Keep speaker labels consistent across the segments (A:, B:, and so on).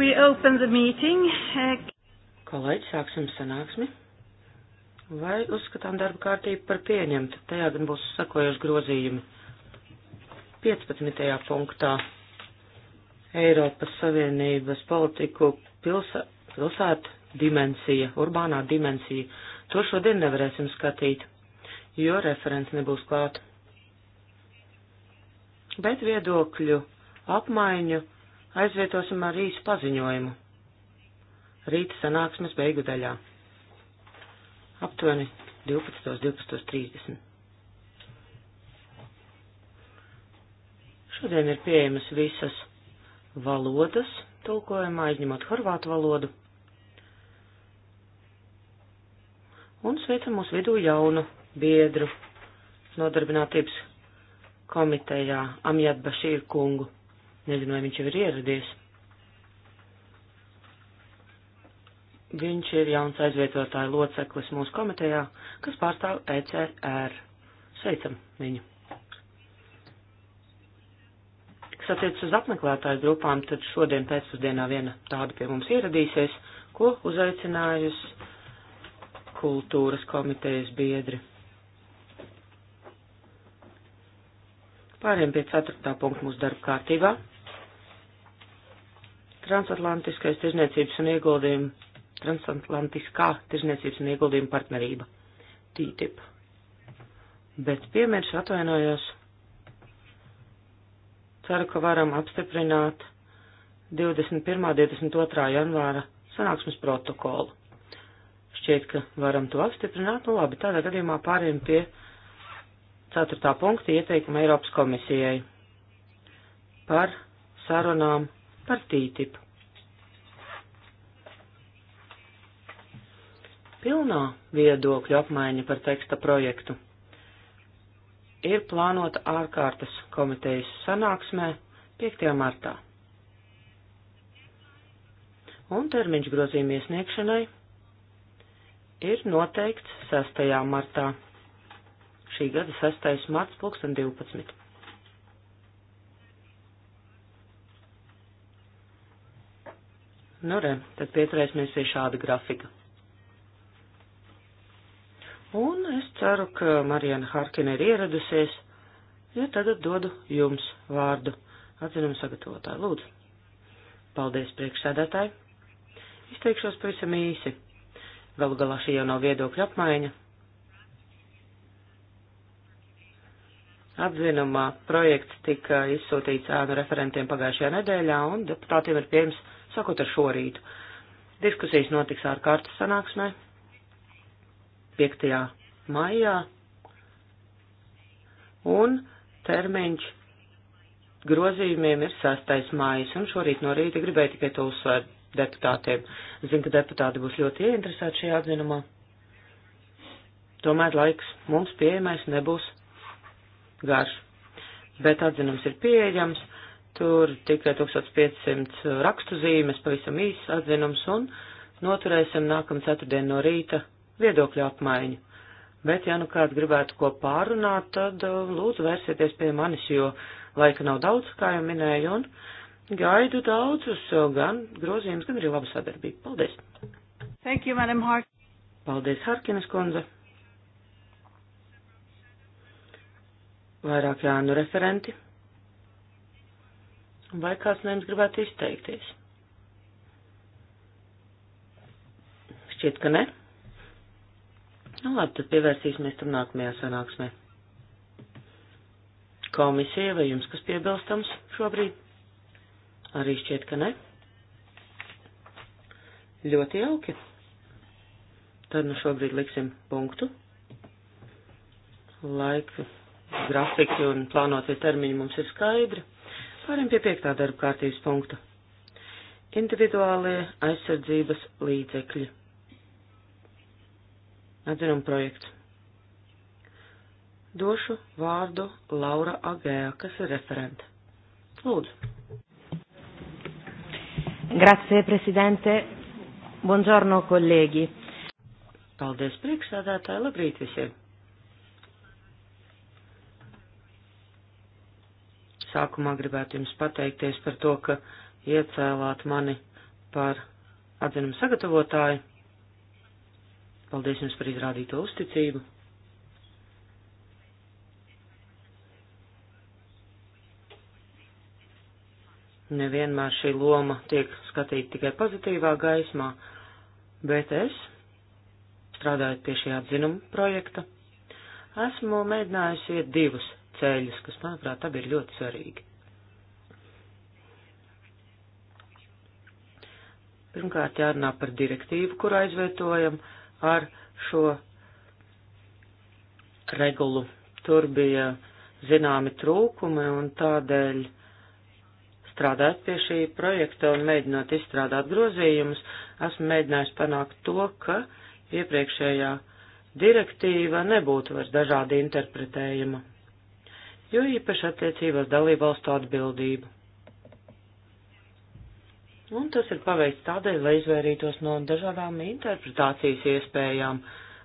A: We open the
B: meeting. Eh, Kolēģi, sāksim sanāksmi. Vai uzskatām darba kārtību par pieņemtu? Tajā gan būs sakojuši grozījumi. 15. punktā Eiropas Savienības politiku pilsē, pilsētu dimensija, urbānā dimensija. To šodien nevarēsim skatīt, jo referents nebūs klāt. Bet viedokļu apmaiņu aizvietosim ar īsu paziņojumu. Rīta sanāksmes beigu daļā. Aptuveni 12.12.30. Šodien ir pieejamas visas valodas, tulkojumā izņemot horvātu valodu. Un sveicam mūsu vidū jaunu biedru nodarbinātības komitejā Amjad Bašīr kungu. Nezinu, vai viņš jau ir ieradies. Viņš ir jauns aizvietotāja loceklis mūsu komitejā, kas pārstāv ECR. Sveicam viņu! Kas attiecas uz apmeklētāju grupām, tad šodien pēcpusdienā viena tāda pie mums ieradīsies, ko uzaicinājusi kultūras komitejas biedri. Pāriem pie ceturtā punkta mūsu darba kārtībā transatlantiskais tirzniecības un ieguldījumu, transatlantiskā tirzniecības un ieguldījumu partnerība, TTIP. Bet piemirs atvainojos. Ceru, ka varam apstiprināt 21. un 22. janvāra sanāksmes protokolu. Šķiet, ka varam to apstiprināt, nu labi, tādā gadījumā pāriem pie 4. punkta ieteikuma Eiropas komisijai par sarunām par TTIP. Pilnā viedokļu apmaiņa par teksta projektu ir plānota ārkārtas komitejas sanāksmē 5. martā. Un termiņš grozījuma iesniegšanai ir noteikts 6. martā. Šī gada 6. marts 2012. Nu, re, tad pieturēsimies pie šāda grafika. Un es ceru, ka Marijana Harkina ir ieradusies, ja tagad dodu jums vārdu. Atzinumu sagatavotāju, lūdzu. Paldies, priekšsēdētāji. Izteikšos pavisam īsi. Galu galā šī jau nav viedokļa apmaiņa. Atzinumā projekts tika izsūtīts ēnu referentiem pagājušajā nedēļā, un deputātiem ir pieejams sākot ar šorītu. Diskusijas notiks ārkārtas sanāksmē 5. maijā, un termiņš grozījumiem ir 6. mājas, un šorīt no rīta gribēju tikai to uzsvērt deputātiem. Zinu, ka deputāti būs ļoti ieinteresēti šajā atzinumā. Tomēr laiks mums pieejamais nebūs garš, bet atzinums ir pieejams Tur tikai 1500 rakstuzīmes, pavisam īsts atzinums, un noturēsim nākamā ceturtdien no rīta viedokļu apmaiņu. Bet, ja nu kāds gribētu ko pārunāt, tad uh, lūdzu vērsieties pie manis, jo laika nav daudz, kā jau minēju, un gaidu daudzus uh, gan grozījumus, gan arī labu sadarbību. Paldies!
C: Thank you, Madam Hark.
B: Paldies, Harkinas kundze! Vairāk jānu referenti. Vai kāds no jums gribētu izteikties? Šķiet, ka ne. Nu, labi, tad pievērsīsimies tam nākamajā sanāksmē. Komisija, vai jums kas piebilstams šobrīd? Arī šķiet, ka ne. Ļoti jauki. Tad nu šobrīd liksim punktu. Laika grafiki un plānotie termiņi mums ir skaidri. Svarim pie piektā darba kārtības punkta. Individuālie aizsardzības līdzekļi. Atzinam projektu. Došu vārdu Laura Agēja, kas ir referente. Lūdzu. Grazie, prezidente. Buongiorno, kolēģi. Paldies, priekšsādātāji. Labrīt visiem. Sākumā gribētu jums pateikties par to, ka iecēlāt mani par atzinumu sagatavotāju. Paldies jums par izrādīto uzticību. Nevienmēr šī loma tiek skatīta tikai pozitīvā gaismā, bet es, strādājot pie šī atzinuma projekta, esmu mēģinājusi iet divus ceļus, kas, manuprāt, tagad ir ļoti svarīgi. Pirmkārt, jārunā par direktīvu, kur aizvietojam ar šo regulu. Tur bija zināmi trūkumi un tādēļ strādāt pie šī projekta un mēģinot izstrādāt grozījumus, esmu mēģinājis panākt to, ka iepriekšējā direktīva nebūtu vairs dažādi interpretējama jo īpaši attiecībās dalībvalstu atbildību. Un tas ir paveikts tādēļ, lai izvairītos no dažādām interpretācijas iespējām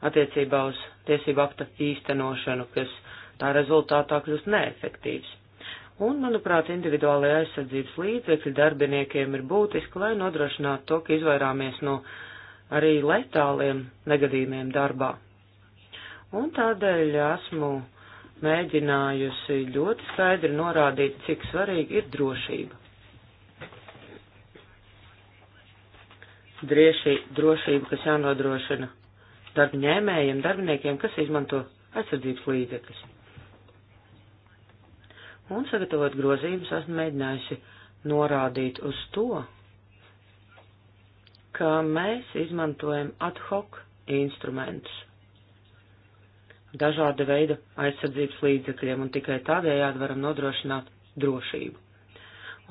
B: attiecībā uz tiesību akta īstenošanu, kas tā rezultātā kļūst neefektīvs. Un, manuprāt, individuālajā aizsardzības līdzekļi darbiniekiem ir būtiski, lai nodrošinātu to, ka izvairāmies no arī letāliem negadījumiem darbā. Un tādēļ esmu mēģinājusi ļoti skaidri norādīt, cik svarīgi ir drošība. Drieši, drošība, kas jānodrošina darba ņēmējiem, darbiniekiem, kas izmanto aizsardzības līdzekļus. Un sagatavot grozījumus, esmu mēģinājusi norādīt uz to, ka mēs izmantojam ad hoc instrumentus, dažāda veida aizsardzības līdzekļiem, un tikai tādējādi varam nodrošināt drošību.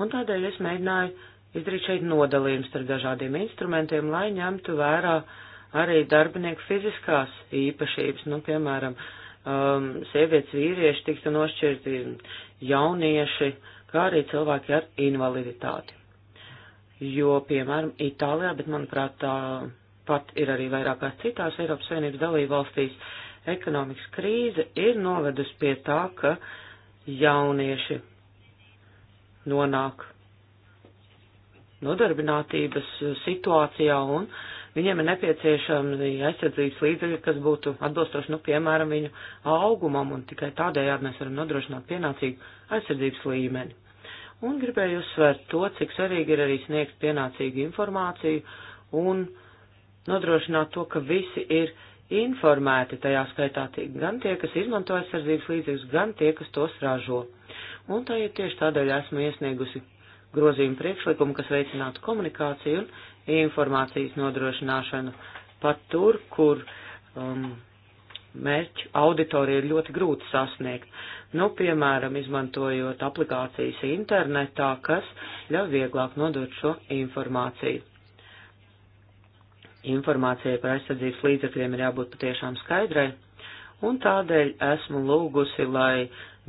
B: Un tādēļ es mēģināju izdarīt šeit nodalījums starp dažādiem instrumentiem, lai ņemtu vērā arī darbinieku fiziskās īpašības, nu, piemēram, um, sievietes vīrieši tiktu nošķirti jaunieši, kā arī cilvēki ar invaliditāti. Jo, piemēram, Itālijā, bet, manuprāt, tā pat ir arī vairākās citās Eiropas Savienības dalībvalstīs, uh, ekonomikas krīze ir novedusi pie tā, ka jaunieši nonāk nodarbinātības situācijā un viņiem ir nepieciešami aizsardzības līdzekļi, kas būtu atbilstoši, nu, piemēram, viņu augumam, un tikai tādējādi mēs varam nodrošināt pienācīgu aizsardzības līmeni. Un gribēju uzsvērt to, cik svarīgi ir arī sniegt pienācīgu informāciju un nodrošināt to, ka visi ir informēti, tajā skaitā gan tie, kas izmanto aizsardzības līdzekļus, gan tie, kas tos ražo. Un tā ir tieši tādēļ esmu iesniegusi grozījumu priekšlikumu, kas veicinātu komunikāciju un informācijas nodrošināšanu pat tur, kur um, mērķu auditoriju ir ļoti grūti sasniegt. Nu, piemēram, izmantojot aplikācijas internetā, kas ļauj vieglāk nodot šo informāciju. Informācijai par aizsardzības līdzekļiem ir jābūt patiešām skaidrai, un tādēļ esmu lūgusi, lai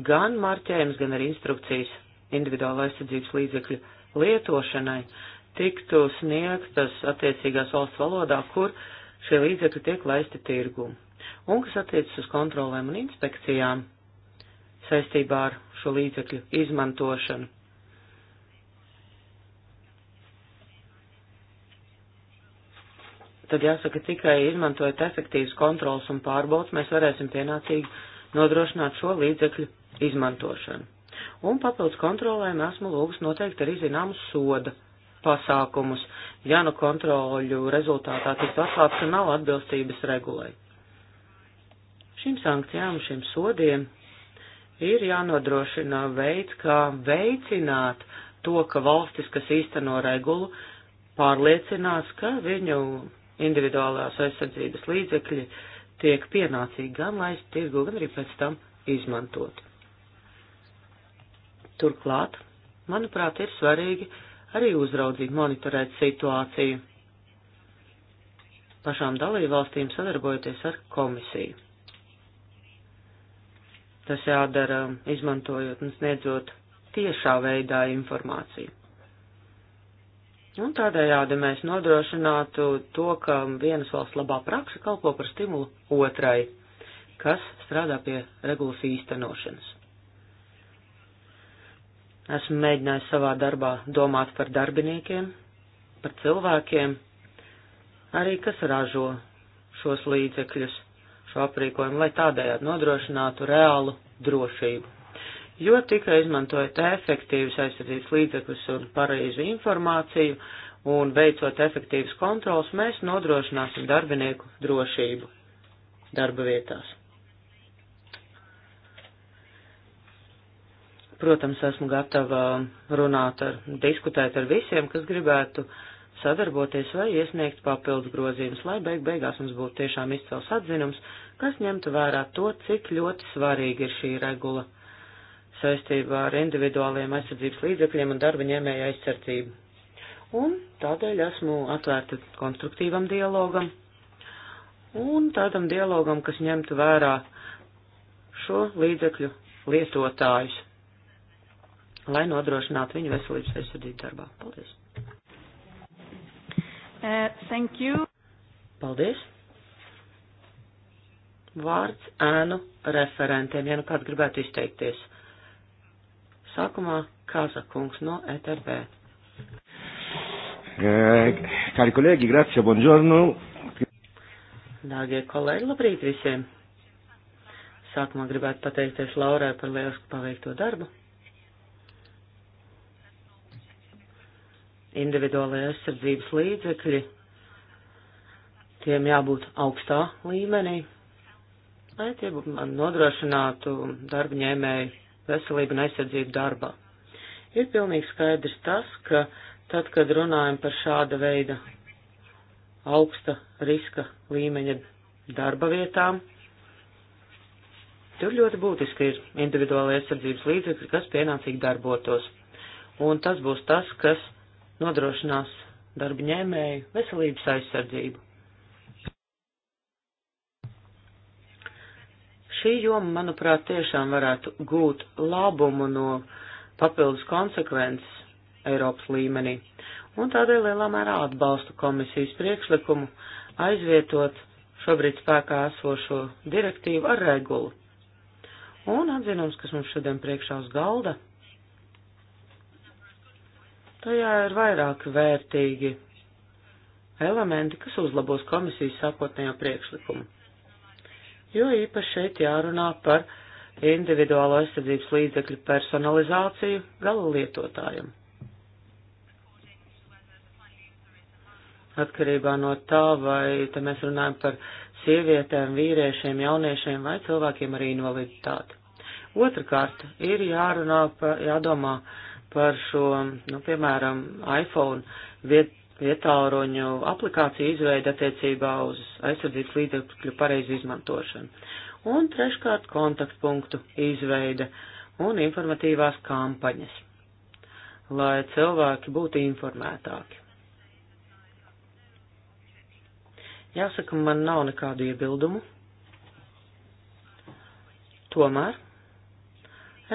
B: gan marķējums, gan arī instrukcijas individuāla aizsardzības līdzekļu lietošanai tiktu sniegtas attiecīgās valsts valodā, kur šie līdzekļi tiek laisti tirgū. Un kas attiecas uz kontrolēm un inspekcijām saistībā ar šo līdzekļu izmantošanu. tad jāsaka tikai izmantojot efektīvas kontrolas un pārbaudas, mēs varēsim pienācīgi nodrošināt šo līdzekļu izmantošanu. Un papildus kontrolēm esmu lūgus noteikti arī zināmus soda pasākumus, ja nu kontroļu rezultātā tiktu atklāts, ka nav atbilstības regulai. Šīm sankcijām, šiem sodiem ir jānodrošina veids, kā veicināt to, ka valstis, kas īsteno regulu, pārliecinās, ka viņu individuālās aizsardzības līdzekļi tiek pienācīgi gan laist tirgu, gan arī pēc tam izmantot. Turklāt, manuprāt, ir svarīgi arī uzraudzīt, monitorēt situāciju pašām dalībvalstīm sadarbojoties ar komisiju. Tas jādara, izmantojot un sniedzot tiešā veidā informāciju. Un tādējādi mēs nodrošinātu to, ka vienas valsts labā praksa kalpo par stimulu otrai, kas strādā pie regulas īstenošanas. Esmu mēģinājis savā darbā domāt par darbiniekiem, par cilvēkiem, arī kas ražo šos līdzekļus, šo aprīkojumu, lai tādējādi nodrošinātu reālu drošību jo tikai izmantojot efektīvus aizsardzības līdzekļus un pareizu informāciju un veicot efektīvas kontrols, mēs nodrošināsim darbinieku drošību darba vietās. Protams, esmu gatava runāt ar, diskutēt ar visiem, kas gribētu sadarboties vai iesniegt papildus grozījumus, lai beig beigās mums būtu tiešām izcels atzinums, kas ņemtu vērā to, cik ļoti svarīga ir šī regula saistībā ar individuāliem aizsardzības līdzekļiem un darba ņēmēja aizsardzību. Un tādēļ esmu atvērta konstruktīvam dialogam un tādam dialogam, kas ņemtu vērā šo līdzekļu lietotājus, lai nodrošinātu viņu veselības aizsardzību darbā. Paldies!
C: Uh, thank you.
B: Paldies! Vārds ēnu referentiem, ja nu kāds gribētu izteikties. Sākumā Kazakungs no ETB.
C: Eh, cari colleghi, grazie, buongiorno.
B: Dārgie kolēģi, labrīt visiem! Sākumā gribētu pateikties Laurai par lielisku paveikto darbu. Individuālajā aizsardzības līdzekļi, tiem jābūt augstā līmenī, lai tie nodrošinātu darba ņēmēju veselību un aizsardzību darbā. Ir pilnīgi skaidrs tas, ka tad, kad runājam par šāda veida augsta riska līmeņa darba vietām, tur ļoti būtiski ir individuāla aizsardzības līdzekļi, kas pienācīgi darbotos. Un tas būs tas, kas nodrošinās darba ņēmēju veselības aizsardzību. Šī joma, manuprāt, tiešām varētu gūt labumu no papildus konsekvences Eiropas līmenī, un tādēļ lielā mērā atbalstu komisijas priekšlikumu aizvietot šobrīd spēkā esošo direktīvu ar regulu. Un atzinums, kas mums šodien priekšā uz galda, tajā ir vairāk vērtīgi elementi, kas uzlabos komisijas sākotnējo priekšlikumu jo īpaši šeit jārunā par individuālo aizsardzības līdzekļu personalizāciju gala lietotājiem. Atkarībā no tā, vai te mēs runājam par sievietēm, vīriešiem, jauniešiem vai cilvēkiem ar invaliditāti. Otrakārt, ir jārunā, par, jādomā par šo, nu, piemēram, iPhone viet, vietāluņu aplikāciju izveidi attiecībā uz aizsardzības līdzekļu pareizu izmantošanu. Un treškārt kontaktpunktu izveide un informatīvās kampaņas, lai cilvēki būtu informētāki. Jāsaka, man nav nekādu iebildumu. Tomēr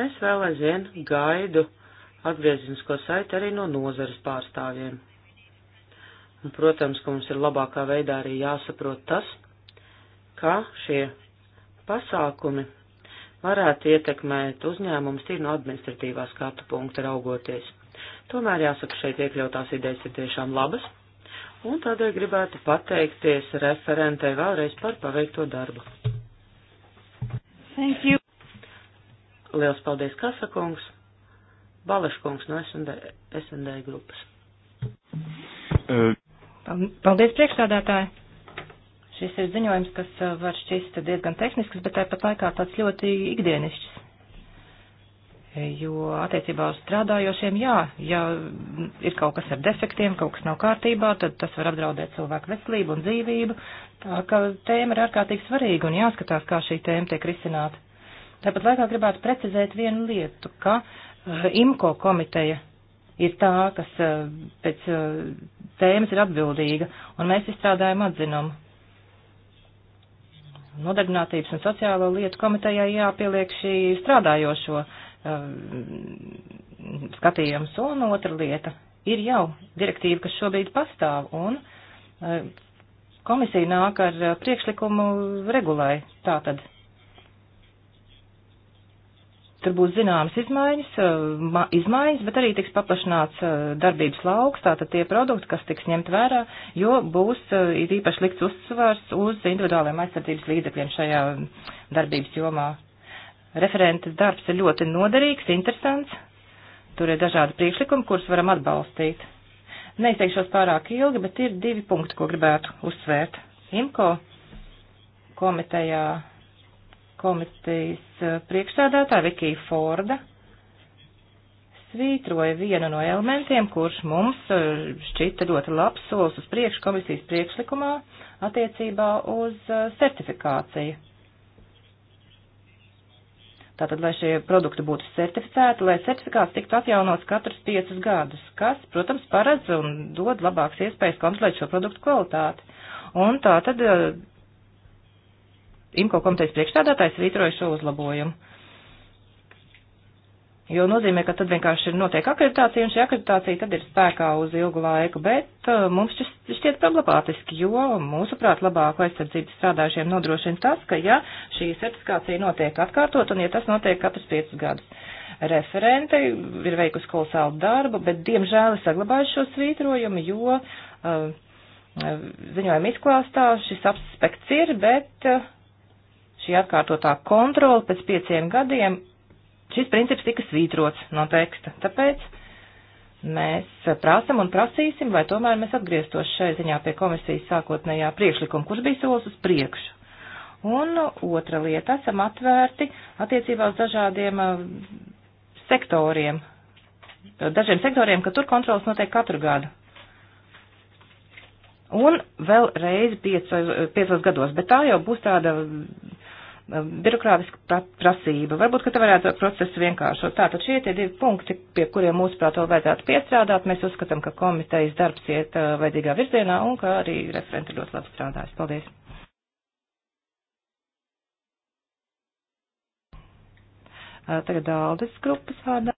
B: es vēl aizvien gaidu atgriezinisko saiti arī no nozares pārstāvjiem. Un, protams, ka mums ir labākā veidā arī jāsaprot tas, kā šie pasākumi varētu ietekmēt uzņēmumus tīri no administratīvā skatu punkta raugoties. Tomēr jāsaka, šeit iekļautās idejas ir tiešām labas, un tādēļ gribētu pateikties referentei vēlreiz par paveikto darbu. Thank you. Liels paldies, Kasakungs,
D: Balaškungs no SND, SND grupas. Uh, Um, paldies, priekšstādātāji! Šis ir ziņojums, kas uh, var šķist diezgan tehnisks, bet tāpat laikā tāds ļoti ikdienišķs. Jo attiecībā uz strādājošiem, jā, ja ir kaut kas ar defektiem, kaut kas nav kārtībā, tad tas var apdraudēt cilvēku veselību un dzīvību. Tā ka tēma ir ārkārtīgi svarīga un jāskatās, kā šī tēma tiek risināta. Tāpat laikā gribētu precizēt vienu lietu, ka uh, IMCO komiteja ir tā, kas uh, pēc tēmas ir atbildīga, un mēs izstrādājam atzinumu. Nodarbinātības un sociālo lietu komitejai jāpieliek šī strādājošo uh, skatījums, un otra lieta ir jau direktīva, kas šobrīd pastāv, un uh, komisija nāk ar uh, priekšlikumu regulai. Tātad Tur būs zināmas izmaiņas, eh, izmaiņas, bet arī tiks paplašināts eh, darbības lauks, tātad tie produkti, kas tiks ņemt vērā, jo būs eh, īpaši likts uzsvars uz individuāliem aizsardzības līdzekļiem šajā darbības jomā. Referentes darbs ir ļoti noderīgs, interesants. Tur ir dažādi priekšlikumi, kurus varam atbalstīt. Neizteikšos pārāk ilgi, bet ir divi punkti, ko gribētu uzsvērt. IMCO komitejā komitejas eh, priekšsādātāja Vikija Forda svītroja vienu no elementiem, kurš mums eh, šķita ļoti labs solis uz priekšu komisijas priekšlikumā attiecībā uz eh, certifikāciju. Tātad, lai šie produkti būtu certificēti, lai certifikāts tiktu atjaunots katrus piecus gadus, kas, protams, paredz un dod labāks iespējas kontrolēt šo produktu kvalitāti. Un tā tad IMCO komitejas priekšstādātājs vītroja šo uzlabojumu. Jo nozīmē, ka tad vienkārši ir notiek akreditācija, un šī akreditācija tad ir spēkā uz ilgu laiku, bet uh, mums šis šķiet problemātiski, jo mūsuprāt labāko aizsardzību strādājušiem nodrošina tas, ka ja šī certifikācija notiek atkārtot, un ja tas notiek katrs piecus gadus. Referente ir veikusi kolosālu darbu, bet diemžēl ir saglabājuši šo svītrojumu, jo uh, uh, ziņojuma izklāstā šis aspekts ir, bet uh, šī atkārtotā kontrola pēc pieciem gadiem, šis princips tika svītrots no teksta. Tāpēc mēs prasam un prasīsim, lai tomēr mēs atgrieztos šai ziņā pie komisijas sākotnējā priekšlikuma, kurš bija solis uz priekšu. Un otra lieta, esam atvērti attiecībā uz dažādiem uh, sektoriem, dažiem sektoriem, ka tur kontrols notiek katru gadu. Un vēl reizi piecos, piecos gados, bet tā jau būs tāda birokrātiska prasība. Varbūt, ka te varētu procesu vienkāršot. Tātad šie tie divi punkti, pie kuriem mūsuprāt vēl vajadzētu piestrādāt, mēs uzskatām, ka komitejas darbs iet vajadzīgā virzienā un ka arī referenti ļoti labi strādājas. Paldies! Tagad Aldis grupas vārdā.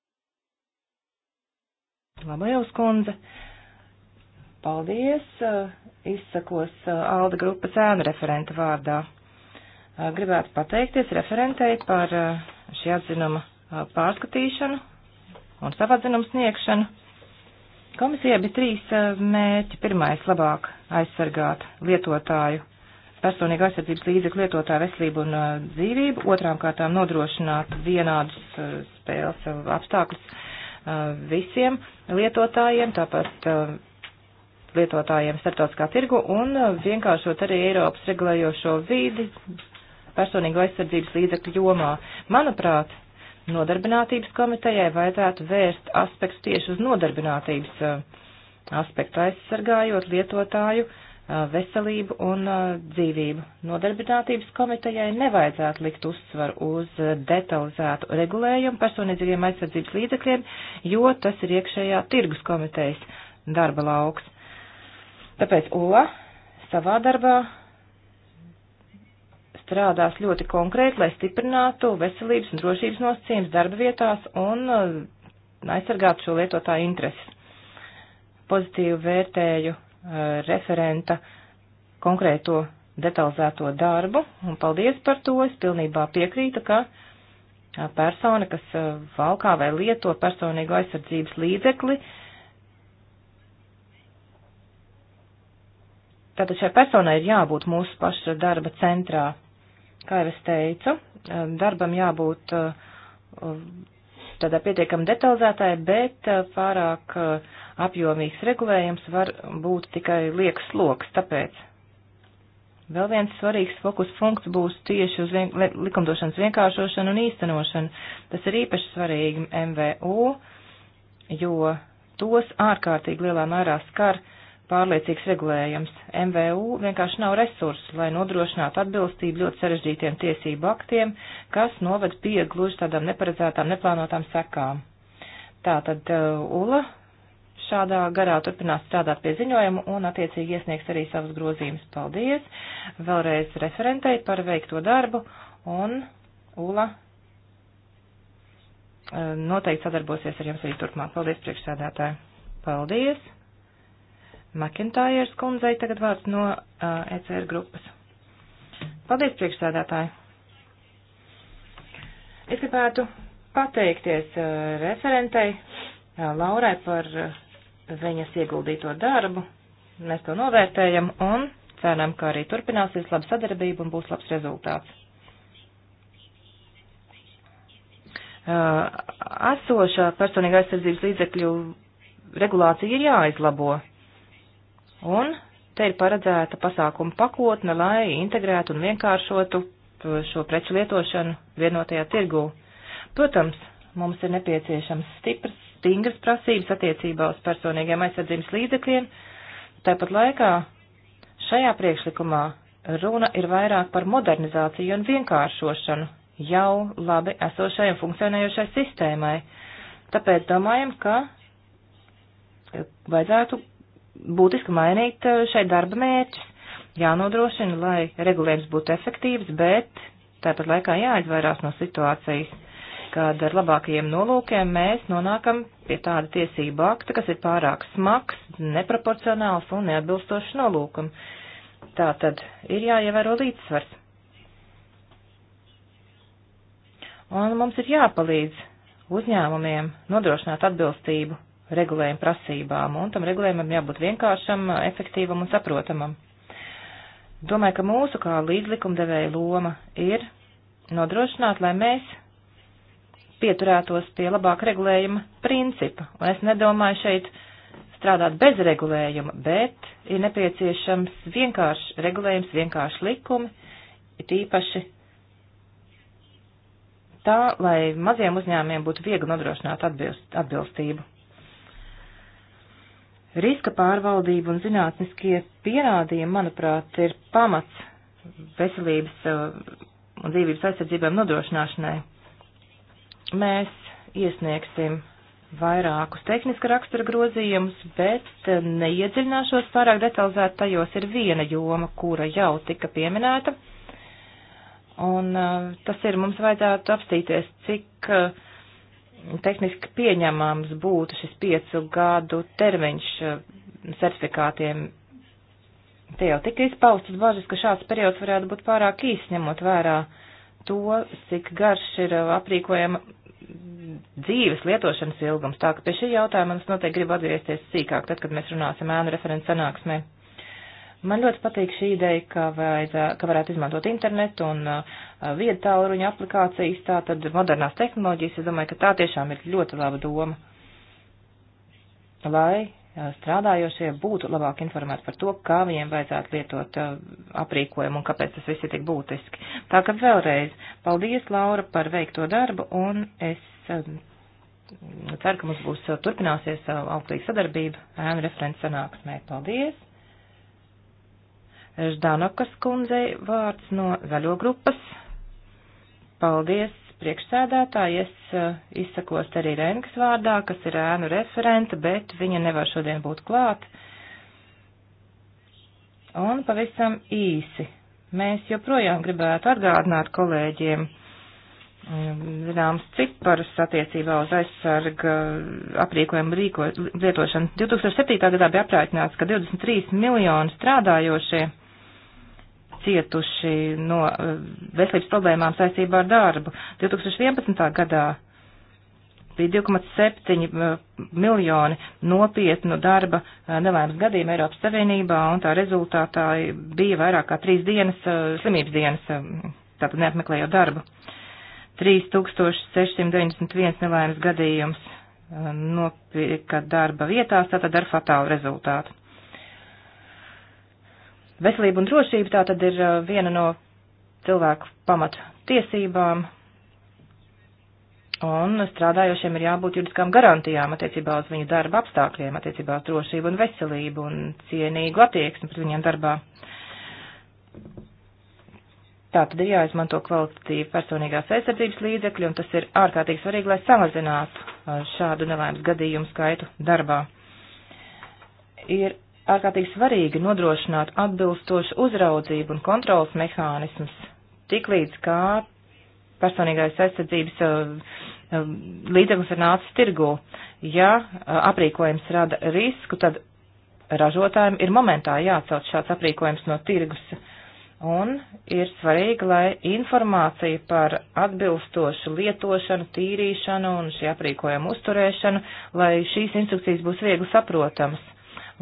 D: Labajos kundze. Paldies. Izsakos Alda grupas ēnu referenta vārdā. Eh, gribētu pateikties referentei par eh, šī atzinuma eh, pārskatīšanu un savu atzinumu sniegšanu. Komisijai bija trīs mērķi. Pirmais - labāk aizsargāt lietotāju, personīga aizsardzības līdzekļu lietotāju veselību un dzīvību. Otrām kārtām nodrošināt vienādus spēles apstākļus visiem lietotājiem, tāpat lietotājiem starptautiskā tirgu un vienkāršot arī Eiropas regulējošo vīdi, personīgo aizsardzības līdzekļu jomā. Manuprāt, nodarbinātības komitejai vajadzētu vērst aspekts tieši uz nodarbinātības uh, aspektu aizsargājot lietotāju uh, veselību un uh, dzīvību. Nodarbinātības komitejai nevajadzētu likt uzsvaru uz detalizētu regulējumu personīgajiem aizsardzības līdzekļiem, jo tas ir iekšējā tirgus komitejas darba lauks. Tāpēc OLA savā darbā strādās ļoti konkrēti, lai stiprinātu veselības un drošības nosacījums darba vietās un uh, aizsargātu šo lietotāju intereses. Pozitīvi vērtēju uh, referenta konkrēto detalizēto darbu un paldies par to. Es pilnībā piekrītu, ka uh, persona, kas valkā vai lieto personīgo aizsardzības līdzekli, Tātad šai personai ir jābūt mūsu paša darba centrā. Kā jau es teicu, eh, darbam jābūt eh, tādā pietiekami detalizētāji, bet eh, pārāk apjomīgs regulējums var būt tikai liekas sloks, tāpēc vēl viens svarīgs fokus punkts būs tieši uz vien, likumdošanas vienkāršošanu un īstenošanu. Tas ir īpaši svarīgi MVU, jo tos ārkārtīgi lielā mērā skar uh, pārliecīgs regulējums. MVU vienkārši nav resursu, lai nodrošinātu atbilstību ļoti sarežģītiem tiesību aktiem, kas noved pie gluži tādām neparedzētām, neplānotām sekām. Tātad uh, ULA šādā garā turpinās strādāt pie ziņojumu un attiecīgi iesniegs arī savus grozījumus. Paldies! Vēlreiz referentei par veikto darbu un ULA uh, noteikti sadarbosies ar jums arī turpmāk. Paldies, priekšsēdētāji! Paldies! Makintājers kundzei tagad vārds no uh, ECR grupas. Paldies, priekšsēdētāji! Es gribētu pateikties uh, referentei uh, Laurai par uh, viņas ieguldīto darbu. Mēs to novērtējam un ceram, ka arī turpināsies laba sadarbība un būs labs rezultāts. Uh, esošā personīga aizsardzības līdzekļu regulācija ir jāizlabo. Un te ir paredzēta pasākuma pakotne, lai integrētu un vienkāršotu šo preču lietošanu vienotajā tirgū. Protams, mums ir nepieciešams stipras, stingras prasības attiecībā uz personīgiem aizsardzības līdzekļiem. Tāpat laikā šajā priekšlikumā runa ir vairāk par modernizāciju un vienkāršošanu jau labi esošai un funkcionējošai sistēmai. Tāpēc domājam, ka vajadzētu būtiski mainīt eh, šeit darba mērķus. Jānodrošina, lai regulējums būtu efektīvs, bet tāpat laikā jāizvairās no situācijas, kad ar labākajiem nolūkiem mēs nonākam pie tāda tiesība akta, kas ir pārāk smags, neproporcionāls un neatbilstošs nolūkam. Tā tad ir jāievēro līdzsvars. Un mums ir jāpalīdz uzņēmumiem nodrošināt atbilstību regulējuma prasībām, un tam regulējumam jābūt vienkāršam, efektīvam un saprotamam. Domāju, ka mūsu kā līdzlikumdevēja loma ir nodrošināt, lai mēs pieturētos pie labāk regulējuma principa, un es nedomāju šeit strādāt bez regulējuma, bet ir nepieciešams vienkāršs regulējums, vienkārši likumi, it īpaši tā, lai maziem uzņēmiem būtu viegli nodrošināt atbilst, atbilstību. Riska pārvaldība un zinātniskie pierādījumi, manuprāt, ir pamats veselības uh, un dzīvības aizsardzībām nodrošināšanai. Mēs iesniegsim vairākus tehniska rakstura grozījumus, bet uh, neiedziļināšos pārāk detalizēt tajos ir viena joma, kura jau tika pieminēta. Un uh, tas ir, mums vajadzētu apstīties, cik uh, tehniski pieņemams būtu šis piecu gadu termiņš eh, certifikātiem. Te jau tika izpaustas bažas, ka šāds periods varētu būt pārāk īs, ņemot vērā to, cik garš ir eh, aprīkojama dzīves lietošanas ilgums. Tā ka pie šī jautājuma mums noteikti grib atgriezties sīkāk, tad, kad mēs runāsim ēnu referents sanāksmē. Man ļoti patīk šī ideja, ka, vajad, ka varētu izmantot internetu un uh, viedtāluruņu aplikācijas, tā tad modernās tehnoloģijas, es domāju, ka tā tiešām ir ļoti laba doma, lai uh, strādājošie būtu labāk informēti par to, kā viņiem vajadzētu lietot uh, aprīkojumu un kāpēc tas viss ir tik būtiski. Tā ka vēlreiz paldies, Laura, par veikto darbu un es um, ceru, ka mums būs uh, turpināsies uh, auglīga sadarbība ēnu referents sanāksmē. Paldies! Ždanokas kundzei vārds no zaļo grupas. Paldies priekšsēdētāji, es eh, izsakos arī Rengas vārdā, kas ir ēnu referenta, bet viņa nevar šodien būt klāt. Un pavisam īsi. Mēs joprojām gribētu atgādināt kolēģiem, mm, zināms, ciparus attiecībā uz aizsarga aprīkojumu rīko, lietošanu. 2007. gadā bija aprēķināts, ka 23 miljoni strādājošie cietuši no eh, veselības problēmām saistībā ar darbu. 2011. gadā bija 2,7 eh, miljoni nopietnu darba eh, nelēmas gadījumu Eiropas Savienībā, un tā rezultātā bija vairāk kā trīs dienas, slimības dienas, tātad neapmeklējot darbu. 3691 nelēmas gadījums nopirka darba vietās, tātad ar fatālu rezultātu. Veselība un drošība tā tad ir uh, viena no cilvēku pamatu tiesībām, un strādājošiem ir jābūt juridiskām garantijām attiecībā uz viņu darba apstākļiem, attiecībā uz drošību un veselību un cienīgu attieksmi pret viņiem darbā. Tā tad ir jāizmanto kvalitatīvi personīgās aizsardzības līdzekļi, un tas ir ārkārtīgi svarīgi, lai samazinātu uh, šādu nelaimes gadījumu skaitu darbā. Ir ārkārtīgi svarīgi nodrošināt atbilstošu uzraudzību un kontrolas mehānismus, tik līdz kā personīgais aizsardzības eh, eh, līdzeklis ir nācis tirgū. Ja eh, aprīkojums rada risku, tad ražotājiem ir momentā jāatsauc šāds aprīkojums no tirgus. Un ir svarīgi, lai informācija par atbilstošu lietošanu, tīrīšanu un šī aprīkojuma uzturēšanu, lai šīs instrukcijas būs viegli saprotamas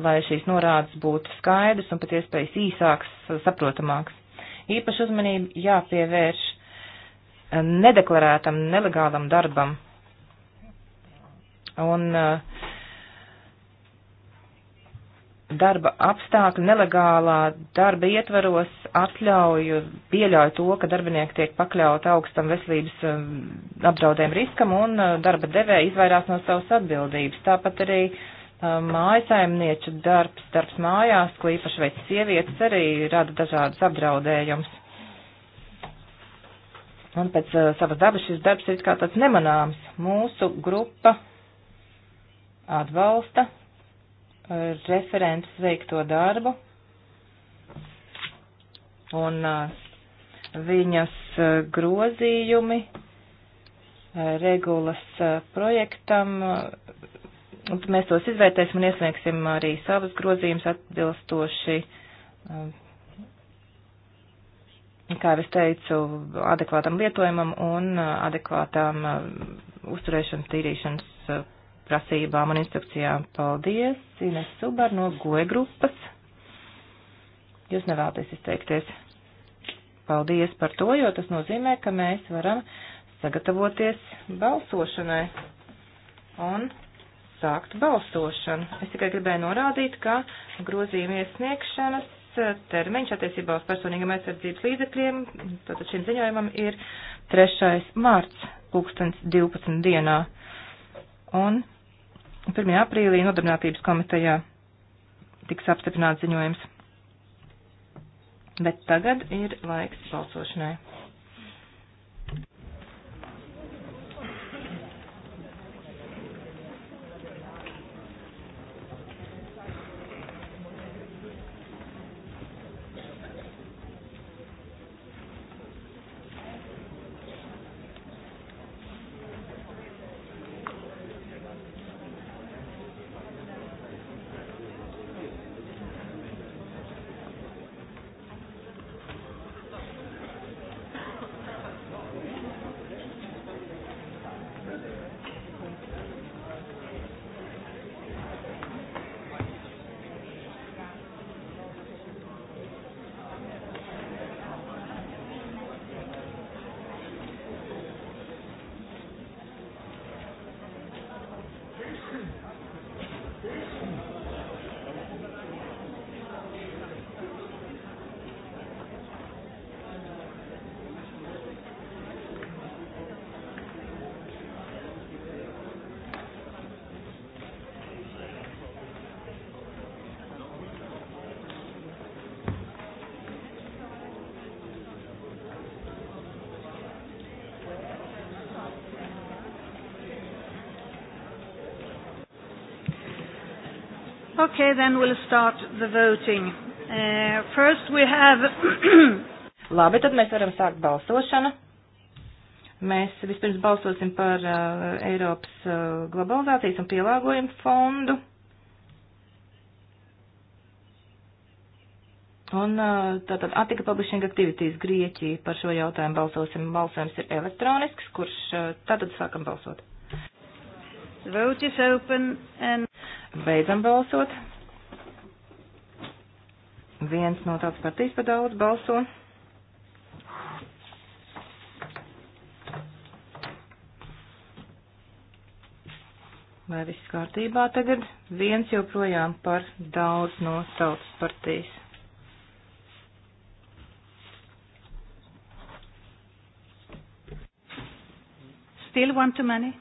D: lai šīs norādes būtu skaidrs un pēc iespējas īsāks, saprotamāks. Īpaši uzmanību jāpievērš eh, nedeklarētam, nelegālam darbam. Un eh, darba apstākļi nelegālā darba ietvaros atļauju, pieļauj to, ka darbinieki tiek pakļaut augstam veselības eh, apdraudējumu riskam un darba devē izvairās no savas atbildības. Tāpat arī uh, Um, mājasaimnieču darbs, darbs mājās, ko īpaši veic sievietes, arī rada dažādas apdraudējumus. Un pēc uh, savas dabas šis darbs ir kā tāds nemanāms. Mūsu grupa atbalsta uh, referents veikto darbu un uh, viņas uh, grozījumi uh, regulas uh, projektam uh, Un mēs tos izvērtēsim un iesniegsim arī savus grozījumus atbilstoši, um, kā jau es teicu, adekvātam lietojumam un uh, adekvātām uh, uzturēšanas, tīrīšanas uh, prasībām un instrukcijām. Paldies, Ines Subar no Goe grupas. Jūs nevēlaties izteikties. Paldies par to, jo tas nozīmē, ka mēs varam sagatavoties balsošanai. Un sākt balsošanu. Es tikai gribēju norādīt, ka grozījuma iesniegšanas eh, termiņš attiecībā uz personīgiem aizsardzības līdzekļiem, tātad šim ziņojumam ir 3. mārts 2012. dienā un 1. aprīlī nodarbinātības komitejā tiks apstiprināts ziņojums. Bet tagad ir laiks balsošanai. Okay, then we'll start the voting. Uh, first we have. Labi, tad mēs varam sākt balsošanu. Mēs vispirms balsosim par uh, Eiropas uh, globalizācijas un pielāgojumu fondu. Un uh, tātad Attika Publishing Activities Grieķija par šo jautājumu balsosim. Balsojums ir elektronisks, kurš uh, tātad sākam balsot. The vote is open and. Beidzam balsot. Viens no tāds partijas pa daudz balso. Vai viss kārtībā tagad? Viens joprojām par daudz no tautas partijas. Still one too many?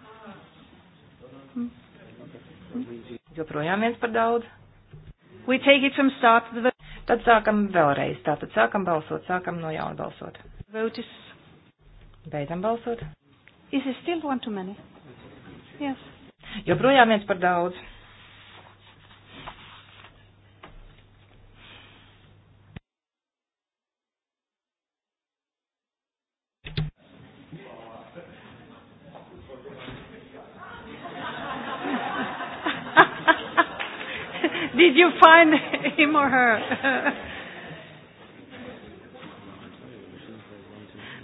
D: Hmm. Hmm. Joprojām viens par daudz. We take it from start to the Tad sākam vēlreiz. Tātad sākam balsot, sākam no jauna balsot. Vote is. Beidzam balsot. Is it still one too many? Yes. Joprojām viens par daudz.
C: you find him or her?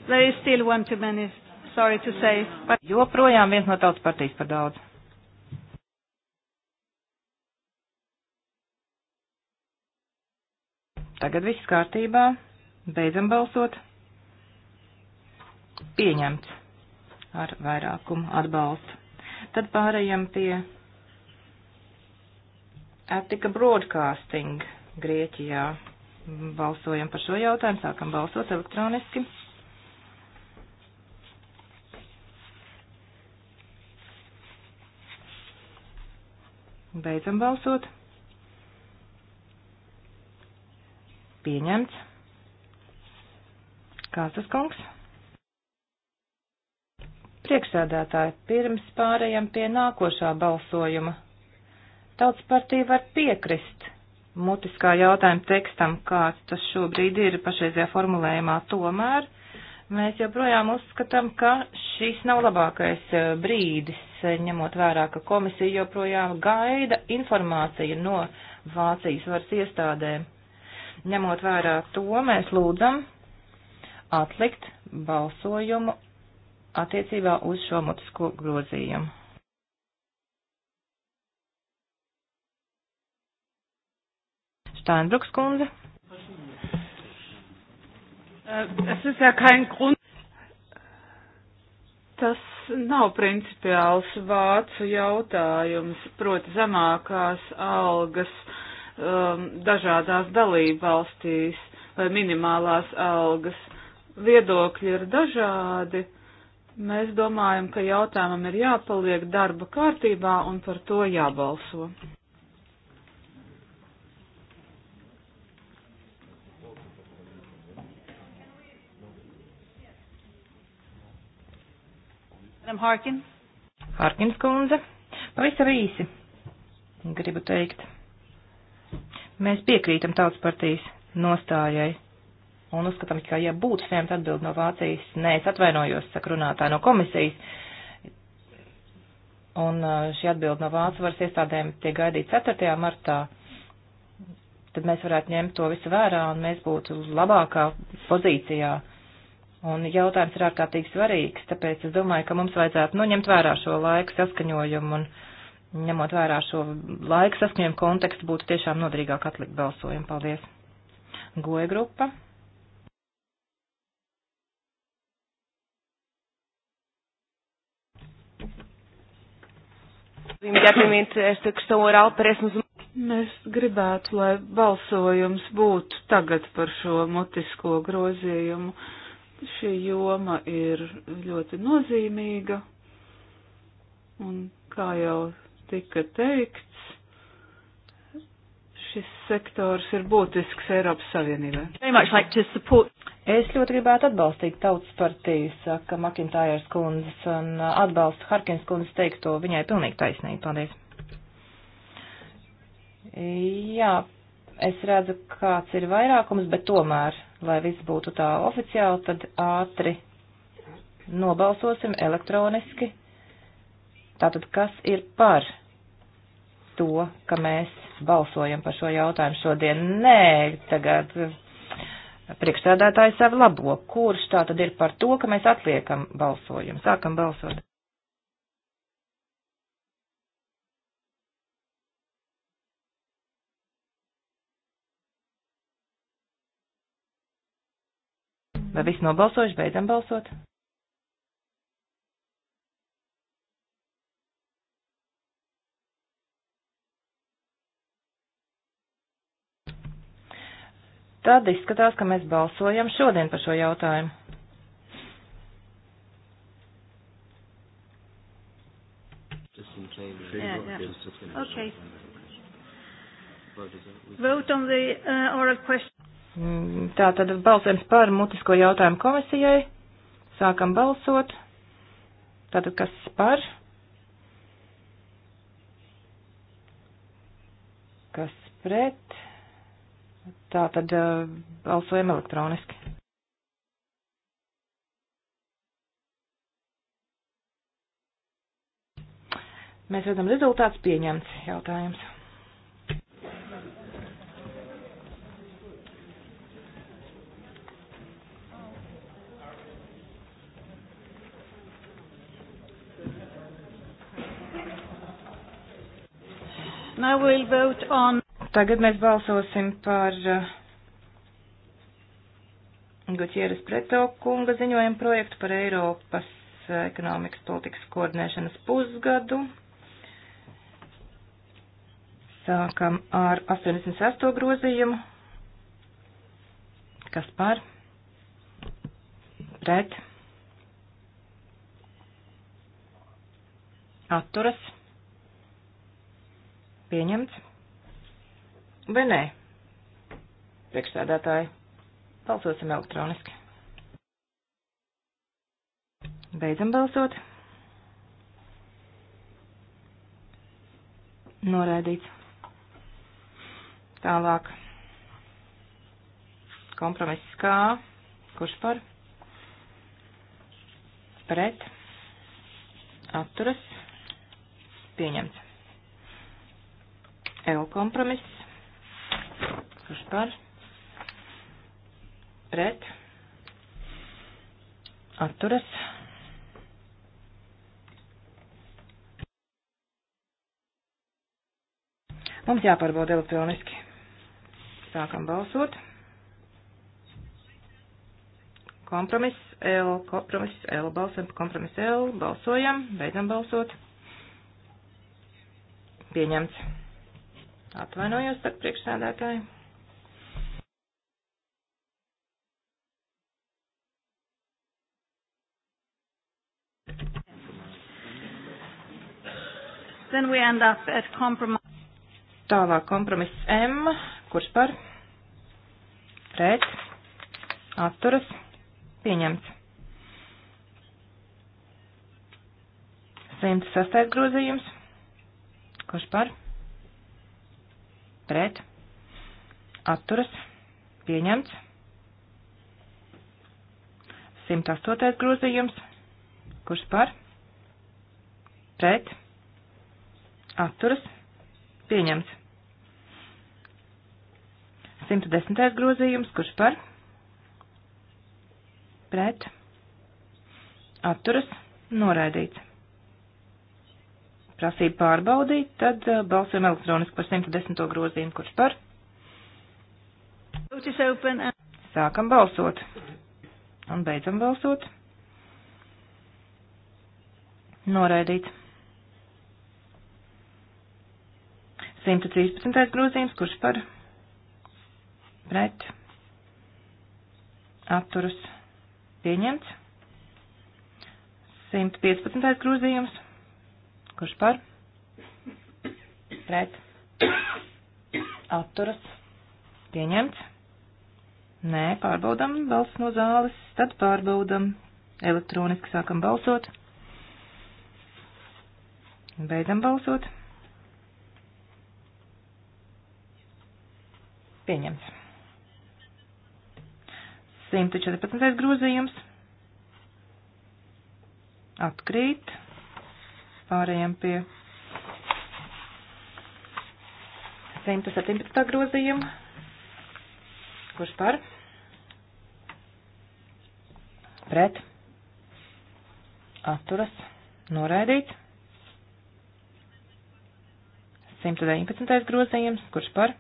C: There is
D: still one too many, sorry to say. But... Joprojām viens no tautas partijas par daudz. Tagad viss kārtībā. Beidzam balsot. Pieņemts ar vairākumu atbalstu. Tad pārējām pie Etika Broadcasting Grieķijā. Balsojam par šo jautājumu, sākam balsot elektroniski. Beidzam balsot. Pieņemts. Kāds kungs? Priekšsēdētāji, pirms pārējām pie nākošā balsojuma Tautas partija var piekrist mutiskā jautājuma tekstam, kāds tas šobrīd ir pašreizajā formulējumā. Tomēr mēs joprojām uzskatām, ka šis nav labākais eh, brīdis, eh, ņemot vērā, ka komisija joprojām gaida informāciju no Vācijas varas iestādēm. Ņemot vērā to, mēs lūdzam atlikt balsojumu attiecībā uz šo mutisko grozījumu. Steinbruks kundze. Äh, es ir ja kein Grund.
A: Tas nav principiāls vācu jautājums, proti zemākās algas um, dažādās dalībvalstīs vai minimālās algas. Viedokļi ir dažādi. Mēs domājam, ka jautājumam ir jāpaliek darba kārtībā un par to jābalso.
D: Harkin. Harkins kundze. Pavisam īsi. Gribu teikt. Mēs piekrītam tautas partijas nostājai un uzskatām, ka, ja būtu saņemta atbild no Vācijas, nē, es atvainojos, saka runātā no komisijas, un šī atbild no Vācu varas iestādēm tiek gaidīta 4. martā, tad mēs varētu ņemt to visu vērā un mēs būtu labākā pozīcijā Un jautājums ir ārkārtīgi svarīgs, tāpēc es domāju, ka mums vajadzētu nu, ņemt vērā šo laiku saskaņojumu un ņemot vērā šo laiku saskaņojumu kontekstu būtu tiešām noderīgāk atlikt balsojumu. Paldies. Goja grupa. Imediatamente
A: esta questão oral parece-nos. Mēs gribētu, lai balsojums būtu tagad par šo mutisko grozījumu. Uh, šī joma ir ļoti nozīmīga, un kā jau tika
D: teikts, šis sektors ir būtisks Eiropas Savienībai. Es ļoti gribētu atbalstīt tautas partiju, saka Makintājas kundzes, un uh, atbalstu Harkins kundzes teikto, viņai pilnīgi taisnība. Paldies. Jā, Es redzu, kāds ir vairākums, bet tomēr, lai viss būtu tā oficiāli, tad ātri nobalsosim elektroniski. Tātad, kas ir par to, ka mēs balsojam par šo jautājumu šodien? Nē, tagad priekšstādātāji savu labo. Kurš tātad ir par to, ka mēs atliekam balsojumu? Sākam balsot.
B: Vai viss nobalsojuši? Beidzam balsot.
D: Tad izskatās, ka mēs balsojam šodien par šo jautājumu.
C: Yeah, yeah. Okay. Vote on the uh, oral question.
D: Mm, tā tad balsojums par mutisko jautājumu komisijai. Sākam balsot. Tātad kas par? Kas pret? Tā tad eh, balsojam elektroniski. Mēs redzam rezultāts pieņemts jautājums. We'll on... Tagad mēs balsosim par uh, Gutieres Preto kunga ziņojumu projektu par Eiropas uh, ekonomikas politikas koordinēšanas pusgadu. Sākam ar 88. grozījumu. Kas par? Pret? Atturas? Pieņemts. Vai nē? Priekšsēdētāji. Balsosim elektroniski. Beidzam balsot. Noraidīts. Tālāk. Kompromiss kā. Kurš par? Pret. Atturas. Pieņemts. L kompromiss. Kurš par? Pret. Atturas. Mums jāpārbauda elektroniski. Sākam balsot. Kompromiss L, kompromiss L, balsam par kompromiss L, balsojam, beidzam balsot. Pieņemts. Atvainojos, saka priekšsēdētāji.
C: Then we end up at
D: compromise. Tālāk kompromiss M, kurš par pret atturas pieņemts. 106. grozījums, kurš par pret pret, atturas, pieņemts. 108. grozījums, kurš par, pret, atturas, pieņemts. 110. grozījums, kurš par, pret, atturas, noraidīts prasību pārbaudīt, tad eh, balsojam elektroniski par 110. grozījumu, kurš par. Sākam balsot un beidzam balsot. Noraidīt. 113. grozījums, kurš par pret atturas pieņemts. 115. grozījums Kurš par? Pret. Atturas. Pieņemts. Nē, pārbaudam balsts no zāles, tad pārbaudam. Elektroniski sākam balsot. Beidzam balsot. Pieņemts. 114. grozījums. Atkrīt. Pārējām pie 117. grozījuma. Kurš par? Pret. Atturas. Noraidīts. 119. grozījums. Kurš par?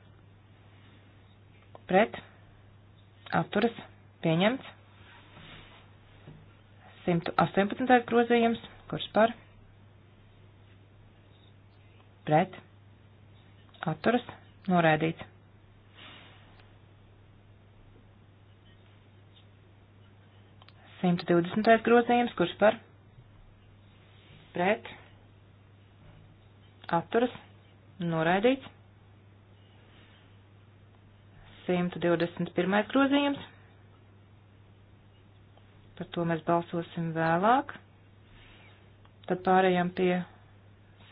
D: Pret. Atturas. Pieņemts. 118. grozījums. Kurš par? pret, atturas, noraidīts. Simt divdesmitais grozījums, kurš par pret, atturas, noraidīts. 121. grozījums. Par to mēs balsosim vēlāk. Tad pārējām pie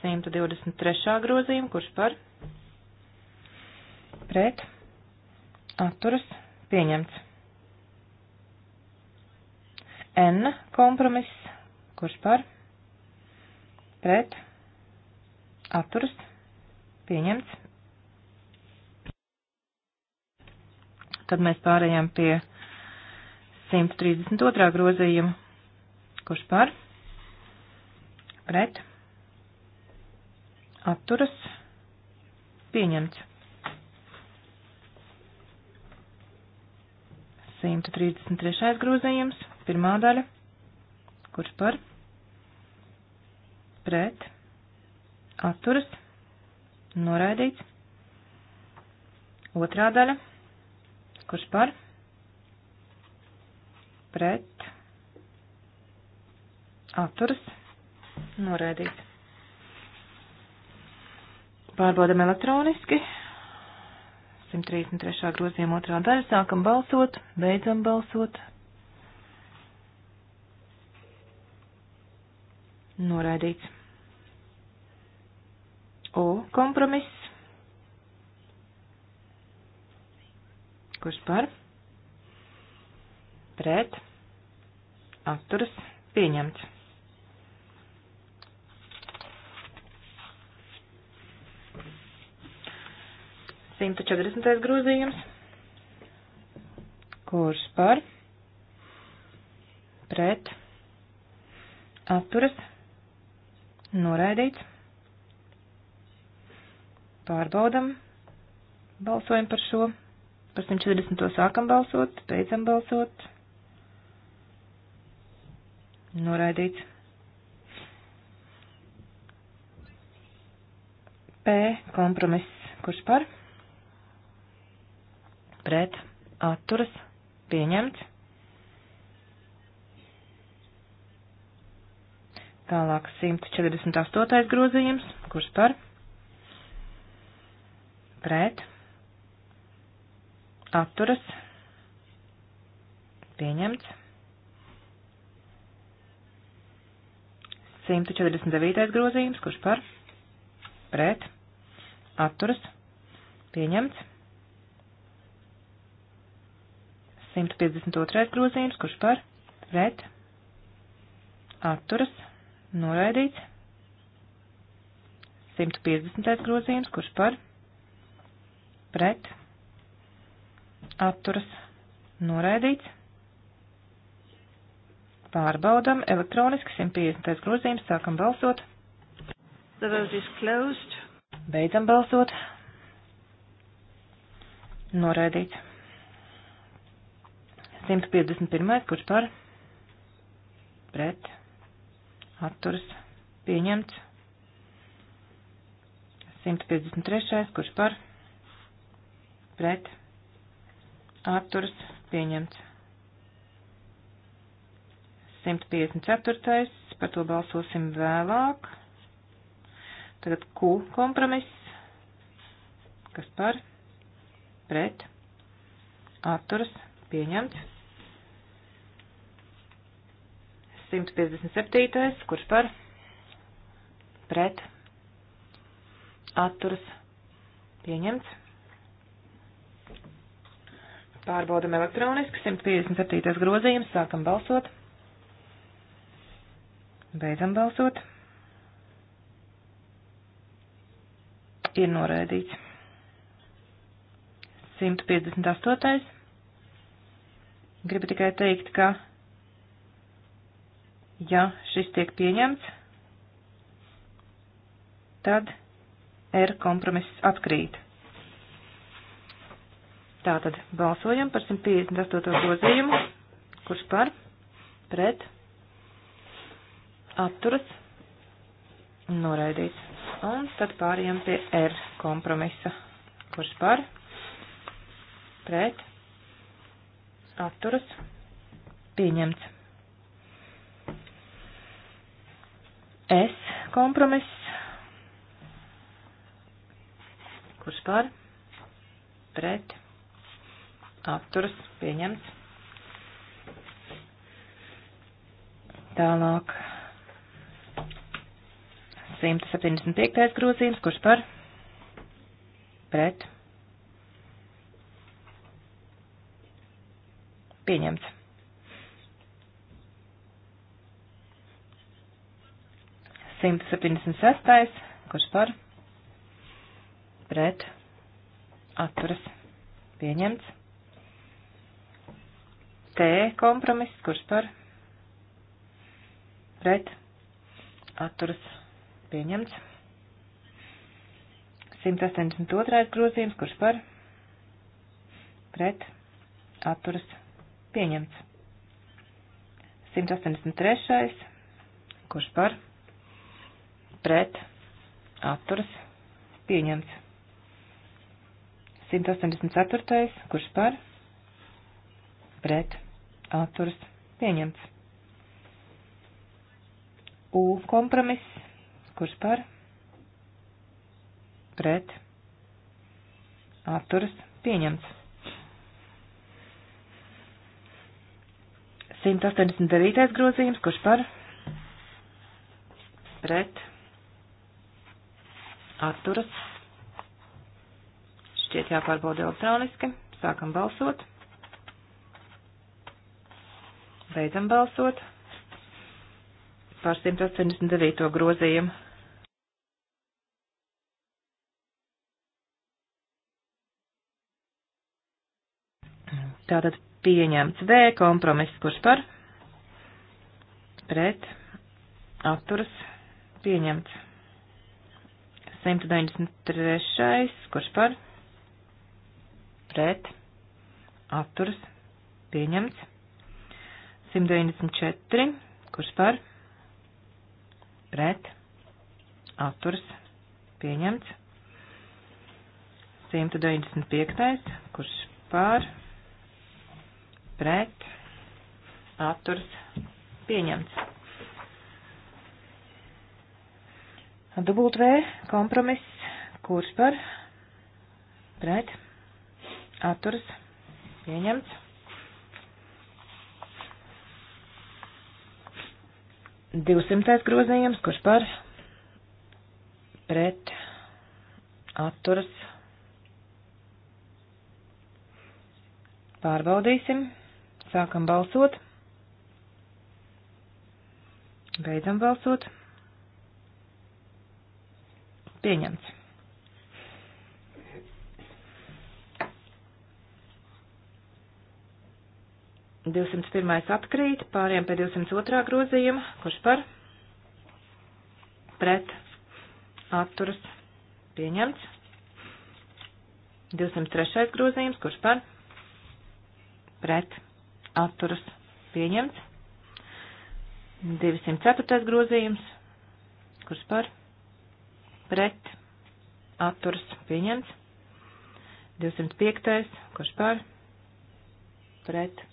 D: 123. grozījumu, kurš par pret atturas pieņemts. N kompromiss, kurš par pret atturas pieņemts. Tad mēs pārējām pie 132. grozījuma, kurš par pret atturas pieņemts atturas pieņemts. 133. grozījums, pirmā daļa, kurš par, pret, atturas, noraidīts, otrā daļa, kurš par, pret, atturas, noraidīts. Pārbaudam elektroniski. 133. grozījuma otrā daļa. Sākam balsot, beidzam balsot. Noraidīts. O kompromiss. Kurš par? Pret. Atturas. Pieņemts. 140. grozījums. Kurš par? Pret. Atturas. Noraidīts. Pārbaudam. Balsojam par šo. Par 140. sākam balsot, beidzam balsot. Noraidīts. P kompromiss. Kurš par? pret atturas pieņemts. Tālāk 148. grozījums, kurš par pret atturas pieņemts. 149. grozījums, kurš par pret atturas pieņemts. 152. grozījums, kurš par pret atturas noraidīts. 150. grozījums, kurš par pret atturas noraidīts. Pārbaudam elektroniski 150. grozījums, sākam balsot. The
C: vote is closed.
D: Beidzam balsot. Noraidīts. 151. kurš par pret atturas pieņemts. 153. kurš par pret atturas pieņemts. 154. par to balsosim vēlāk. Tagad Q kompromiss. Kas par? Pret. Atturas pieņemts. 157. kurš par pret atturas pieņemts. Pārbaudam elektroniski 157. grozījums, sākam balsot. Beidzam balsot. Ir noraidīts. 158. Gribu tikai teikt, ka ja šis tiek pieņemts, tad R kompromiss atkrīt. Tātad balsojam par 158. grozījumu, kurš par, pret, atturas, noraidīts. Un tad pārējām pie R kompromisa, kurš par, pret, atturas, pieņemts. S kompromiss. Kurš par? Pret. Atturas pieņemts. Tālāk. 175. grozījums. Kurš par? Pret. Pieņemts. 176. Kurš par? Pret. Atturas. Pieņemts. T kompromiss. Kurš par? Pret. Atturas. Pieņemts. 182. grozījums. Kurš par? Pret. Atturas. Pieņemts. 183. Kurš par? Pret pret atturas pieņemts. 184. kurš par pret atturas pieņemts. U kompromiss, kurš par pret atturas pieņemts. 189. grozījums, kurš par pret atturas. Šķiet jāpārbauda elektroniski. Sākam balsot. Beidzam balsot. Par 189. grozījumu. Tātad pieņemts B kompromiss, kurš par pret atturas pieņemts. 193. Kurš par? Pret. Atturas. Pieņemts. 194. Kurš par? Pret. Atturas. Pieņemts. 195. Kurš par? Pret. Atturas. Pieņemts. W kompromiss, kurš par pret atturas pieņemts. Divsimtais grozījums, kurš par pret atturas pārbaudīsim. Sākam balsot. Beidzam balsot. Pieņemts. Divsimts pirmais atkrīt, pāriem pie divsimts otrā grozījuma, kurš par pret atturas pieņemts. 203. grozījums, kurš par pret atturas pieņemts. 204. grozījums, kurš par pret atturs pieņemts. 205. kurš par pret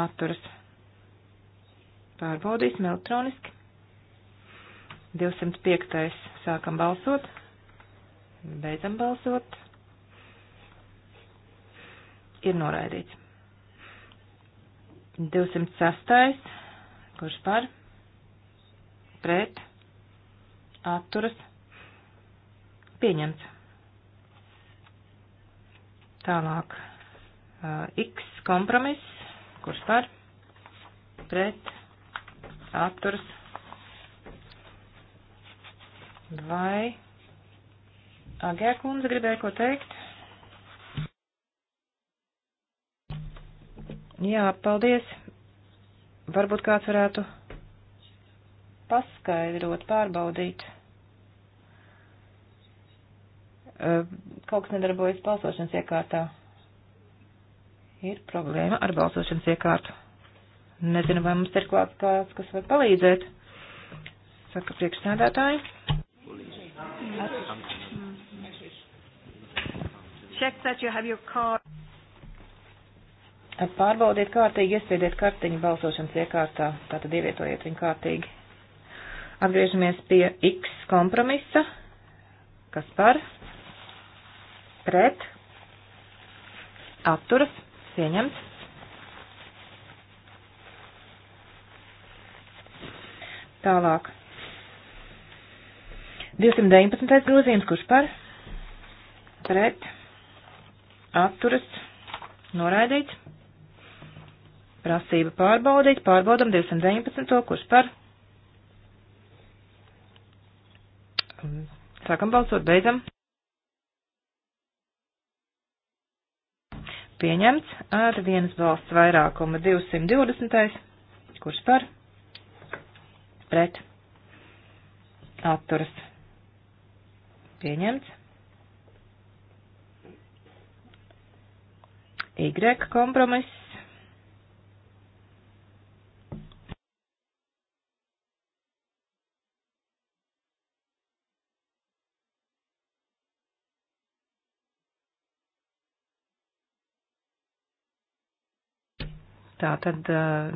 D: atturs pārbaudīsim elektroniski. 205. sākam balsot, beidzam balsot. Ir noraidīts. 206. kurš par pret atturas pieņemts. Tālāk X kompromiss, kurš par pret atturas vai Agē kundze gribēja ko teikt? Jā, paldies. Varbūt kāds varētu paskaidrot, pārbaudīt. Eh, kaut kas nedarbojas balsošanas iekārtā. Ir problēma ar balsošanas iekārtu. Nezinu, vai mums ir klāts kāds, kas var palīdzēt. Saka priekšsēdētāji.
C: Check that you have your card.
D: Pārbaudiet kārtīgi, iespiediet kartiņu balsošanas iekārtā, tātad ievietojiet viņu kārtīgi. Atgriežamies pie X kompromisa. Kas par? pret, atturas, pieņemts. Tālāk. 219. grozījums, kurš par, pret, atturas, noraidīts, prasība pārbaudīt, pārbaudam 219. kurš par. Sākam balsot, beidzam. pieņemts ar vienas balsts vairākuma 220. Kurš par? Pret. Atturas. Pieņemts. Y kompromiss Tā tad uh,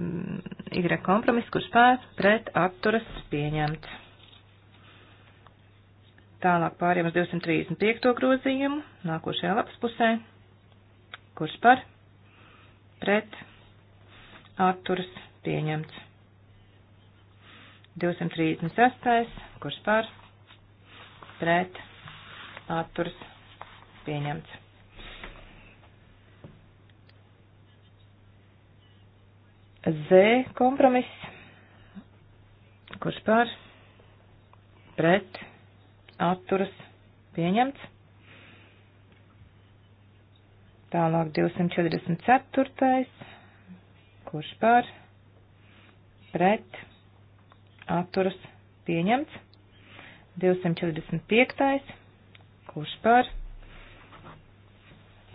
D: Y kompromiss, kurš pār pret atturas pieņemts. Tālāk pāriem uz 235. grozījumu, nākošajā lapas pusē, kurš par pret atturas pieņemts. 236. kurš par pret atturas pieņemts. Z kompromiss. Kurš par? Pret. Atturas. Pieņemts. Tālāk 244. Kurš par? Pret. Atturas. Pieņemts. 245. Kurš par?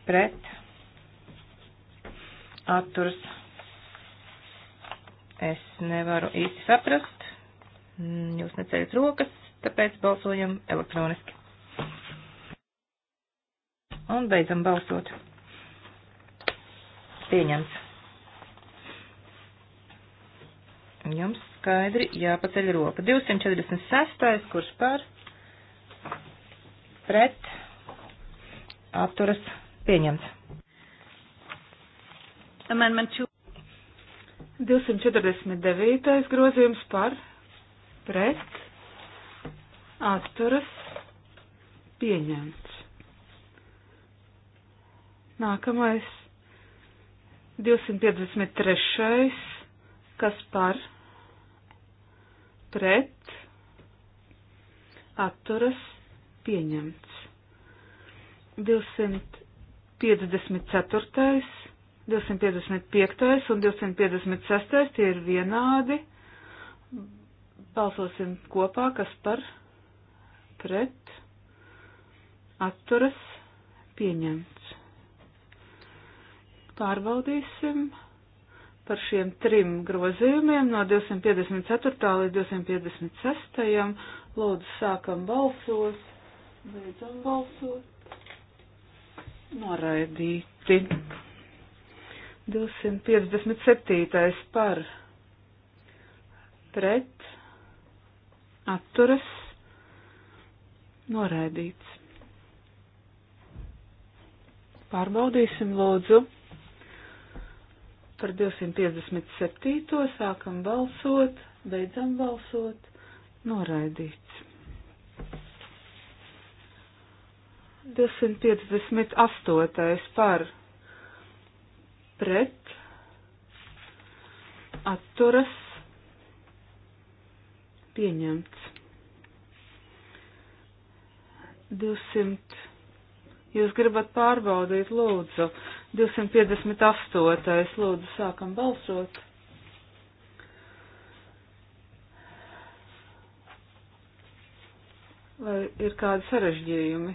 D: Pret. Atturas. Pieņemts Es nevaru īsti saprast. Mm, jūs neceļat rokas, tāpēc balsojam elektroniski. Un beidzam balsot. Pieņemts. Jums skaidri jāpaceļ roka. 246. kurš par pret apturas pieņemts.
A: Amendment 2. 249. grozījums par pret atturas pieņemts. Nākamais 253. kas par pret atturas pieņemts. 254. 255. un 256. tie ir vienādi. Balsosim kopā, kas par pret atturas pieņemts. Pārbaudīsim par šiem trim grozījumiem no 254. līdz 256. Lūdzu, sākam balsot, beidzam balsot. Noraidīti. 257. par pret atturas noraidīts. Pārbaudīsim lūdzu par 257. sākam balsot, beidzam balsot, noraidīts. 258. par pret atturas pieņemts. 200. Jūs gribat pārbaudīt, lūdzu. 258. Lūdzu, sākam balsot. Vai ir kādi sarežģījumi?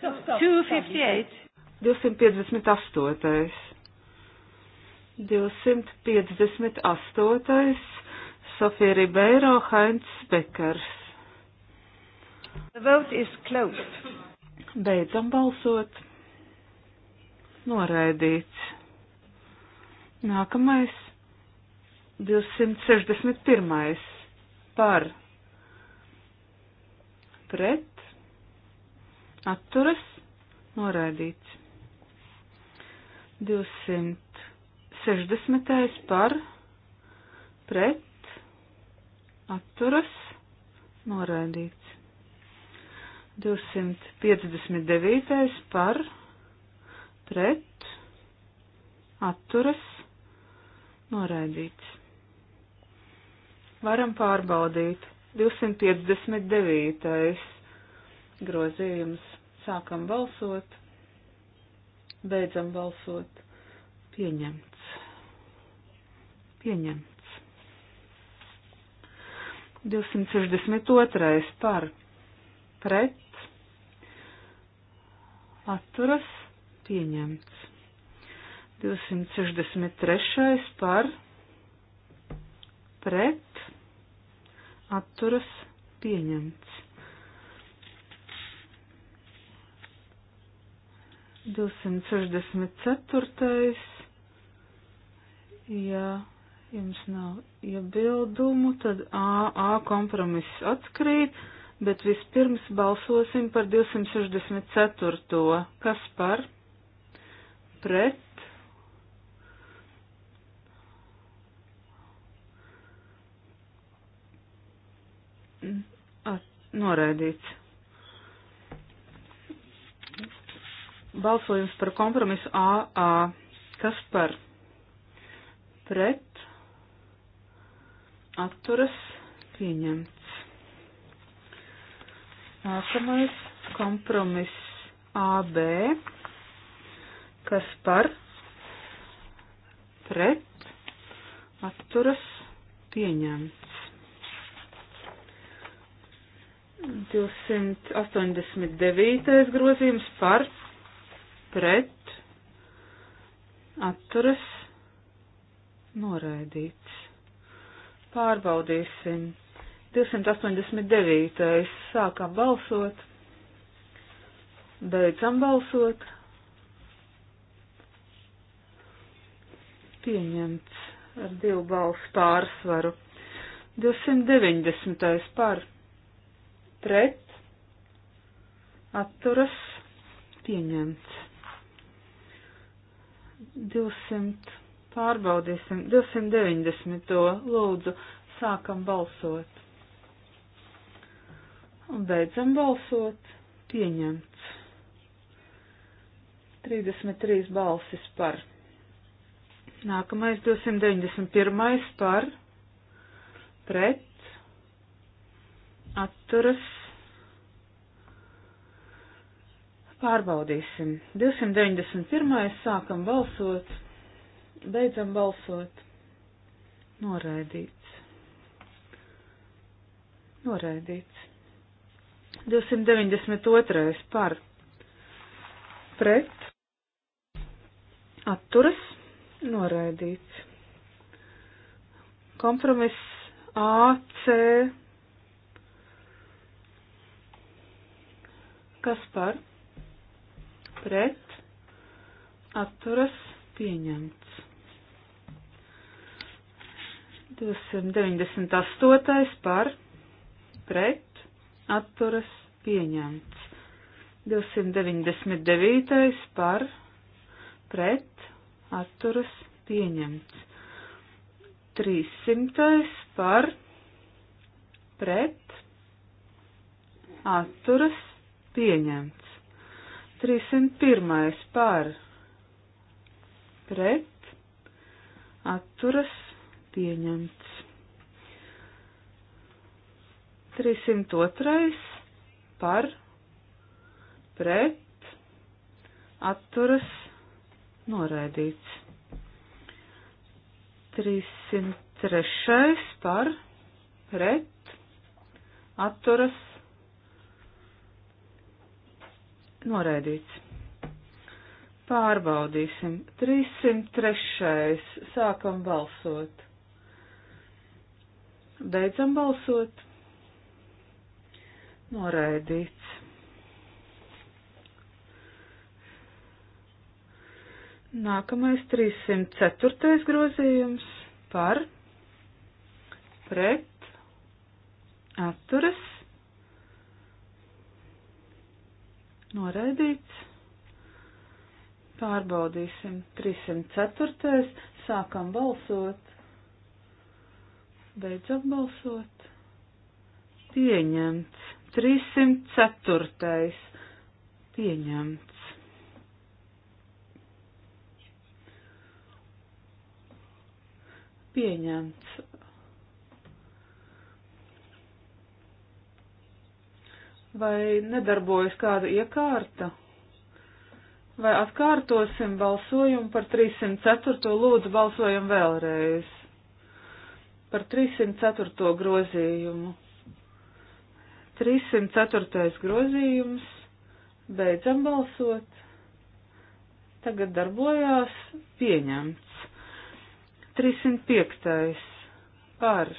C: 258.
A: 258. 258. Sofija Ribeiro, Heinz Bekers. The vote is
C: closed.
A: Beidzam balsot. Noraidīts. Nākamais. 261. Par. Pret. Atturas. Noraidīts. 260. par pret atturas noraidīts. 259. par pret atturas noraidīts. Varam pārbaudīt 259. grozījums. Sākam balsot. Beidzam balsot. Pieņemts. Pieņemts. 262. par pret atturas pieņemts. 263. par pret atturas pieņemts. 264. Ja jums nav iebildumu, tad AA kompromiss atkrīt, bet vispirms balsosim par 264. Kas par? Pret? At, noraidīts. Balsojums par kompromisu AA. Kas par? Pret. Atturas. Pieņemts. Nākamais kompromiss AB. Kas par? Pret. Atturas. Pieņemts. 289. grozījums par pret, atturas, noraidīts. Pārbaudīsim. 289. sākam balsot, beidzam balsot. Pieņemts ar divu balsu pārsvaru. 290. par pret atturas pieņemts. 200. Pārbaudīsim 290. To, lūdzu, sākam balsot. Un beidzam balsot. Pieņemts. 33 balsis par. Nākamais 291 par. Pret. Atturas Pārbaudīsim. 291. sākam balsot, beidzam balsot. Noraidīts. Noraidīts. 292. par pret atturas noraidīts. Kompromiss AC. Kas par? pret, atturas pieņemts. 298. par, pret, atturas pieņemts. 299. par, pret, atturas pieņemts. 300. par, pret, atturas pieņemts. 301. par pret atturas pieņemts. 302. par pret atturas noraidīts. 303. par pret atturas Noraidīts. Pārbaudīsim. 303. Sākam balsot. Beidzam balsot. Noraidīts. Nākamais 304. grozījums par pret atturas noraidīts. Pārbaudīsim 304. Sākam balsot. Beidzam balsot. Pieņemts. 304. Pieņemts. Pieņemts. Vai nedarbojas kāda iekārta? Vai atkārtosim balsojumu par 304. lūdzu balsojam vēlreiz? Par 304. grozījumu. 304. grozījums. Beidzam balsot. Tagad darbojās pieņemts. 305. par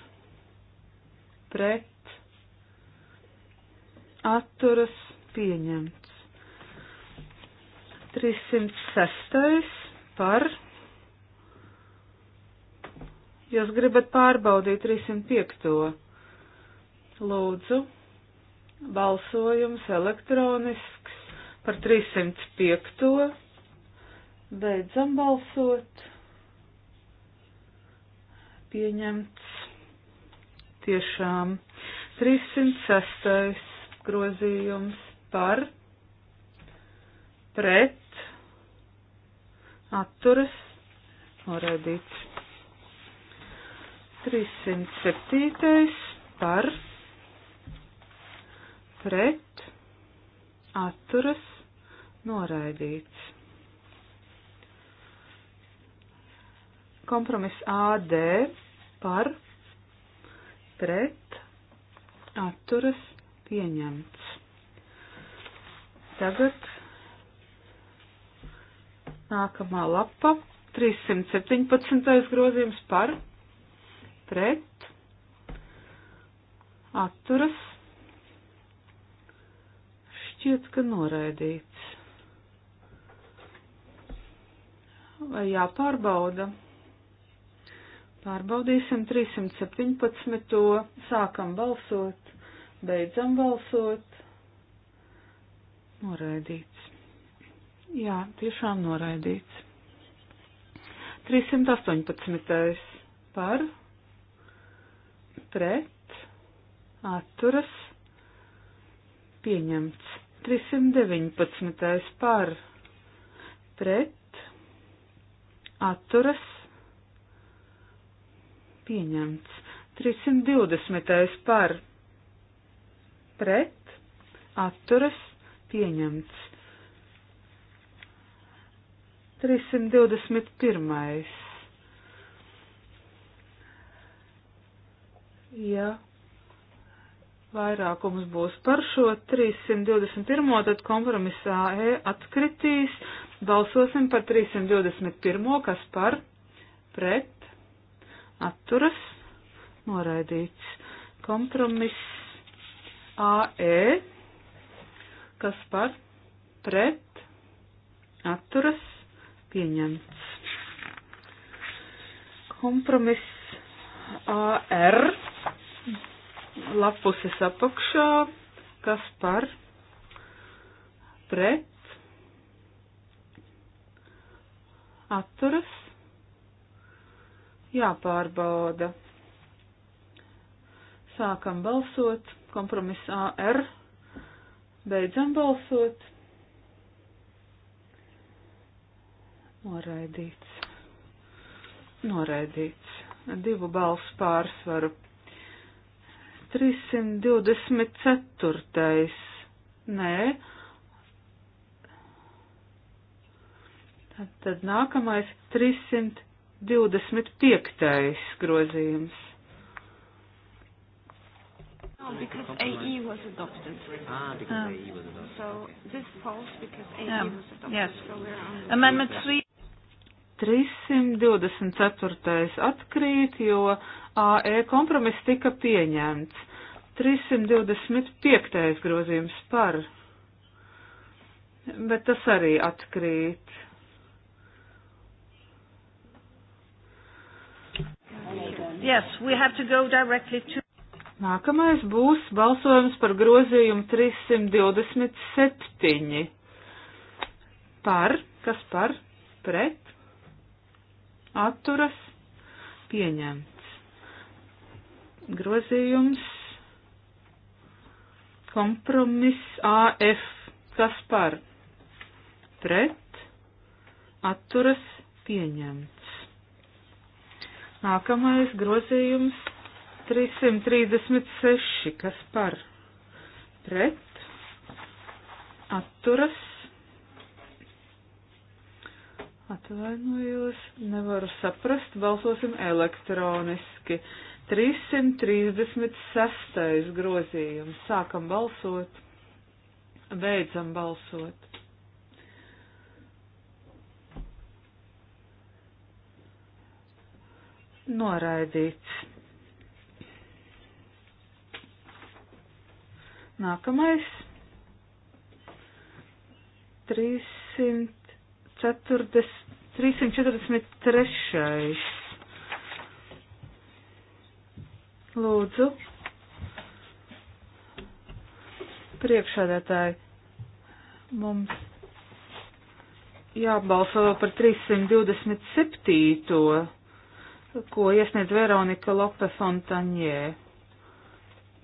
A: pret atturas pieņemts. 306. par. Jūs gribat pārbaudīt 305. Lūdzu, balsojums elektronisks par 305. Beidzam balsot. Pieņemts tiešām 306 grozījums par pret atturas noraidīts. 307. par pret atturas noraidīts. Kompromiss AD par pret atturas pieņemts. Tagad nākamā lapa, 317. grozījums par, pret, atturas, šķiet, ka noraidīts. Vai jāpārbauda? Pārbaudīsim 317. Sākam balsot. Beidzam balsot. Noraidīts. Jā, tiešām noraidīts. 318. par, pret, atturas, pieņemts. 319. par, pret, atturas, pieņemts. 320. par, pret, atturas, pieņemts. 321. Ja vairākums būs par šo 321, tad kompromisā E atkritīs. Balsosim par 321, kas par, pret, atturas, noraidīts. Kompromiss AE, kas par pret atturas pieņemts. Kompromiss AR lapuses apakšā, kas par pret atturas jāpārbauda. Sākam balsot. Kompromiss AR. Beidzam balsot. Noraidīts. Noraidīts. Divu balsu pārsvaru. 324. Nē. Tad, tad nākamais 325. grozījums. No, because AE e was adopted. Ah, because uh, um, AE was adopted.
C: So okay. this falls because AE yeah. Um, was adopted. Yes. So we're on the Amendment 3.
A: 324. atkrīt, jo AE kompromiss tika pieņemts. 325. grozījums par, bet tas arī atkrīt.
C: Yes, we have to go directly to
A: Nākamais būs balsojums par grozījumu 327. Par, kas par, pret, atturas, pieņemts. Grozījums kompromis AF, kas par, pret, atturas, pieņemts. Nākamais grozījums 336, kas par pret atturas. Atvainojos, nevaru saprast, balsosim elektroniski. 336. grozījums. Sākam balsot, beidzam balsot. Noraidīts. Nākamais. 340, 343. Lūdzu. Priekšādātāji, mums jābalso par 327. ko iesniedz Veronika Lope Fontaņē.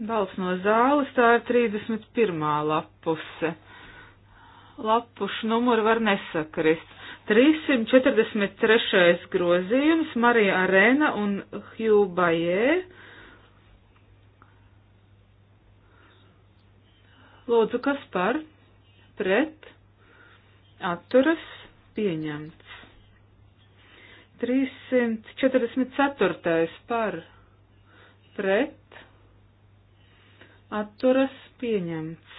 A: Balsts no zāles, tā ir 31. lapuse. Lapušu numuru var nesakrist. 343. grozījums Marija Arēna un Hjūbajē. Lūdzu, kas par? Pret? Atturas? Pieņemts. 344. par? Pret? atturas pieņemts.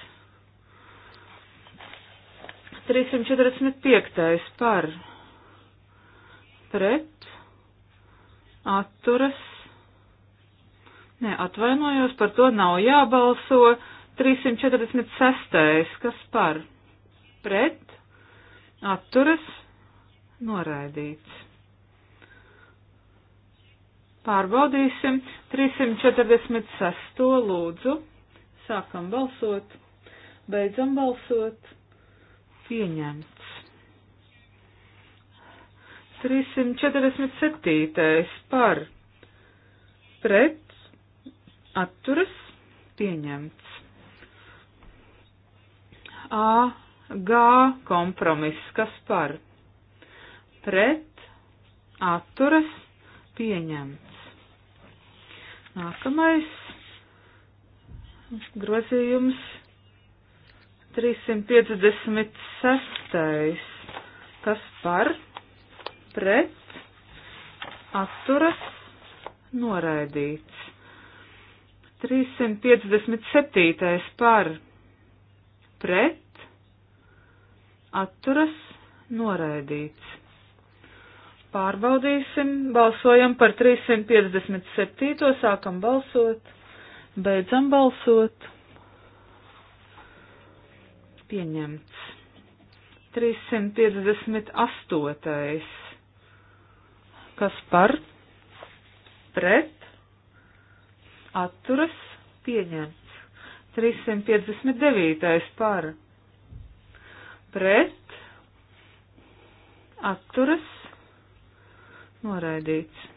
A: 345. par pret atturas. Nē, atvainojos, par to nav jābalso. 346. kas par pret atturas noraidīts. Pārbaudīsim 346. lūdzu. Sākam balsot. Beidzam balsot. Pieņemts. 347. par pret atturas pieņemts. A, G kompromiss, kas par pret atturas pieņemts. Nākamais grozījums 356. Kas par, pret, atturas, noraidīts. 357. par, pret, atturas, noraidīts. Pārbaudīsim, balsojam par 357. sākam balsot. Beidzam balsot. Pieņemts. 358. Kas par? Pret? Atturas? Pieņemts. 359. par? Pret? Atturas? Noraidīts.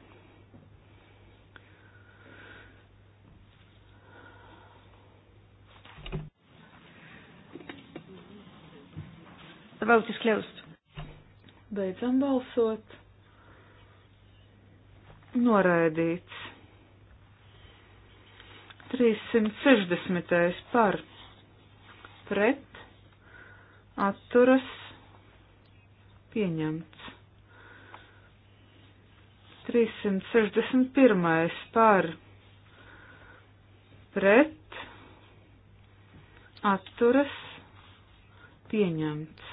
A: The vote is closed. Beidzam balsot. Noraidīts. 360. par pret atturas pieņemts. 361. par pret atturas pieņemts.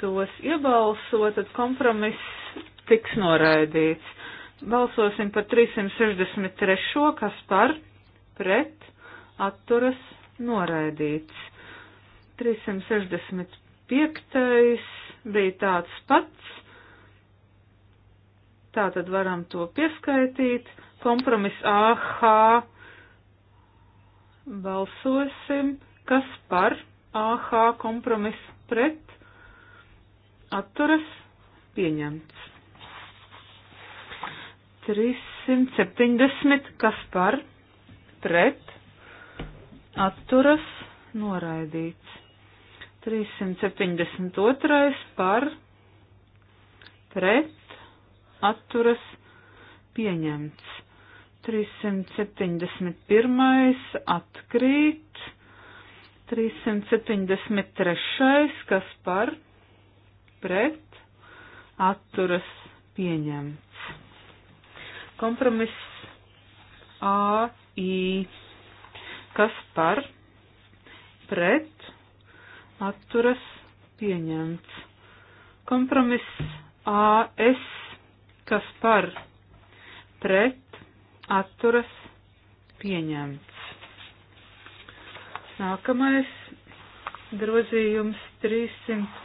A: tos iebalso, tad kompromiss tiks noraidīts. Balsosim par 363, kas par, pret, atturas, noraidīts. 365 bija tāds pats, tā tad varam to pieskaitīt. Kompromiss AH balsosim, kas par AH kompromiss pret atturas pieņemts. 370, kas par, pret, atturas noraidīts. 372 par, pret, atturas pieņemts. 371 atkrīt. 373, kas par, pret atturas pieņemts. Kompromiss AI, kas par pret atturas pieņemts. Kompromiss AS, kas par pret atturas pieņemts. Nākamais grozījums 300.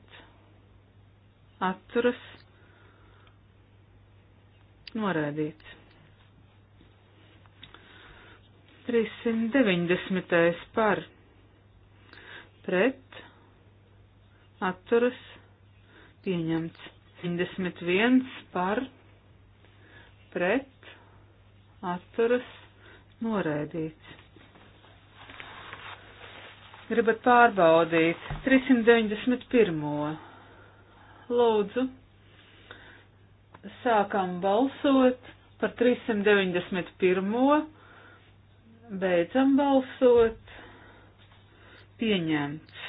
A: atturas norēdīts. 390. par pret atturas pieņemts. 71 par pret atturas norēdīts. Gribat pārbaudīt 391. Lūdzu, sākam balsot par 391. Beidzam balsot. Pieņemts.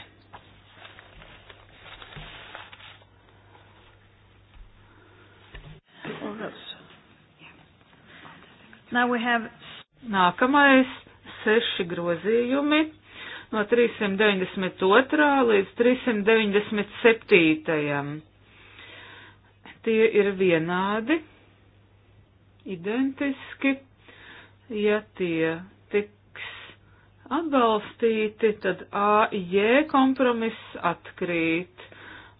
A: Now we have... Nākamais seši grozījumi no 392. līdz 397 tie ir vienādi, identiski. Ja tie tiks atbalstīti, tad AJ kompromiss atkrīt.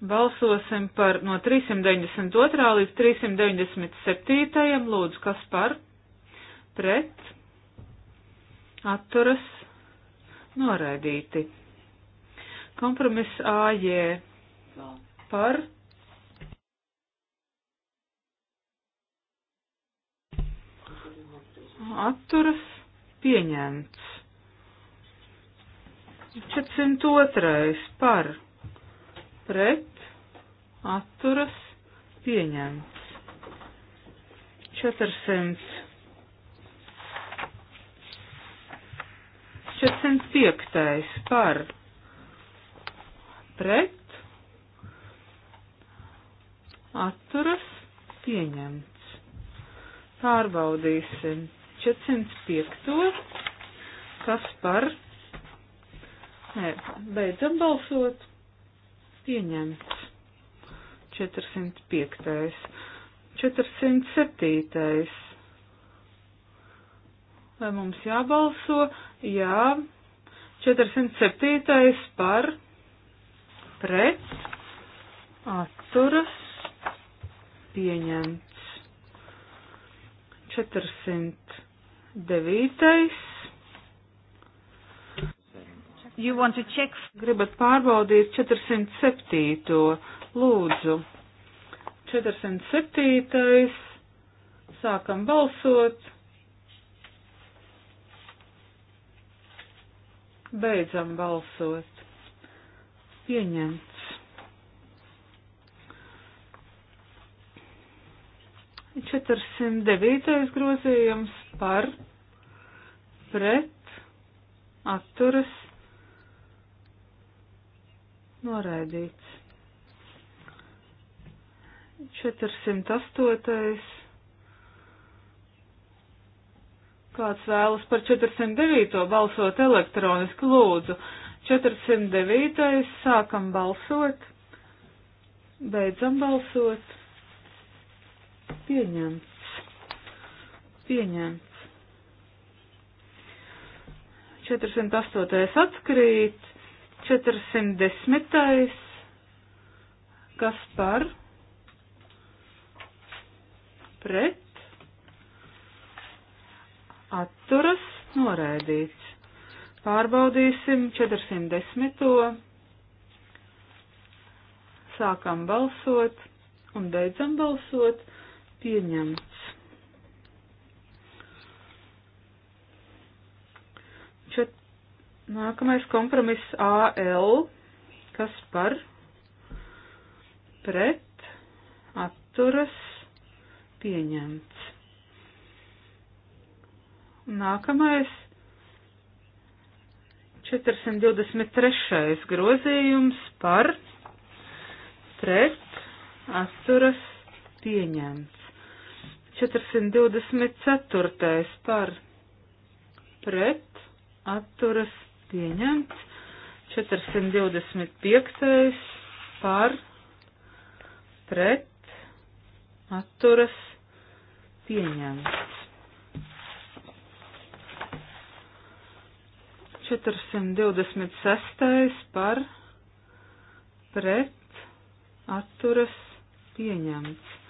A: Balsosim par no 392. līdz 397. lūdzu, kas par pret atturas noraidīti. Kompromiss AJ par pret atturas pieņemts. 402. par pret atturas pieņemts. 400. 405. par pret atturas pieņemts. Pārbaudīsim. 405. Kas par? Nē, beidzam balsot. Pieņemts. 405. 407. Vai mums jābalso? Jā. 407. par pret atturas pieņemts. 400. Devītais. Gribat pārbaudīt 407. Lūdzu. 407. Sākam balsot. Beidzam balsot. Pieņemts. 409. grozījums par pret atturas noraidīts. 408. Kāds vēlas par 409. balsot elektroniski lūdzu. 409. sākam balsot, beidzam balsot. Pieņemts. Pieņemts. 408. atkrīt, 410. kas par pret atturas noraidīts. Pārbaudīsim 410. Sākam balsot un beidzam balsot pieņemts. 4. Nākamais kompromiss AL, kas par pret atturas pieņemts. Nākamais 423. grozījums par pret atturas pieņemts. 424. par pret atturas pieņemts. 425. par pret atturas pieņemts. 426. par pret atturas pieņemts.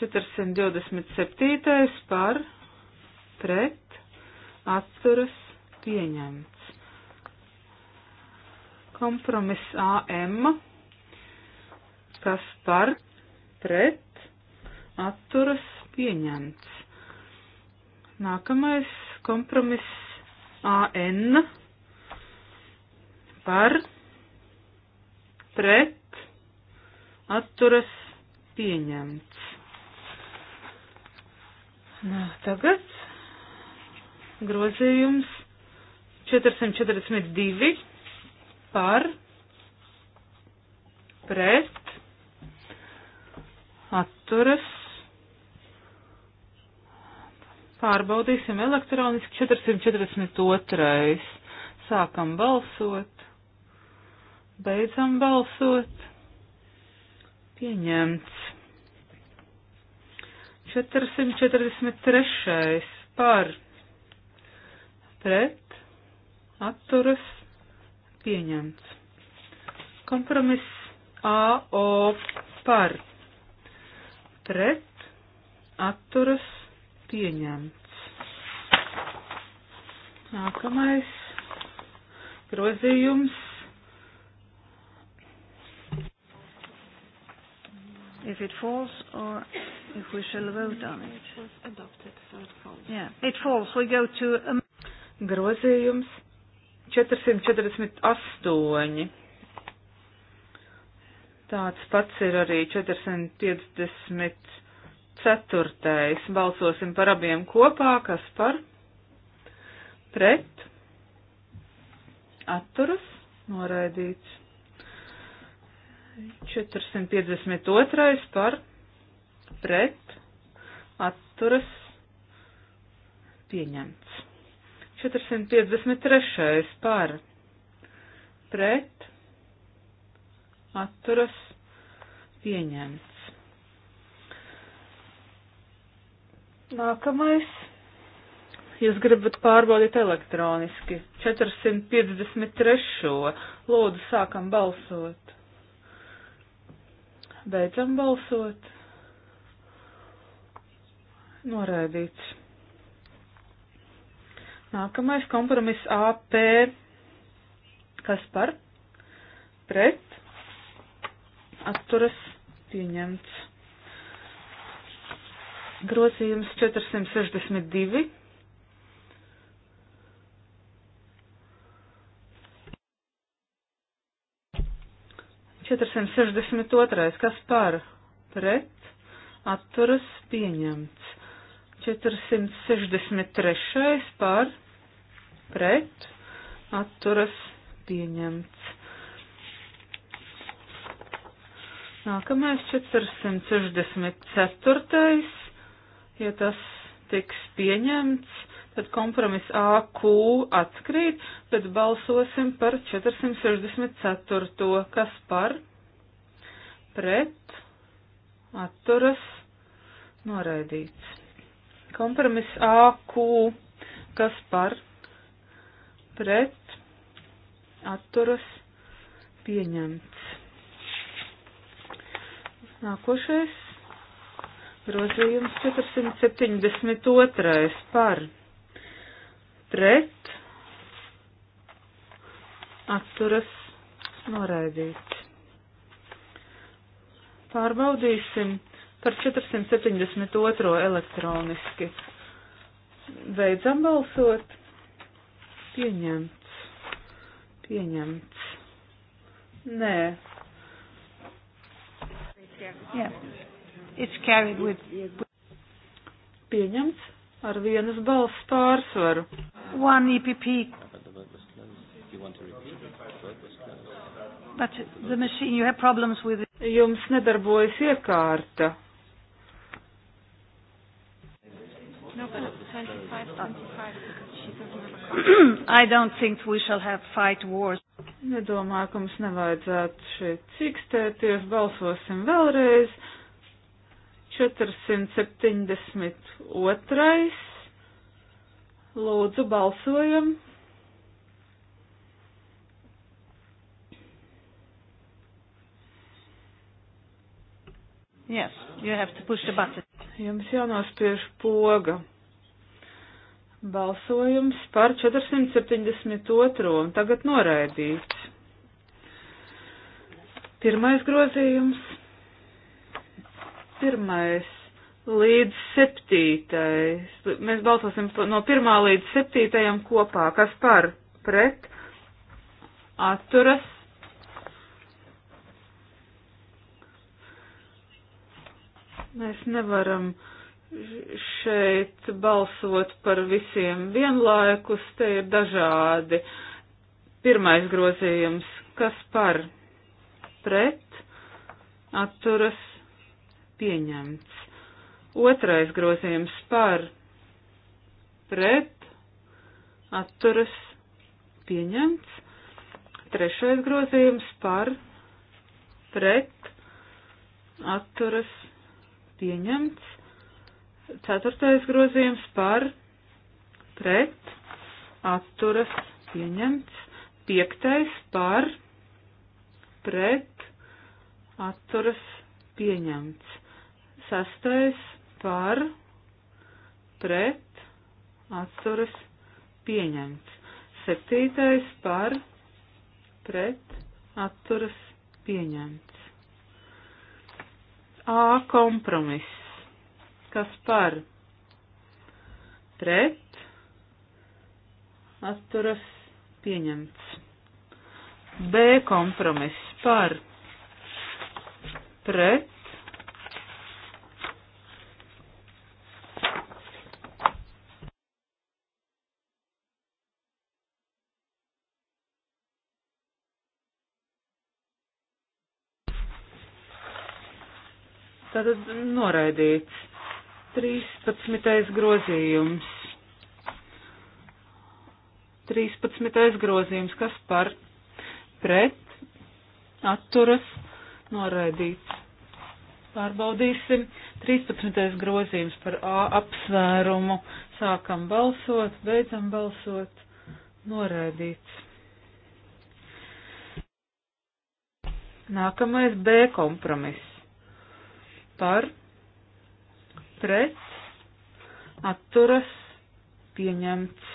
A: 427. par pret atturas pieņemts. Kompromis AM, kas par pret atturas pieņemts. Nākamais kompromis AN par pret atturas pieņemts. Nā, nu, tagad grozījums 442 par pret atturas. Pārbaudīsim elektroniski 442. Sākam balsot. Beidzam balsot. Pieņemts. 443. par pret atturas pieņemts. Kompromiss AO par pret atturas pieņemts. Nākamais grozījums. If it falls or if we shall vote on it. it
C: was adopted, so it falls.
A: Yeah, it falls. We go to um... grozījums 448. Tāds pats ir arī 454. Balsosim par abiem kopā, kas par pret atturas noraidīts. 452. par pret, atturas, pieņemts. 453. par, pret, atturas, pieņemts. Nākamais. Jūs gribat pārbaudīt elektroniski. 453. Lūdzu, sākam balsot. Beidzam balsot. Noraidīts. Nākamais kompromiss AP. Kas par? Pret. Atturas pieņemts. Grozījums 462. Četrsimt sešdesmit otrais, kas par pret atturas pieņemts. 463. par pret atturas pieņemts. Nākamais 464. Ja tas tiks pieņemts, tad kompromis AQ atkrīt, bet balsosim par 464. kas par pret atturas noraidīts. Kompromis AQ, kas par pret atturas pieņemts. Nākošais grozījums 472. par pret atturas noraidīts. Pārbaudīsim par 472 elektroniski. Beidzam balsot. Pieņemts. Pieņemts. Nē. Yeah. It's carried with. Pieņemts ar vienas balss pārsvaru. One EPP. But the machine, you have problems with it. Jums nedarbojas iekārta.
C: No, but 25, 25, she doesn't have a
A: I don't think we shall have fight wars. Nedomāju, ka mums nevajadzētu šeit cīkstēties, balsosim vēlreiz. 472. Lūdzu, balsojam. Yes, you have to push the button. Jums jānospiež poga. Balsojums par 472. un tagad noraidīts. Pirmais grozījums. Pirmais līdz septītais. Mēs balsosim no pirmā līdz septītajam kopā. Kas par? Pret? Atturas? Mēs nevaram šeit balsot par visiem vienlaikus, te ir dažādi. Pirmais grozījums, kas par pret atturas pieņemts. Otrais grozījums par pret atturas pieņemts. Trešais grozījums par pret atturas pieņemts Ceturtais grozījums par pret atturas pieņemts. Piektais par pret atturas pieņemts. Sastais par pret atturas pieņemts. Septītais par pret atturas pieņemts. A kompromiss kas par pret atturas pieņemts. B kompromiss par pret Tātad noraidīts. 13. grozījums. 13. grozījums, kas par pret atturas noraidīts. Pārbaudīsim. 13. grozījums par A apsvērumu. Sākam balsot, beidzam balsot. Noraidīts. Nākamais B kompromiss. Par pret, atturas, pieņemts.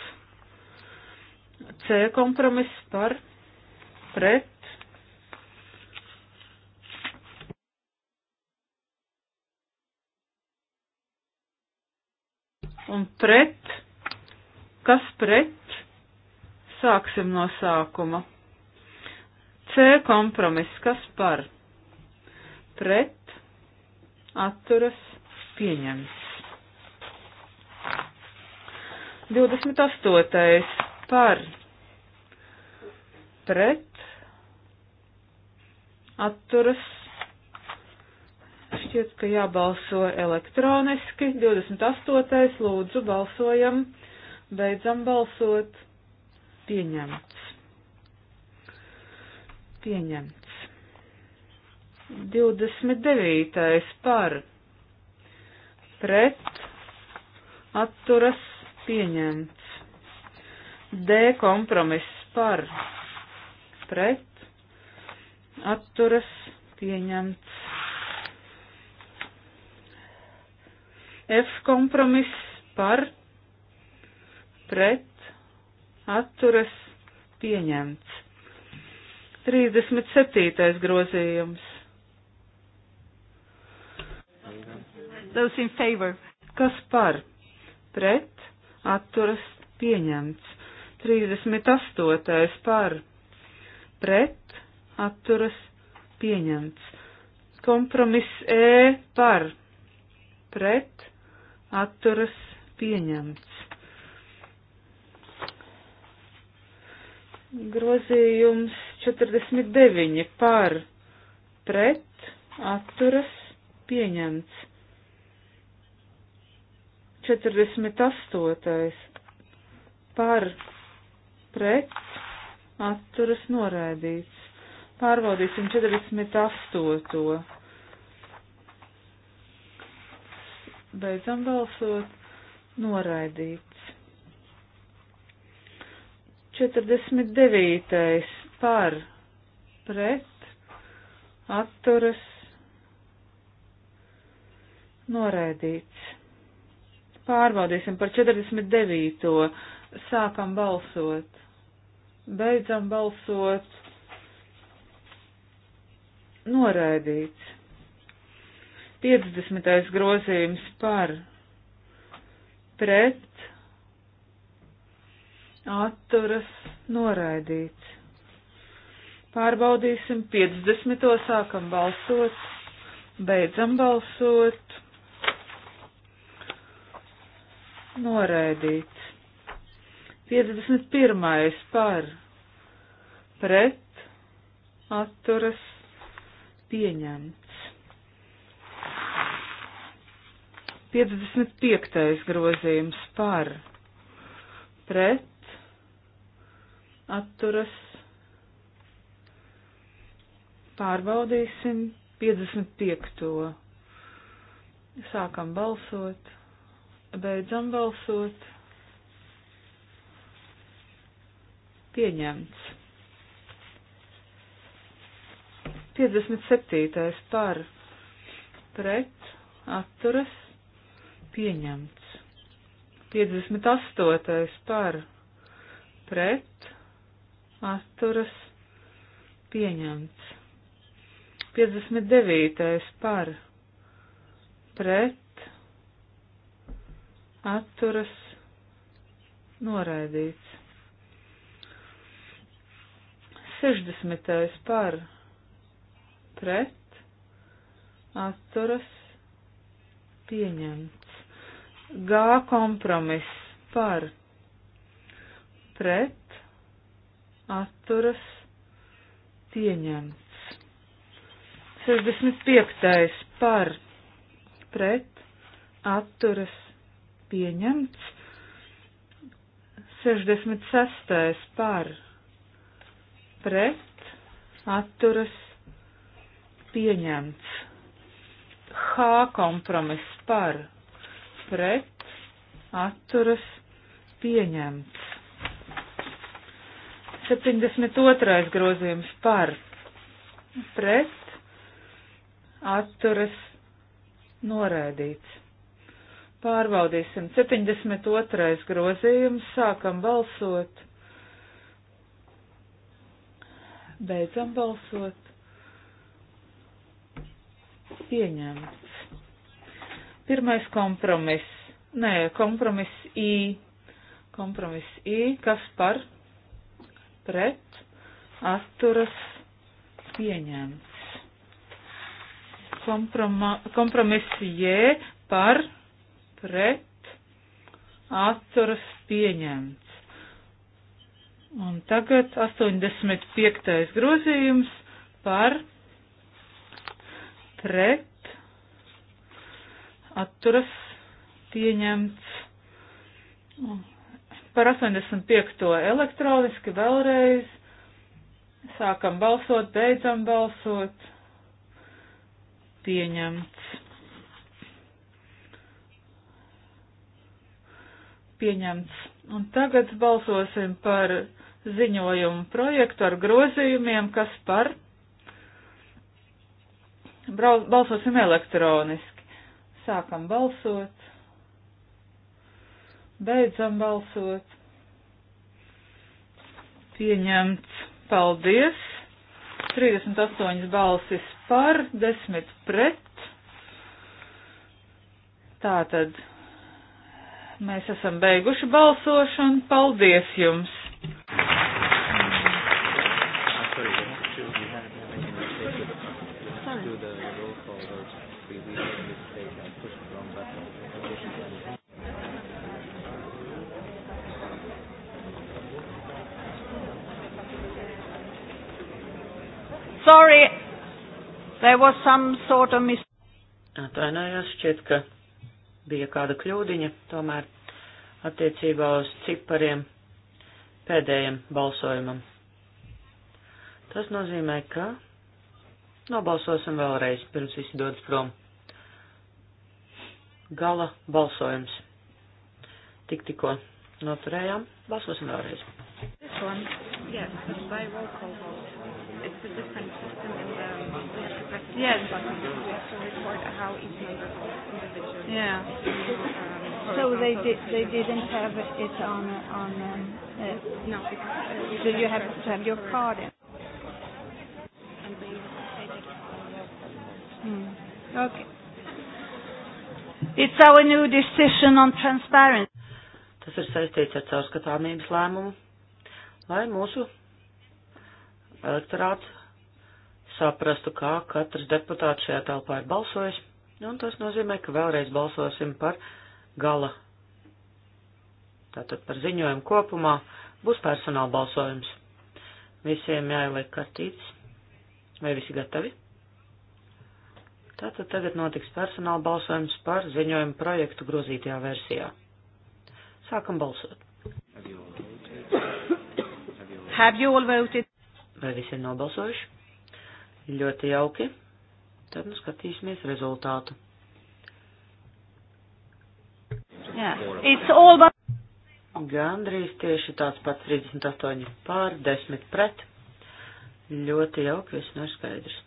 A: C kompromiss par, pret, un pret, kas pret, sāksim no sākuma. C kompromiss, kas par, pret, atturas, pieņemts. 28. par pret atturas šķiet, ka jābalso elektroniski. 28. lūdzu balsojam, beidzam balsot, pieņemts. Pieņemts. 29. par pret pret, atturas pieņemts. D kompromiss par, pret, atturas pieņemts. F kompromiss par, pret, atturas pieņemts. 37. grozījums Those in favor. Kas par? Pret. Atturas pieņemts. 38. par. Pret. Atturas pieņemts. Kompromiss E par. Pret. Atturas pieņemts. Grozījums 49 par pret atturas pieņemts. 48. par pret atturas noraidīts. Pārbaudīsim 48. Beidzam balsot. Noraidīts. 49. par pret atturas noraidīts. Pārbaudīsim par 49. Sākam balsot. Beidzam balsot. Noraidīts. 50. grozījums par pret atturas noraidīts. Pārbaudīsim 50. sākam balsot, beidzam balsot. noraidīts. 51. par pret atturas pieņemts. 55. grozījums par pret atturas pārbaudīsim 55. Sākam balsot. Beidzam balsot. Pieņemts. 57. par pret atturas pieņemts. 58. par pret atturas pieņemts. 59. par pret atturas noraidīts. 60. par pret atturas pieņemts. G kompromiss par pret atturas pieņemts. 65. par pret atturas pieņemts. 66. par pret atturas pieņemts. H kompromiss par pret atturas pieņemts. 72. grozījums par pret atturas noraidīts. Pārbaudīsim. 72. grozījums. Sākam balsot. Beidzam balsot. Pieņemts. Pirmais kompromiss. Nē, kompromiss I. Kompromiss I. Kas par? Pret. Atturas. Pieņemts. Komproma, kompromiss J par pret, atturas pieņemts. Un tagad 85. grozījums par pret, atturas pieņemts. Par 85. elektroniski vēlreiz. Sākam balsot, beidzam balsot. Pieņemts. Pieņemts. Un tagad balsosim par ziņojumu projektu ar grozījumiem, kas par. Brau, balsosim elektroniski. Sākam balsot. Beidzam balsot. Pieņemts. Paldies. 38 balsis par, 10 pret. Tātad Mēs esam beiguši balsošanu. Paldies jums!
C: Sorry, there was some sort of mistake.
B: Atvainojos, šķiet, ka bija kāda kļūdiņa, tomēr attiecībā uz cipariem pēdējiem balsojumam. Tas nozīmē, ka nobalsosim vēlreiz, pirms visi dodas prom. Gala balsojums. Tik tikko noturējām, balsosim vēlreiz.
C: This one, yes, by roll call vote. It's a different system. Yes. But we um, have to report how each member individually. Yeah. Um, so they did. They didn't have it on on. Um, uh, no. Because, uh, so you have to have your card in. Mm. Okay. It's our new decision on transparency.
B: Tas ir saistīts ar caurskatāmības lēmumu, lai mūsu elektorāts saprastu, kā katrs deputāts šajā telpā ir balsojis, un tas nozīmē, ka vēlreiz balsosim par gala. Tātad par ziņojumu kopumā būs personāla balsojums. Visiem jāieliek kartītes. Vai visi gatavi? Tātad tagad notiks personāla balsojums par ziņojumu projektu grozītajā versijā. Sākam balsot. Have you all voted? Vai visi ir nobalsojuši? Ļoti jauki. Tad nu skatīsimies rezultātu.
C: Yeah. About...
B: Gandrīz tieši tāds pats 38 pār 10 pret. Ļoti jauki, viss nav nu skaidrs.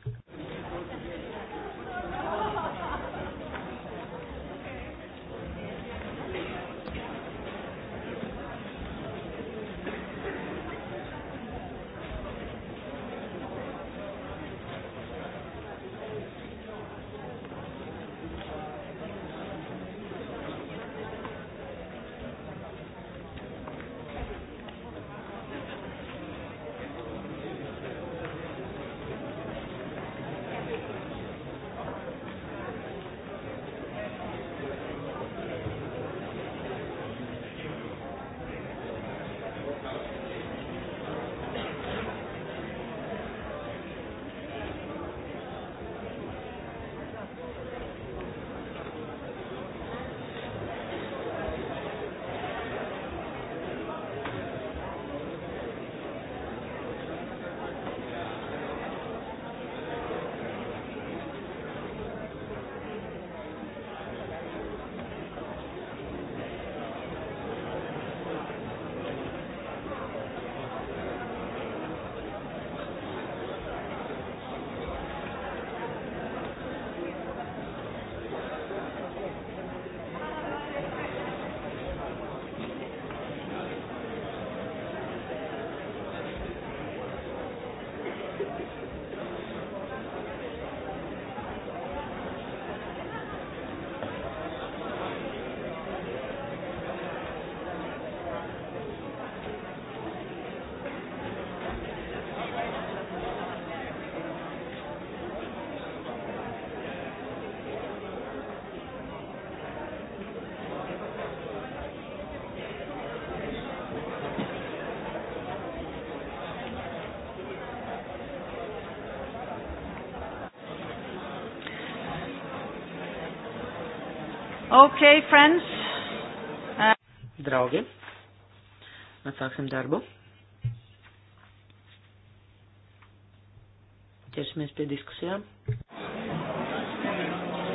B: Okay, friends. Uh... Draugi, atsāksim darbu. Ķersimies pie diskusijām.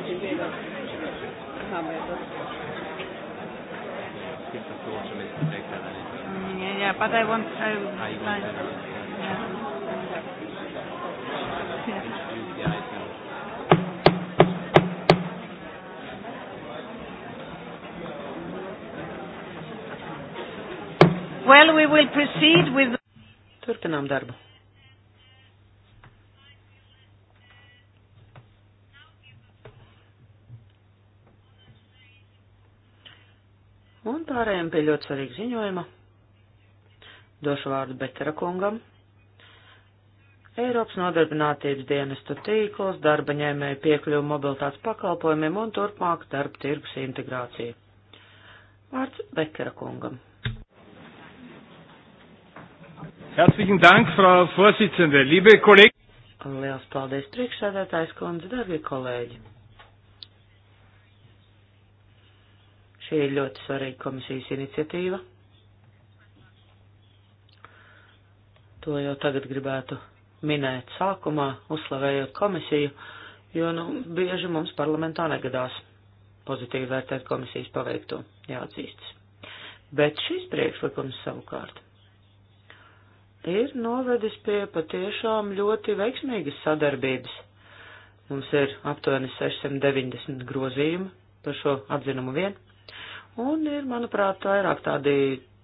C: Mm, yeah, yeah, but I want. I, I, I
B: Well, we will proceed with... Turpinām darbu. Un pārējiem pie ļoti svarīga ziņojuma. Došu vārdu Betera kungam. Eiropas nodarbinātības dienestu tīkls, darba ņēmēju piekļuvu mobilitātes pakalpojumiem un turpmāk darba tirgus integrācija. Vārds Bekera
C: kungam. Herzlichen Dank, Frau Vorsitzende, liebe Kollegen.
B: Liels paldies, priekšsēdētājs kundze, darbie kolēģi. Šī ir ļoti svarīga komisijas iniciatīva. To jau tagad gribētu minēt sākumā, uzslavējot komisiju, jo, nu, bieži mums parlamentā negadās pozitīvi vērtēt komisijas paveikto, jāatzīstas. Bet šis priekšlikums savukārt ir novedis pie patiešām ļoti veiksmīgas sadarbības. Mums ir aptuveni 690 grozījumi par šo atzinumu vien, un ir, manuprāt, vairāk tādi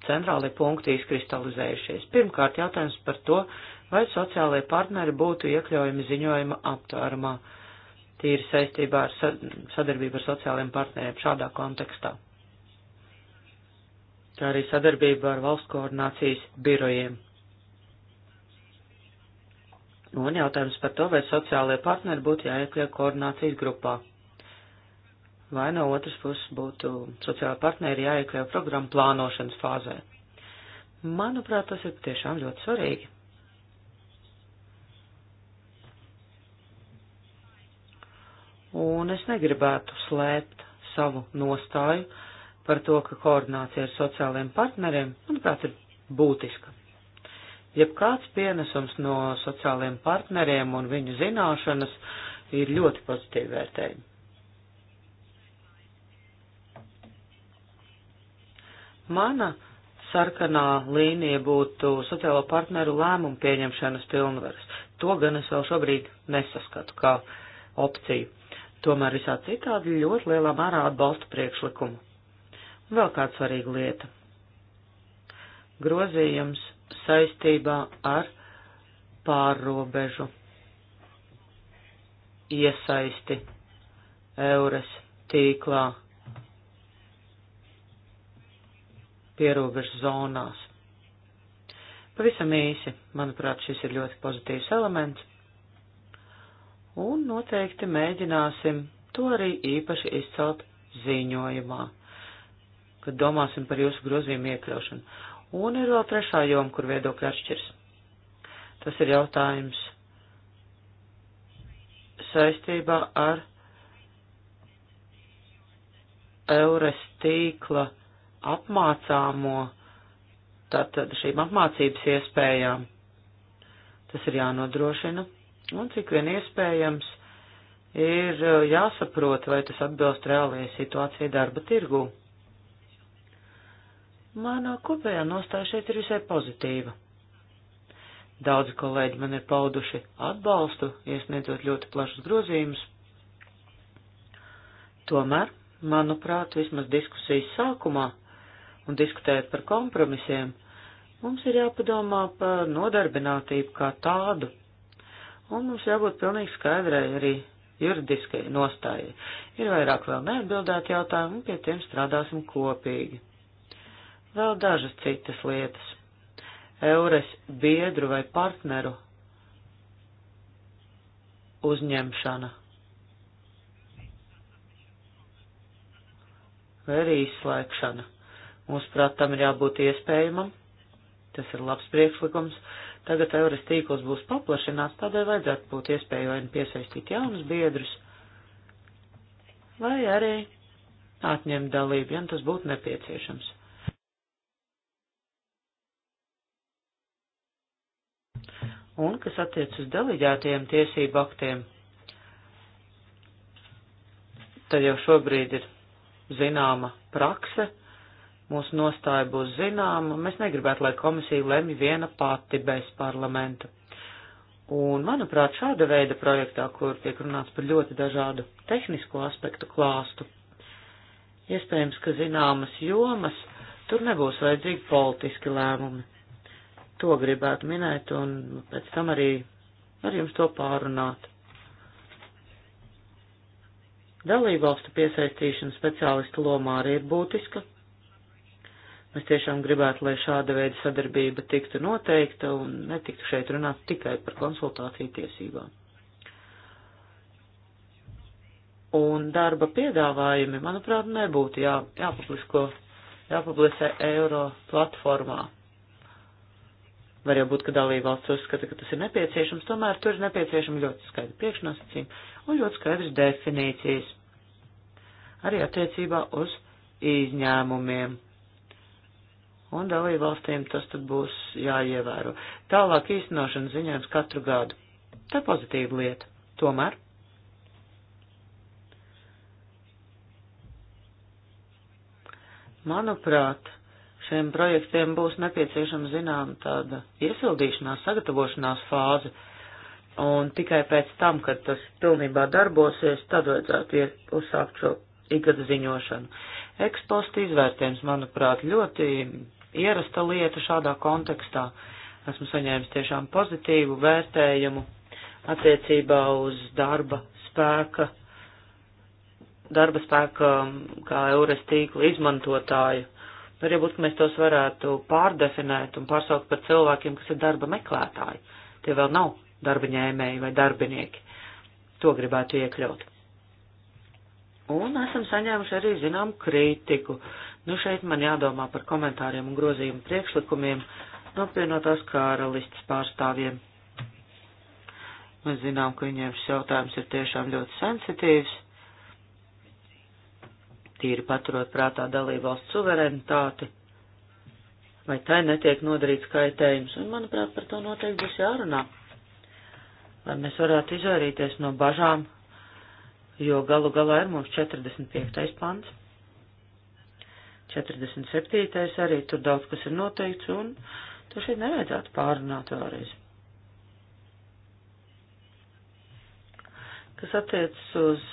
B: centrālie punkti izkristalizējušies. Pirmkārt, jautājums par to, vai sociālajie partneri būtu iekļaujami ziņojuma aptvērumā, tīri saistībā ar sadarbību ar sociālajiem partneriem šādā kontekstā. Tā arī sadarbība ar valsts koordinācijas birojiem. Nu, un jautājums par to, vai sociālajie partneri būtu jāiekļaut koordinācijas grupā. Vai no otras puses būtu sociālai partneri jāiekļaut programmu plānošanas fāzē. Manuprāt, tas ir tiešām ļoti svarīgi. Un es negribētu slēpt savu nostāju par to, ka koordinācija ar sociālajiem partneriem, manuprāt, ir būtiska. Jebkāds pienesums no sociāliem partneriem un viņu zināšanas ir ļoti pozitīvi vērtējumi. Mana sarkanā līnija būtu sociālo partneru lēmumu pieņemšanas pilnvaras. To gan es vēl šobrīd nesaskatu kā opciju. Tomēr visā citādi ļoti lielā mērā atbalstu priekšlikumu. Un vēl kāda svarīga lieta. Grozījums saistībā ar pārrobežu iesaisti Eures tīklā pierobežu zonās. Pavisam īsi, manuprāt, šis ir ļoti pozitīvs elements, un noteikti mēģināsim to arī īpaši izcelt ziņojumā, kad domāsim par jūsu grozījumu iekļaušanu. Un ir vēl trešā joma, kur viedokļi atšķirs. Tas ir jautājums saistībā ar Eures tīkla apmācāmo, tātad šīm apmācības iespējām. Tas ir jānodrošina, un cik vien iespējams ir jāsaprot, vai tas atbilst reālajai situācijai darba tirgū. Manā kopējā nostāja šeit ir visai pozitīva. Daudzi kolēģi man ir pauduši atbalstu, iesniedzot ļoti plašus grozījumus. Tomēr, manuprāt, vismaz diskusijas sākumā un diskutējot par kompromisiem, mums ir jāpadomā par nodarbinātību kā tādu, un mums jābūt pilnīgi skaidrai arī juridiskai nostājai. Ir vairāk vēl neatbildēti jautājumi, un pie tiem strādāsim kopīgi. Vēl dažas citas lietas. Eures biedru vai partneru uzņemšana vai arī izslēgšana. Mūsuprāt, tam ir jābūt iespējamam. Tas ir labs priekšlikums. Tagad Eures tīkls būs paplašināts, tādēļ vajadzētu būt iespēju vai piesaistīt jaunus biedrus, vai arī atņemt dalību, ja tas būtu nepieciešams. un kas attiec uz deleģētiem tiesību aktiem. Tad jau šobrīd ir zināma prakse, mūsu nostāja būs zināma, mēs negribētu, lai komisija lemj viena pati bez parlamenta. Un, manuprāt, šāda veida projektā, kur tiek runāts par ļoti dažādu tehnisko aspektu klāstu, iespējams, ka zināmas jomas, tur nebūs vajadzīgi politiski lēmumi To gribētu minēt un pēc tam arī ar jums to pārunāt. Dalībvalstu piesaistīšana speciālistu lomā arī ir būtiska. Mēs tiešām gribētu, lai šāda veida sadarbība tiktu noteikta un netiktu šeit runāt tikai par konsultāciju tiesībām. Un darba piedāvājumi, manuprāt, nebūtu jā, jāpublisko, jāpublicē eiro platformā. Var jau būt, ka dalībvalsts uzskata, ka tas ir nepieciešams, tomēr tur ir nepieciešama ļoti skaidra priekšnosacījuma un ļoti skaidras definīcijas. Arī attiecībā uz izņēmumiem. Un dalībvalstīm tas tad būs jāievēro. Tālāk īstenošanas ziņojums katru gadu. Tā pozitīva lieta. Tomēr manuprāt, Šiem projektiem būs nepieciešama zinām tāda iesildīšanās, sagatavošanās fāze, un tikai pēc tam, kad tas pilnībā darbosies, tad vajadzētu uzsākt šo ikgada ziņošanu. Ekspostu izvērtējums, manuprāt, ļoti ierasta lieta šādā kontekstā. Esmu saņēmis tiešām pozitīvu vērtējumu attiecībā uz darba spēka, darba spēka kā eures tīkla izmantotāju Varbūt, ka mēs tos varētu pārdefinēt un pārsaukt par cilvēkiem, kas ir darba meklētāji. Tie vēl nav darba ņēmēji vai darbinieki. To gribētu iekļaut. Un esam saņēmuši arī zinām kritiku. Nu šeit man jādomā par komentāriem un grozījumu priekšlikumiem no pienotās karalistas pārstāvjiem. Mēs zinām, ka viņiem šis jautājums ir tiešām ļoti sensitīvs tīri paturot prātā dalībvalsts suverenitāti, vai tai netiek nodarīts kaitējums, un, manuprāt, par to noteikti būs jārunā, lai mēs varētu izvairīties no bažām, jo galu galā ir mums 45. pants. 47. arī tur daudz kas ir noteikts, un to šeit nevajadzētu pārrunāt vēlreiz. Kas attiecas uz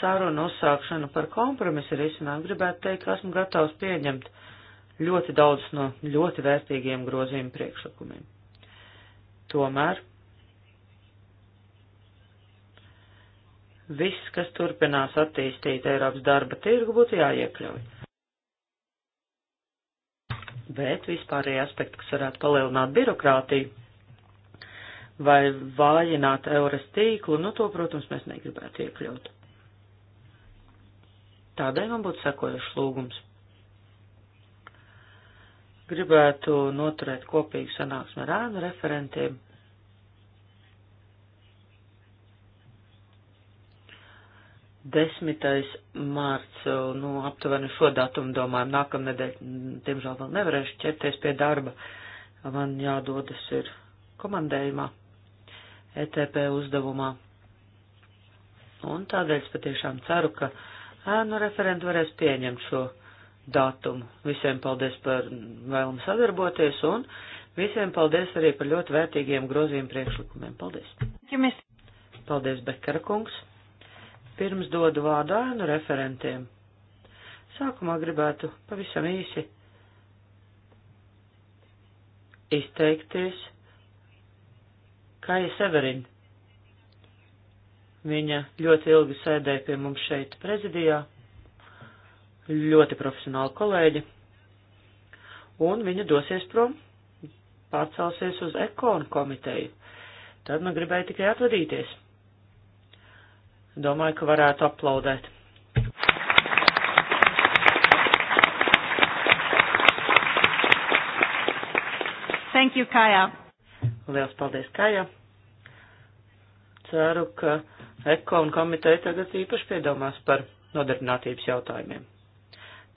B: sarunu uzsākšanu par kompromisu risinājumu gribētu teikt, ka esmu gatavs pieņemt ļoti daudz no ļoti vērtīgiem grozījumu priekšlikumiem. Tomēr viss, kas turpinās attīstīt Eiropas darba tirgu, būtu jāiekļauj. Bet vispārējie aspekti, kas varētu palielināt birokrātiju vai vājināt Eures tīklu, nu to, protams, mēs negribētu iekļaut. Tādēļ man būtu sekojuši lūgums. Gribētu noturēt kopīgu sanāksmi ar ēnu referentiem. Desmitais mārts, nu, aptuveni šo datumu domājam, nākamnedēļ, diemžēl vēl nevarēšu ķerties pie darba, man jādodas ir komandējumā, ETP uzdevumā. Un tādēļ es patiešām ceru, ka ēnu referenti varēs pieņemt šo datumu. Visiem paldies par vēlumu sadarboties un visiem paldies arī par ļoti vērtīgiem grozījumu priekšlikumiem. Paldies! Paldies, Bekara kungs! Pirms dodu vārdu ēnu referentiem. Sākumā gribētu pavisam īsi izteikties, kā ir Severin Viņa ļoti ilgi sēdēja pie mums šeit prezidijā, ļoti profesionāli kolēģi, un viņa dosies prom, pārcelsies uz ekonu komiteju. Tad nu gribēja tikai atvadīties. Domāju, ka varētu aplaudēt.
C: Thank you, Kajā.
B: Liels paldies, Kajā. Ceru, ka Eko un komiteja tagad īpaši piedomās par nodarbinātības jautājumiem.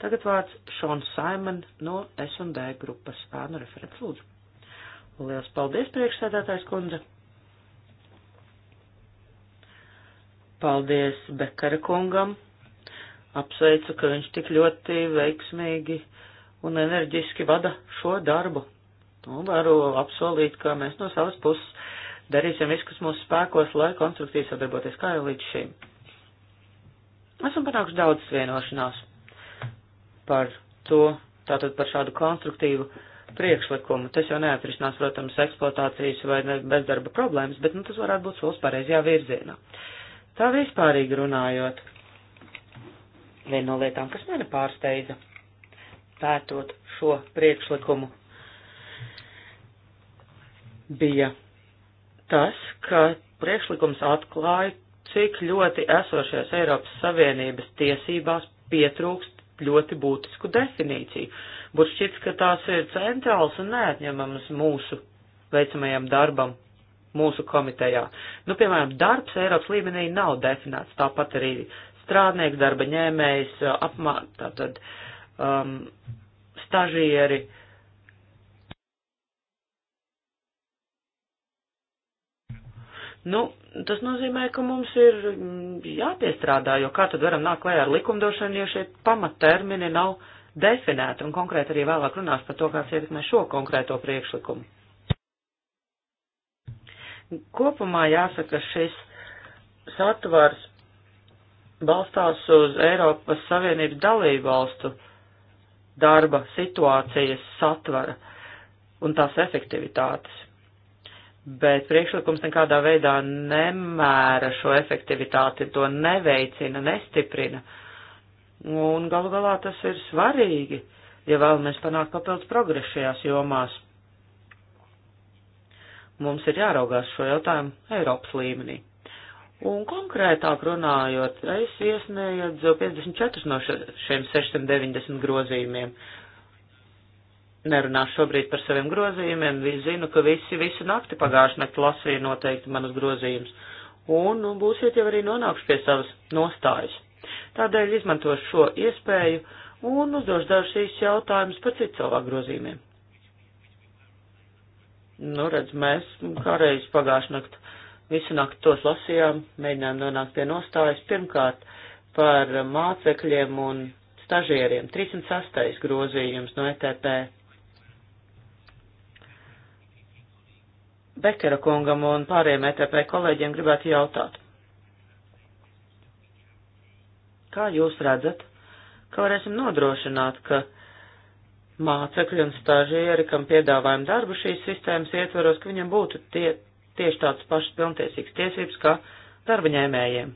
B: Tagad vārds Šons Simon no S&D grupas ēnu referents lūdzu. Lielas paldies, priekšsēdētājs kundze. Paldies Bekara kungam. Apsveicu, ka viņš tik ļoti veiksmīgi un enerģiski vada šo darbu. Un varu apsolīt, ka mēs no savas puses darīsim visu, kas mūsu spēkos, lai konstruktīvi sadarboties kā jau līdz šim. Esam panākuši daudzas vienošanās par to, tātad par šādu konstruktīvu priekšlikumu. Tas jau neatrisinās, protams, eksploatācijas vai bezdarba problēmas, bet nu, tas varētu būt solis pareizajā virzienā. Tā vispārīgi runājot, viena no lietām, kas mani pārsteidza, pētot šo priekšlikumu, bija tas, ka priekšlikums atklāja, cik ļoti esošajās Eiropas Savienības tiesībās pietrūkst ļoti būtisku definīciju. Būtu šķits, ka tās ir centrāls un neatņemamas mūsu veicamajam darbam, mūsu komitejā. Nu, piemēram, darbs Eiropas līmenī nav definēts, tāpat arī strādnieks, darba ņēmējs, apmā, tātad um, stažieri. Uh, Nu, tas nozīmē, ka mums ir mm, jāpiestrādā, jo kā tad varam nākt klajā ar likumdošanu, ja šie pamattermini nav definēti un konkrēti arī vēlāk runās par to, kāds ietekmē šo konkrēto priekšlikumu. Kopumā jāsaka, šis satvars balstās uz Eiropas Savienības dalību valstu darba situācijas satvara un tās efektivitātes bet priekšlikums nekādā veidā nemēra šo efektivitāti, to neveicina, nestiprina. Un galu galā tas ir svarīgi, ja vēlamies panākt papildus progresu šajās jomās. Mums ir jāraugās šo jautājumu Eiropas līmenī. Un konkrētāk runājot, es iesniedzu 54 no šiem 690 grozījumiem. Uh, nerunāšu šobrīd par saviem grozījumiem, zinu, ka visi visu nakti pagājuši nakti lasīja noteikti manus grozījumus, un nu, būsiet jau arī nonākuši pie savas nostājas. Tādēļ izmantošu šo iespēju un uzdošu dažus jautājumus par citu cilvēku grozījumiem. Nu, redz, mēs kādreiz pagājuši nakti visu nakti tos lasījām, mēģinājām nonākt pie nostājas pirmkārt par mācekļiem un stažieriem. 308. grozījums no ETP Bekera kungam un pārējiem ETP kolēģiem gribētu jautāt. Kā jūs redzat, ka varēsim nodrošināt, ka mācekļi un stāžieri, kam piedāvājam darbu šīs sistēmas ietvaros, ka viņam būtu tie, tieši tāds pašs pilntiesīgs tiesības kā darba ņēmējiem.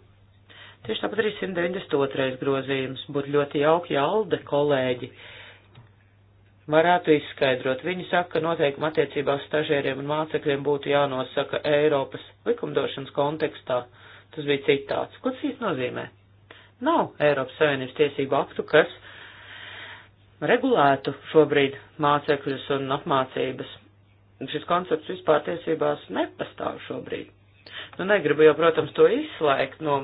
B: Tieši tāpat arī 192. grozījums būtu ļoti jauki, ja Alde kolēģi varētu izskaidrot. Viņi saka, ka noteikuma attiecībā uz stažieriem un mācekļiem būtu jānosaka Eiropas likumdošanas kontekstā. Tas bija citāts. Ko tas īsti nozīmē? Nav Eiropas Savienības tiesību aktu, kas regulētu šobrīd mācekļus un apmācības. Šis koncepts vispār tiesībās nepastāv šobrīd. Nu, negribu jau, protams, to izslēgt no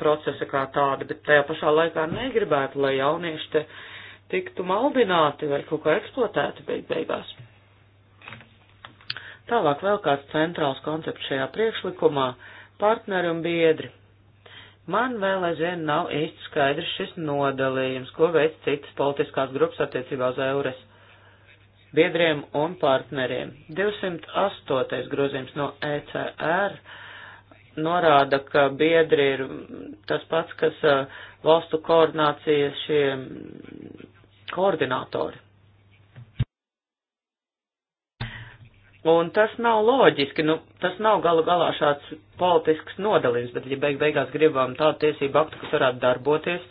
B: procesa kā tāda, bet tajā pašā laikā negribētu, lai jaunieši te uh, tiktu maldināti vai kaut kā eksploatēti beig beigās. Tālāk vēl kāds centrāls koncepts šajā priekšlikumā - partneri un biedri. Man vēl aizvien nav īsti skaidrs šis nodalījums, ko veic citas politiskās grupas attiecībā uz eures biedriem un partneriem. 208. grozījums no ECR norāda, ka biedri ir tas pats, kas valstu koordinācijas šie koordinātori. Un tas nav loģiski, nu, tas nav galu galā šāds politisks nodalījums, bet, ja beig beigās gribam tādu tiesību aktu, kas varētu darboties,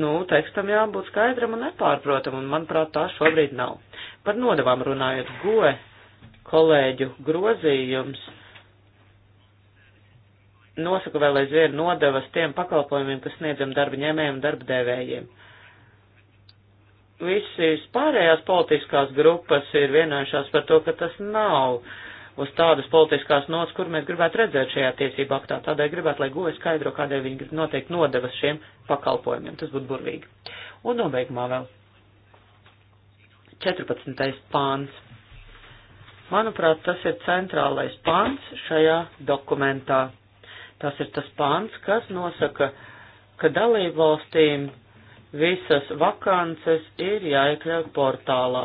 B: nu, tekstam jābūt skaidram un nepārprotam, un, manuprāt, tā šobrīd nav. Par nodavām runājot, goe kolēģu grozījums nosaka vēl aizvien nodevas tiem pakalpojumiem, kas sniedzam darba ņēmējiem un darba devējiem. Uh, visas pārējās politiskās grupas ir vienojušās par to, ka tas nav uz tādas politiskās nots, kur mēs gribētu redzēt šajā tiesību aktā. Tādēļ gribētu, lai goja skaidro, kādēļ viņi grib noteikt nodevas šiem pakalpojumiem. Tas būtu burvīgi. Un nobeigumā vēl 14. pāns. Manuprāt, tas ir centrālais pāns šajā dokumentā. Tas ir tas pāns, kas nosaka, ka dalību valstīm visas vakances ir jāiekļaut portālā.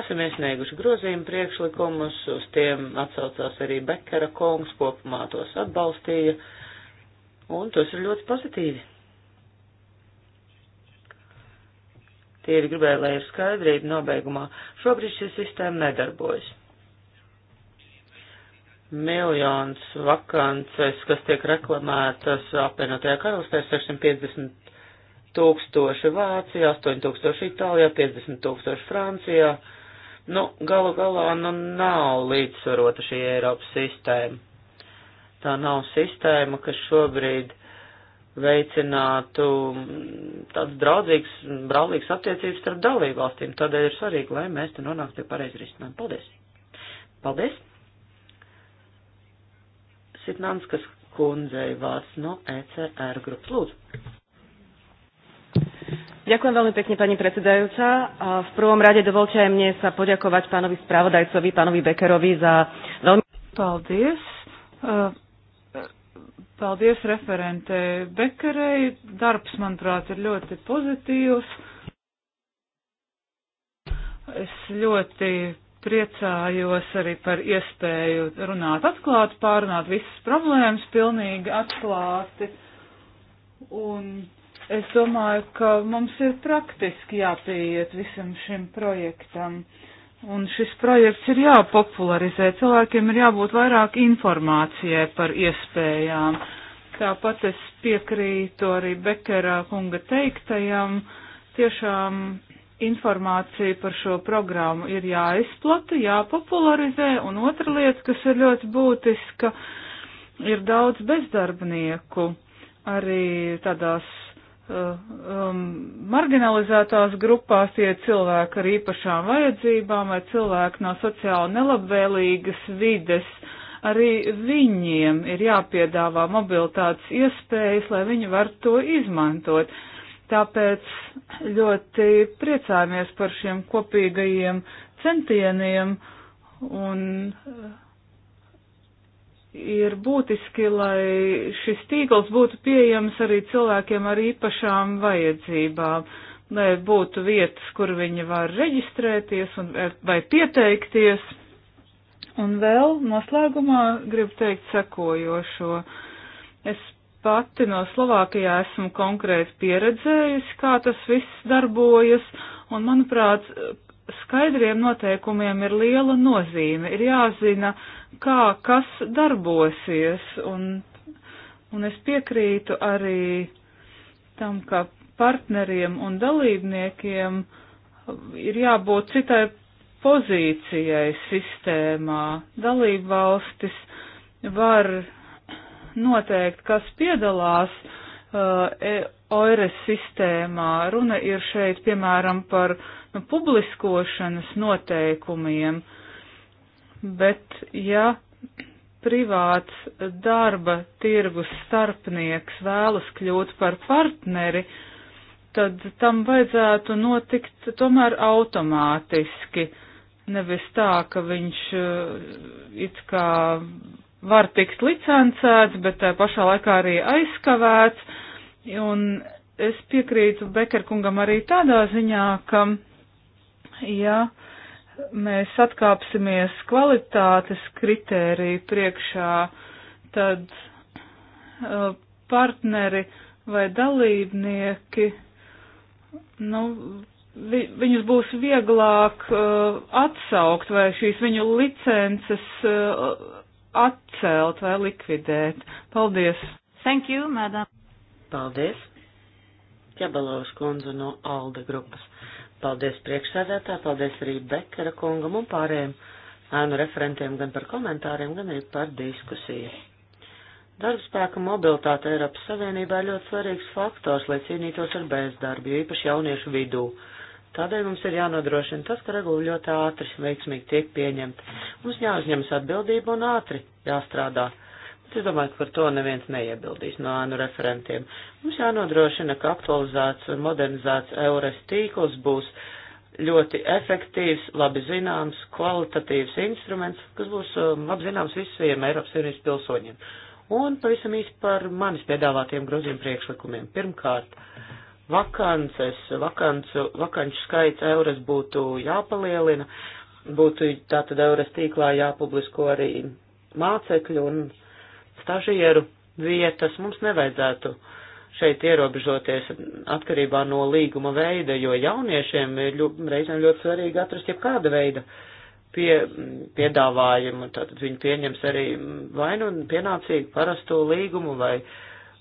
B: Esam iesnieguši grozījumu priekšlikumus, uz tiem atsaucās arī Bekara kungs, kopumā tos atbalstīja, un tos ir ļoti pozitīvi. Tīri gribēju, lai ir skaidrība nobeigumā. Šobrīd šī sistēma nedarbojas. Miljons vakances, kas tiek reklamētas apvienotajā karalistē, 650 tūkstoši Vācijā, 8000 Itālijā, 50 tūkstoši Francijā. Nu, galu galā, nu, nav līdzsvarota šī Eiropas sistēma. Tā nav sistēma, kas šobrīd veicinātu tāds draudzīgs, brālīgs attiecības starp dalībvalstīm. Tādēļ ir svarīgi, lai mēs te nonāktu pie pareizi risinājumu. Paldies! Paldies! Sitnanskas kundzei vārds no ECR grupas lūdzu.
D: Ďakujem veľmi pekne, pani predsedajúca. A v prvom rade dovolte aj
B: mne sa poďakovať pánovi spravodajcovi, pánovi Bekerovi za veľmi... Paldies. E,
A: paldies referentei Bekerei. Darbs, manuprāt, ir ļoti pozitīvs. Es ļoti priecājos arī par iespēju runāt atklāti, pārunāt visas problēmas pilnīgi atklāti. Un Es domāju, ka mums ir praktiski jāpieiet visam šim projektam. Un šis projekts ir jāpopularizē. Cilvēkiem ir jābūt vairāk informācijai par iespējām. Tāpat es piekrītu arī Bekera kunga teiktajam. Tiešām informācija par šo programmu ir jāizplata, jāpopularizē, un otra lieta, kas ir ļoti būtiska, ir daudz bezdarbnieku arī tādās Uh, um, marginalizētās grupās tie cilvēki ar īpašām vajadzībām vai cilvēki no sociāli nelabvēlīgas vides. Arī viņiem ir jāpiedāvā mobilitātes iespējas, lai viņi var to izmantot. Tāpēc ļoti priecājamies par šiem kopīgajiem centieniem un uh, ir būtiski, lai šis tīkls būtu pieejams arī cilvēkiem ar īpašām vajadzībām, lai būtu vietas, kur viņi var reģistrēties un, eh, vai pieteikties. Un vēl noslēgumā gribu teikt sekojošo. Es pati no Slovākijā esmu konkrēti pieredzējusi, kā tas viss darbojas, un, manuprāt, skaidriem noteikumiem ir liela nozīme. Ir jāzina, kā kas darbosies, un, un es piekrītu arī tam, ka partneriem un dalībniekiem ir jābūt citai pozīcijai sistēmā. Dalībvalstis var noteikt, kas piedalās uh, e, OIRES sistēmā. Runa ir šeit, piemēram, par uh, nu, publiskošanas noteikumiem, bet ja privāts darba tirgus starpnieks vēlas kļūt par partneri, tad tam vajadzētu notikt tomēr automātiski, nevis tā, ka viņš eh, it kā var tikt licencēts, bet tā pašā laikā arī aizkavēts. Un es piekrītu Bekerkungam arī tādā ziņā, ka ja mēs atkāpsimies kvalitātes kritēriju priekšā, tad uh, partneri vai dalībnieki, nu, vi, viņus būs vieglāk uh, atsaukt vai šīs viņu licences uh, atcelt vai likvidēt. Paldies!
D: Thank you, madam!
A: Paldies!
B: Ķebalovs kundze no Alde grupas. Paldies priekšsēdētā, paldies arī Bekara kungam un pārējiem ēnu referentiem gan par komentāriem, gan arī par diskusiju. Darbspēka mobilitāte Eiropas Savienībā ir ļoti svarīgs faktors, lai cīnītos ar bezdarbu, jo īpaši jauniešu vidū. Tādēļ mums ir jānodrošina tas, ka regula ļoti ātri, veiksmīgi tiek pieņemta. Mums jāuzņemas atbildība un ātri jāstrādā. Es domāju, ka par to neviens neiebildīs no ānu referentiem. Mums jānodrošina, ka aktualizēts un modernizēts eures tīkls būs ļoti efektīvs, labi zināms, kvalitatīvs instruments, kas būs um, labi zināms visiem Eiropas Savienības pilsoņiem. Un pavisam īsti par manis piedāvātiem grozījumu priekšlikumiem. Pirmkārt, vakances, vakancu, vakanču skaits eures būtu jāpalielina, būtu tātad eures tīklā jāpublisko arī mācekļu un stažieru vietas, mums nevajadzētu šeit ierobežoties atkarībā no līguma veida, jo jauniešiem ir ļu, reizēm ļoti svarīgi atrast jebkāda veida pie, piedāvājumu, tātad viņi pieņems arī vai nu pienācīgu parasto līgumu vai,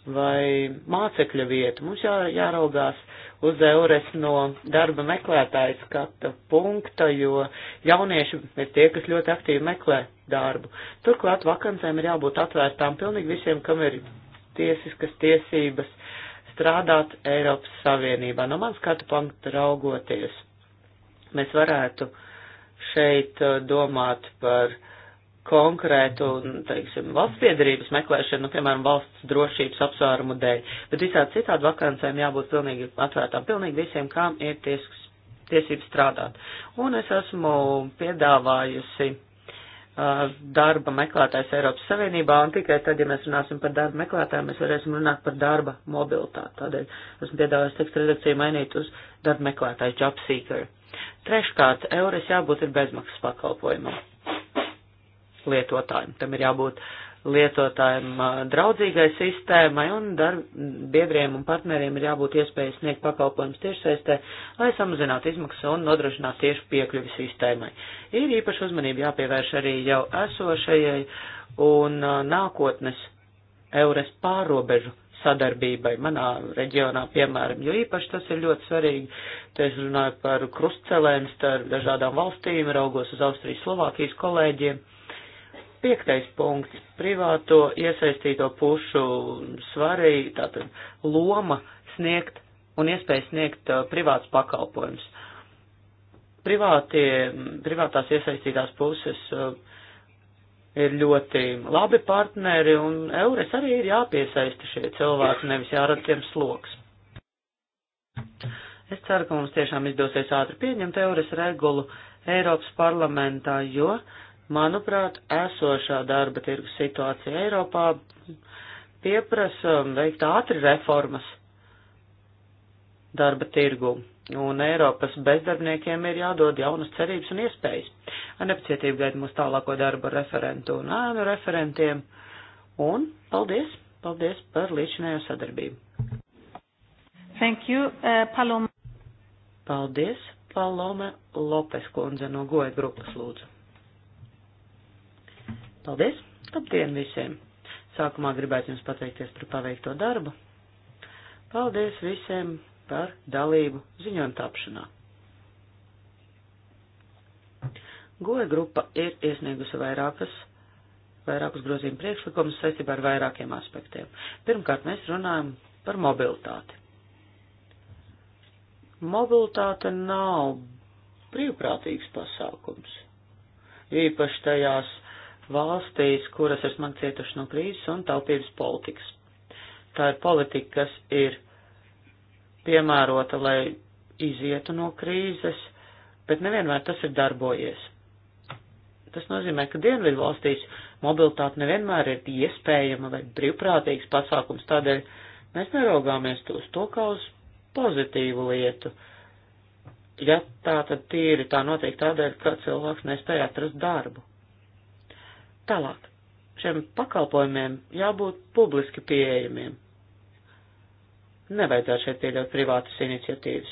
B: vai mācekļa vietu. Mums jā, jāraugās uz eures no darba meklētāja skata punkta, jo jaunieši ir tie, kas ļoti aktīvi meklē darbu. Turklāt vakancēm ir jābūt atvērtām pilnīgi visiem, kam ir tiesiskas tiesības strādāt Eiropas Savienībā. No manas skatu punkta raugoties, mēs varētu šeit uh, domāt par konkrētu, teiksim, valsts piedarības meklēšanu, nu, piemēram, valsts drošības apsvērumu dēļ, bet visādi citādi vakancēm jābūt pilnīgi atvērtām, pilnīgi visiem, kam ir tiesības strādāt. Un es esmu piedāvājusi darba meklētājs Eiropas Savienībā, un tikai tad, ja mēs runāsim par darba meklētājiem, mēs varēsim runāt par darba mobilitāti. Tādēļ esmu piedāvājis tekstu redakciju mainīt uz darba meklētājs job seeker. Treškārt, eures jābūt ir bezmaksas pakalpojumam lietotājiem. Tam ir jābūt uh, lietotājiem draudzīgai sistēmai un biedriem un partneriem ir jābūt iespējas sniegt pakalpojumus tiešsaistē, lai samazinātu izmaksas un nodrošinātu tieši piekļuvi sistēmai. Ir īpaši uzmanība jāpievērš arī jau esošajai un nākotnes eures pārobežu sadarbībai manā reģionā, piemēram, jo īpaši tas ir ļoti svarīgi. Te es runāju par krustcelēm starp dažādām valstīm, raugos uz Austrijas, Slovākijas kolēģiem. Uh, Piektais punkts - privāto iesaistīto pušu svarīgi, tātad loma sniegt un iespēja sniegt uh, privāts pakalpojums. Privātie, privātās iesaistītās puses uh, ir ļoti labi partneri, un eures arī ir jāpiesaista šie cilvēki, nevis jārada tiem sloks. Es ceru, ka mums tiešām izdosies ātri pieņemt eures regulu Eiropas parlamentā, jo uh, Manuprāt, esošā darba tirgus situācija Eiropā pieprasa veikt ātri reformas darba tirgu, un Eiropas bezdarbniekiem ir jādod jaunas cerības un iespējas. Ar nepacietību gaidu mūsu tālāko darbu referentu un ēnu referentiem, un paldies, paldies par līdzinējo sadarbību. Thank you, uh, Paloma. Paldies, Palome Lopes kundze no Goja grupas lūdzu. Paldies! Labdien visiem! Sākumā gribētu jums pateikties par paveikto darbu. Paldies visiem par dalību ziņojumu tapšanā. Goja grupa ir iesniegusi vairākas, vairākus grozījumu priekšlikumus saistībā ar vairākiem aspektiem. Pirmkārt, mēs runājam par mobilitāti. Mobilitāte nav brīvprātīgs pasākums. Īpaši tajās valstīs, kuras ir smagi cietuši no krīzes un taupības politikas. Tā ir politika, kas ir piemērota, lai izietu no krīzes, bet nevienmēr tas ir darbojies. Tas nozīmē, ka dienvidu valstīs mobilitāte nevienmēr ir iespējama vai brīvprātīgs pasākums, tādēļ mēs neraugāmies uz to kā uz pozitīvu lietu. Ja tā tad tīri tā notiek tādēļ, ka cilvēks nespēja atrast darbu. Tālāk. Šiem pakalpojumiem jābūt publiski pieejamiem. Nevajadzētu šeit pieļaut privātas iniciatīvas.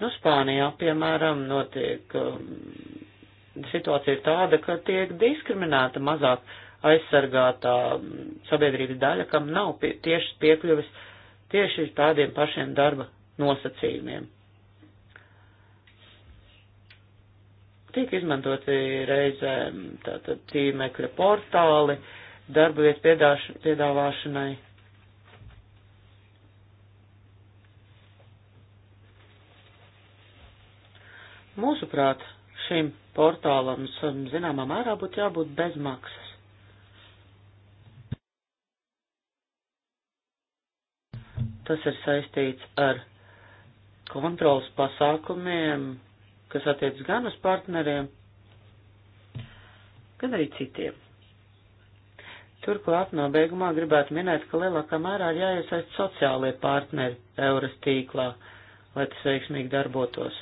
B: Nu, Spānijā, piemēram, notiek, um, situācija ir tāda, ka tiek diskriminēta mazāk aizsargātā um, sabiedrības daļa, kam nav pie, tieši piekļuvis tieši tādiem pašiem darba nosacījumiem. tiek izmantoti reizēm tātad tīmekļa portāli darba vietu piedāvāšanai. Mūsuprāt, šim portālam zināmā mērā būtu jābūt bezmaksas. Tas ir saistīts ar kontrolas pasākumiem, kas attiec gan uz partneriem, gan arī citiem. Turklāt nobeigumā gribētu minēt, ka lielākā mērā ir jāiesaist sociālie partneri Euras tīklā, lai tas veiksmīgi darbotos,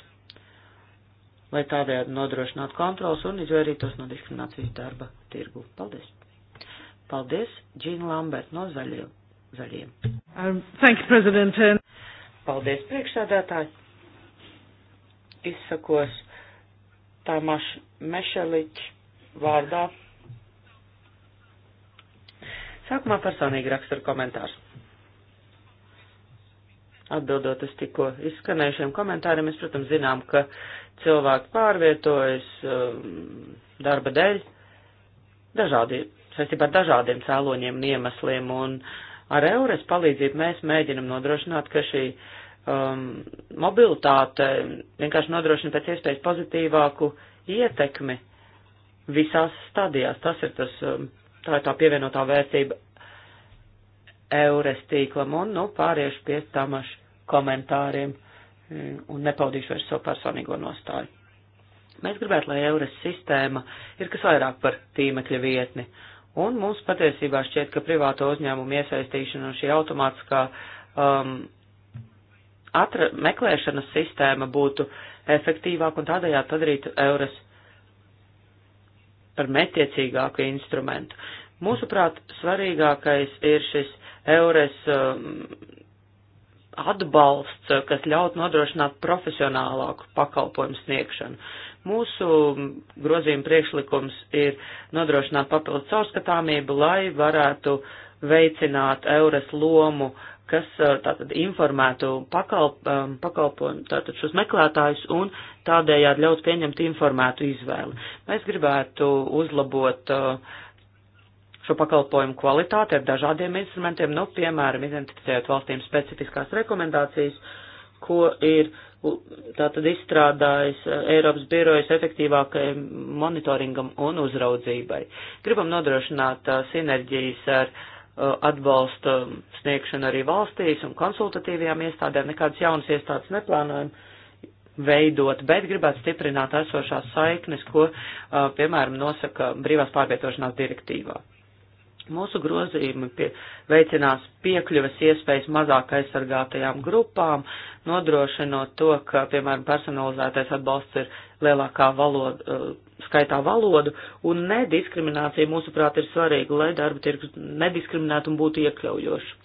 B: lai tādējādi nodrošinātu kontrols un izvairītos no diskriminācijas darba tirgu. Paldies! Paldies, Džīna Lambert no Zaļiem. Zaļiem.
C: Um, thank you, President.
B: Paldies, priekšsādātāji! izsakos Tāmaš Mešelič vārdā. Sākumā personīgi raksturu komentārs. Atbildot uz tikko izskanējušiem komentāriem, mēs, protams, zinām, ka cilvēki pārvietojas um, darba dēļ dažādi, saistībā ar dažādiem cēloņiem un iemesliem, un ar eures palīdzību mēs mēģinam nodrošināt, ka šī uh, um, mobilitāte vienkārši nodrošina pēc iespējas pozitīvāku ietekmi visās stadijās. Tas ir tas, um, tā ir tā pievienotā vērtība eures tīklam un, nu, pāriešu pie tamašu komentāriem um, un nepaudīšu vairs savu personīgo nostāju. Mēs gribētu, lai eures sistēma ir kas vairāk par tīmekļa vietni. Un mums patiesībā šķiet, ka privāto uzņēmumu iesaistīšana un šī automātiskā um, atra, meklēšanas sistēma būtu efektīvāka un tādējādi padarītu eures par metiecīgāku instrumentu. Mūsuprāt, svarīgākais ir šis eures um, atbalsts, kas ļaut nodrošināt profesionālāku pakalpojumu sniegšanu. Mūsu grozījuma priekšlikums ir nodrošināt papildus caurskatāmību, lai varētu veicināt eures lomu uh, kas tātad informētu pakalp, pakalpojumu, tātad šos meklētājus un tādējādi ļautu pieņemt informētu izvēli. Mēs gribētu uzlabot šo pakalpojumu kvalitāti ar dažādiem instrumentiem, nu, piemēram, identificējot valstīm specifiskās rekomendācijas, ko ir tātad izstrādājis Eiropas birojas efektīvākai monitoringam un uzraudzībai. Gribam nodrošināt sinerģijas ar uh, Uh, atbalsta sniegšanu arī valstīs un konsultatīvajām iestādēm. Nekādas jaunas iestādes neplānojam veidot, bet gribētu stiprināt esošās saiknes, ko, uh, piemēram, nosaka brīvās pārvietošanās direktīvā. Mūsu grozījumi pie, veicinās piekļuves iespējas mazāk aizsargātajām grupām, nodrošinot to, ka, piemēram, personalizētais atbalsts ir lielākā valoda, uh, skaitā valodu, un nediskriminācija, mūsuprāt, ir svarīga, lai darba tirgus nediskriminētu un būtu iekļaujoši.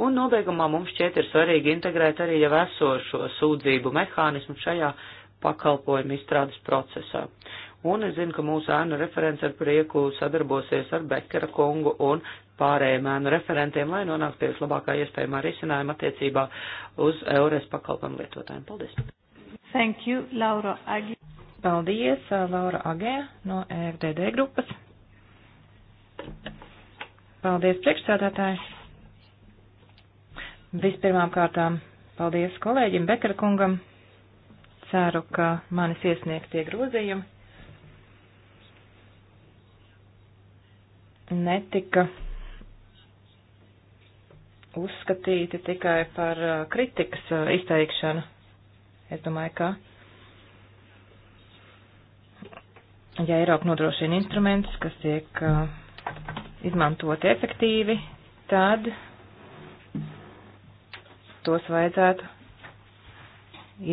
B: Un nobeigumā mums šķiet ir svarīgi integrēt arī jau esošo sūdzību mehānismu šajā pakalpojumu izstrādes procesā un es zinu, ka mūsu ēnu referents ar prieku sadarbosies ar Bekera kungu un pārējiem ēnu referentiem, lai nonāktu pie vislabākā iespējamā risinājuma attiecībā uz eures
D: pakalpojumu lietotājiem. Paldies! Thank you, Laura Agē. Paldies, uh, Laura Agē no e FDD grupas. Paldies, priekšsādātāji! Vispirmām kārtām paldies kolēģim Bekara kungam. Ceru, ka manis iesniegtie grozījumi netika uzskatīti tikai par uh, kritikas uh, izteikšanu. Es domāju, ka, ja Eiropa nodrošina instrumentus, kas tiek uh, izmantoti efektīvi, tad tos vajadzētu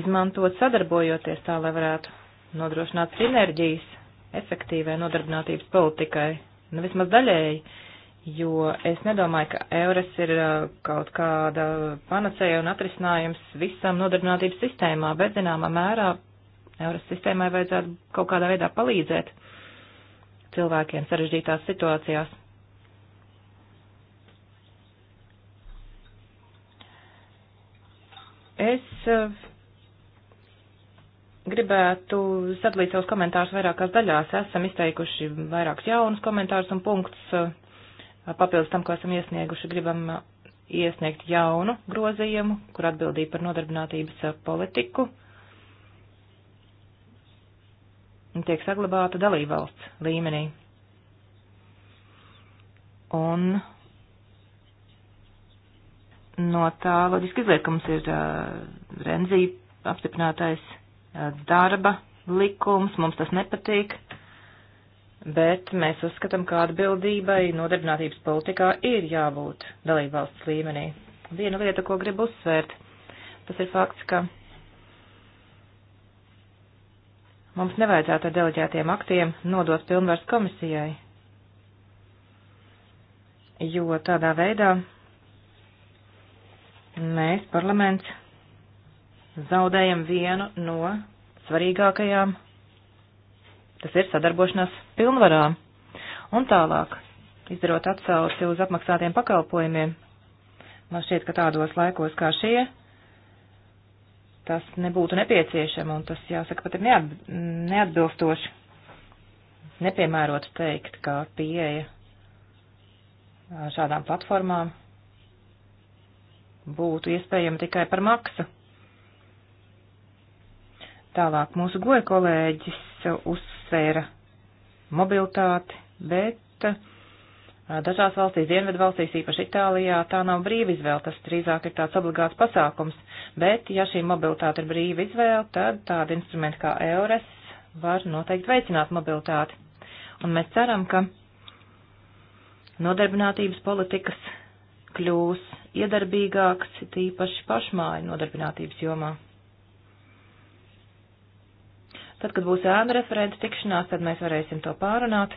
D: izmantot sadarbojoties tā, lai varētu nodrošināt sinerģijas efektīvai nodarbinātības politikai nu, vismaz daļēji, jo es nedomāju, ka eures ir uh, kaut kāda panacēja un atrisinājums visam nodarbinātības sistēmā, bet zināmā mērā eures sistēmai vajadzētu kaut kādā veidā palīdzēt cilvēkiem sarežģītās situācijās. Es uh, gribētu sadalīt savus komentārus vairākās daļās. Esam izteikuši vairākus jaunus komentārus un punktus papildus tam, ko esam iesnieguši. Gribam iesniegt jaunu grozījumu, kur atbildība par nodarbinātības politiku tiek saglabāta dalībvalsts līmenī. Un no tā loģiski izliek, ka mums ir uh, eh, Renzī apstiprinātais darba likums, mums tas nepatīk, bet mēs uzskatām, ka atbildībai nodarbinātības politikā ir jābūt dalībvalsts līmenī. Viena lieta, ko gribu uzsvērt, tas ir fakts, ka mums nevajadzētu ar deleģētiem aktiem nodot pilnvars komisijai, jo tādā veidā mēs parlaments zaudējam vienu no svarīgākajām. Tas ir sadarbošanās pilnvarām. Un tālāk, izdarot atsauci uz apmaksātiem pakalpojumiem, man šķiet, ka tādos laikos kā šie, tas nebūtu nepieciešama, un tas, jāsaka, pat ir neat, neatbilstoši. Nepiemērot teikt, ka pieeja šādām platformām būtu iespējama tikai par maksu. Tālāk mūsu goja kolēģis uzsvēra mobilitāti, bet uh, dažās valstīs, dienvedu valstīs, īpaši Itālijā, tā nav brīva izvēle, tas drīzāk ir tāds obligāts pasākums, bet ja šī mobilitāte ir brīva izvēle, tad tādi instrumenti kā EURES var noteikti veicināt mobilitāti. Un mēs ceram, ka nodarbinātības politikas kļūs iedarbīgāks, tīpaši pašmāju nodarbinātības jomā. Tad, kad būs ēnu referenta tikšanās, tad mēs varēsim to pārunāt.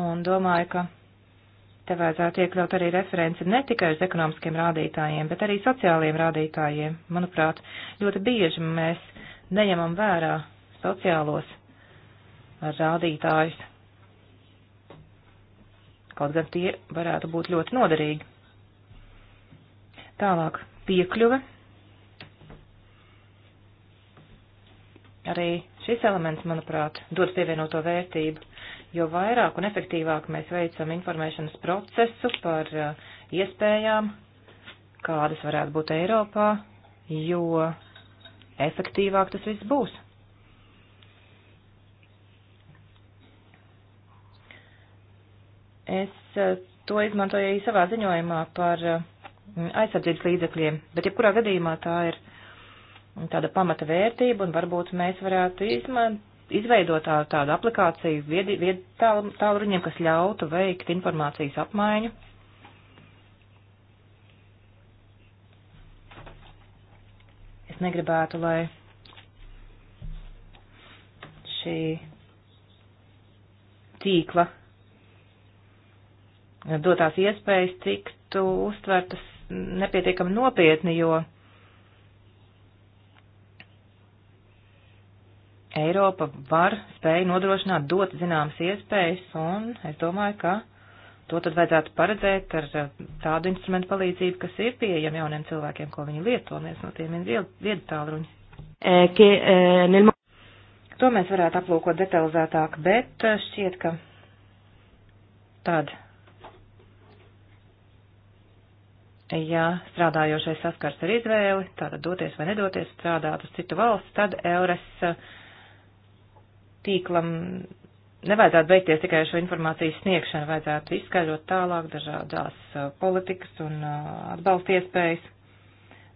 D: Un domāju, ka te vajadzētu iekļaut arī referenci ne tikai uz ekonomiskiem rādītājiem, bet arī sociālajiem rādītājiem. Manuprāt, ļoti bieži mēs neņemam vērā sociālos rādītājus. Kaut gan tie varētu būt ļoti noderīgi. Tālāk piekļuve Arī šis elements, manuprāt, dod pievienoto vērtību, jo vairāk un efektīvāk mēs veicam informēšanas procesu par uh, iespējām, kādas varētu būt Eiropā, jo efektīvāk tas viss būs. Es uh, to izmantoju arī savā ziņojumā par uh, aizsardzības līdzekļiem, bet jebkurā gadījumā tā ir tāda pamata vērtība, un varbūt mēs varētu izmantot izveidot tā, tādu aplikāciju viedtālruņiem, tāl, kas ļautu veikt informācijas apmaiņu. Es negribētu, lai šī tīkla dotās iespējas tiktu uztvertas nepietiekami nopietni, jo Eiropa var spēj nodrošināt, dot zināmas iespējas, un es domāju, ka to tad vajadzētu paredzēt ar eh, tādu instrumentu palīdzību, kas ir pieejama jauniem cilvēkiem, ko viņi lieto, un viens no tiem ir viedu tālruņi. Eh, eh, to mēs varētu aplūkot detalizētāk, bet šķiet, ka tad, ja strādājošais saskars ar izvēli, tātad doties vai nedoties strādāt uz citu valsts, tad Eures tīklam nevajadzētu beigties tikai ar šo informācijas sniegšanu, vajadzētu izskaidrot tālāk dažādās politikas un atbalsta iespējas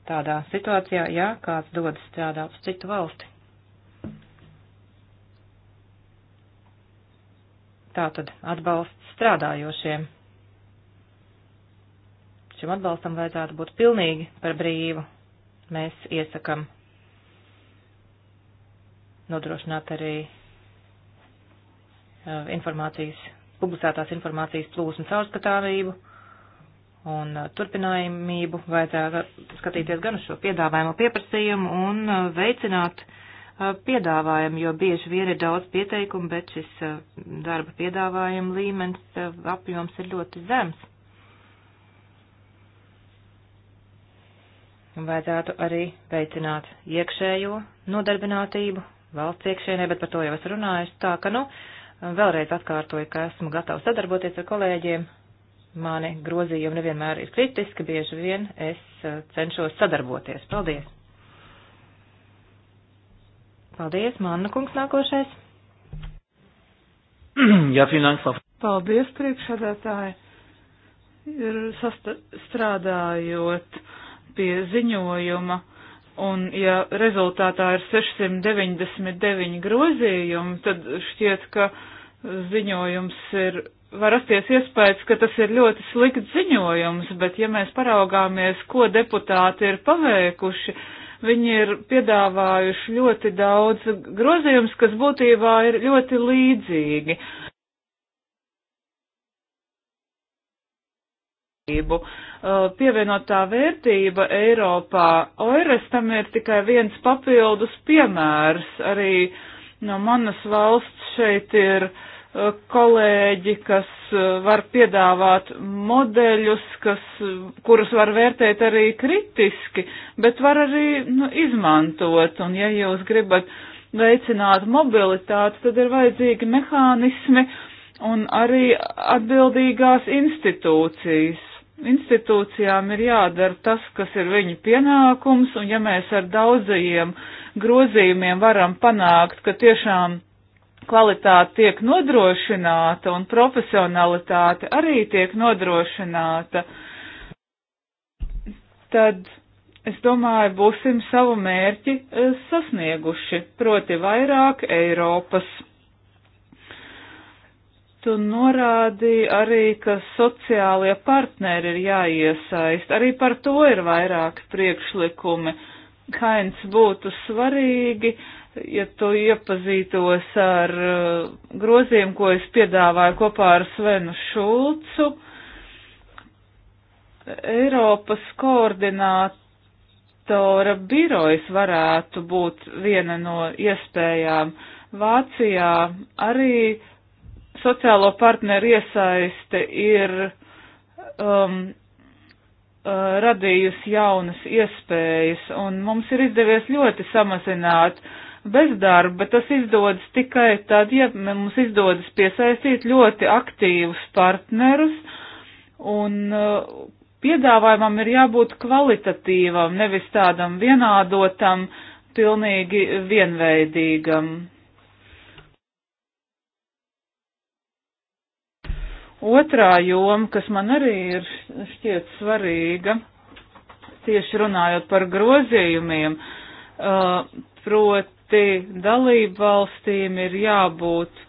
D: tādā situācijā, ja kāds dodas strādāt uz citu valsti. Tātad atbalsts strādājošiem. Šim atbalstam vajadzētu būt pilnīgi par brīvu. Mēs iesakam nodrošināt arī Uh, informācijas, publicētās informācijas plūsmu caurskatāmību un uh, turpinājumību. Vajadzētu skatīties gan uz šo piedāvājumu pieprasījumu un uh, veicināt piedāvājumu, jo bieži vien ir daudz pieteikumu, bet šis darba piedāvājuma līmenis apjoms ir ļoti zems. Vajadzētu arī veicināt iekšējo nodarbinātību valsts iekšēnē, bet par to jau es runāju. Tā ka, nu, uh, Vēlreiz atkārtoju, ka esmu gatavs sadarboties ar kolēģiem. Mani grozījumi nevienmēr ir kritiski, bieži vien es eh, cenšos sadarboties. Paldies! Paldies, Manna kungs nākošais.
C: Jā, finanses.
D: Paldies, priekšsēdētāji.
A: Ir strādājot pie ziņojuma Un ja rezultātā ir 699 grozījumi, tad šķiet, ka ziņojums ir, var rasties iespējas, ka tas ir ļoti slikts ziņojums, bet ja mēs paraugāmies, ko deputāti ir paveikuši, viņi ir piedāvājuši ļoti daudz grozījums, kas būtībā ir ļoti līdzīgi. Eh, pievienotā vērtība Eiropā. Oires tam ir tikai viens papildus piemērs. Arī no manas valsts šeit ir eh, kolēģi, kas eh, var piedāvāt modeļus, kas, kurus var vērtēt arī kritiski, bet var arī nu, izmantot. Un ja jūs gribat veicināt mobilitāti, tad ir vajadzīgi mehānismi un arī atbildīgās institūcijas Institūcijām ir jādara tas, kas ir viņu pienākums, un ja mēs ar daudzajiem grozījumiem varam panākt, ka tiešām kvalitāte tiek nodrošināta un profesionalitāte arī tiek nodrošināta, tad es domāju, būsim savu mērķi eh, sasnieguši, proti vairāk Eiropas. Tu norādīji arī, ka sociālie partneri ir jāiesaist. Arī par to ir vairāki priekšlikumi. Kains būtu svarīgi, ja tu iepazītos ar uh, groziem, ko es piedāvāju kopā ar Svenu Šulcu. Eiropas koordinātora birojas varētu būt viena no iespējām. Vācijā arī sociālo partneru iesaiste ir um, uh, radījusi jaunas iespējas, un mums ir izdevies ļoti samazināt bezdarbu, bet tas izdodas tikai tad, ja mums izdodas piesaistīt ļoti aktīvus partnerus, un uh, piedāvājumam ir jābūt kvalitatīvam, nevis tādam vienādotam, pilnīgi vienveidīgam. Otrā joma, kas man arī ir šķiet svarīga, tieši runājot par grozījumiem, uh, proti dalību valstīm ir jābūt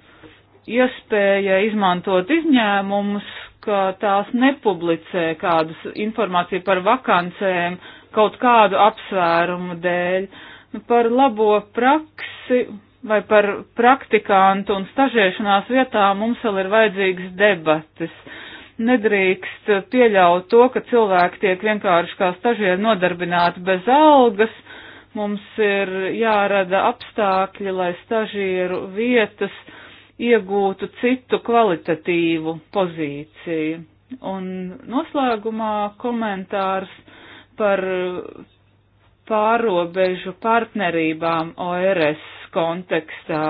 A: iespēja izmantot izņēmumus, ka tās nepublicē kādus informāciju par vakancēm kaut kādu apsvērumu dēļ. Nu, par labo praksi vai par praktikantu un stažēšanās vietām mums vēl ir vajadzīgas debatas. Nedrīkst pieļaut to, ka cilvēki tiek vienkārši kā stažieri nodarbināti bez algas. Mums ir jārada apstākļi, lai stažieru vietas iegūtu citu kvalitatīvu pozīciju. Un noslēgumā komentārs par pārobežu partnerībām ORS kontekstā.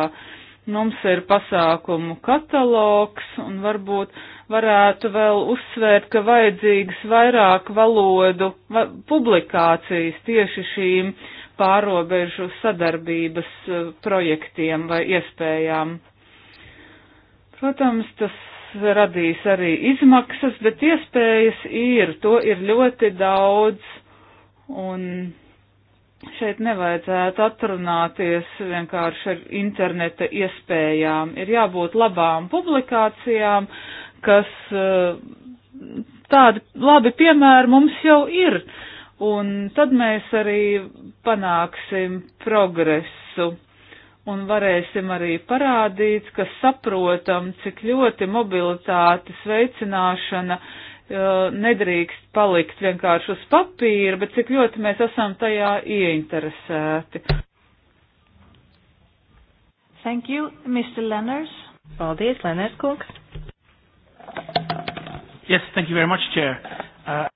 A: Mums ir pasākumu katalogs un varbūt varētu vēl uzsvērt, ka vajadzīgas vairāk valodu va, publikācijas tieši šīm pārobežu sadarbības e, projektiem vai iespējām. Protams, tas radīs arī izmaksas, bet iespējas ir, to ir ļoti daudz, un šeit nevajadzētu atrunāties vienkārši ar interneta iespējām. Ir jābūt labām publikācijām, kas eh, tādi labi piemēri mums jau ir, un tad mēs arī panāksim progresu. Un varēsim arī parādīt, ka saprotam, cik ļoti mobilitātes veicināšana uh, nedrīkst palikt vienkārši uz papīra, bet cik ļoti mēs esam tajā
D: ieinteresēti. Thank you, Mr. Lenners. Paldies, Lenners kungs. Yes, thank you very much, Chair. Uh...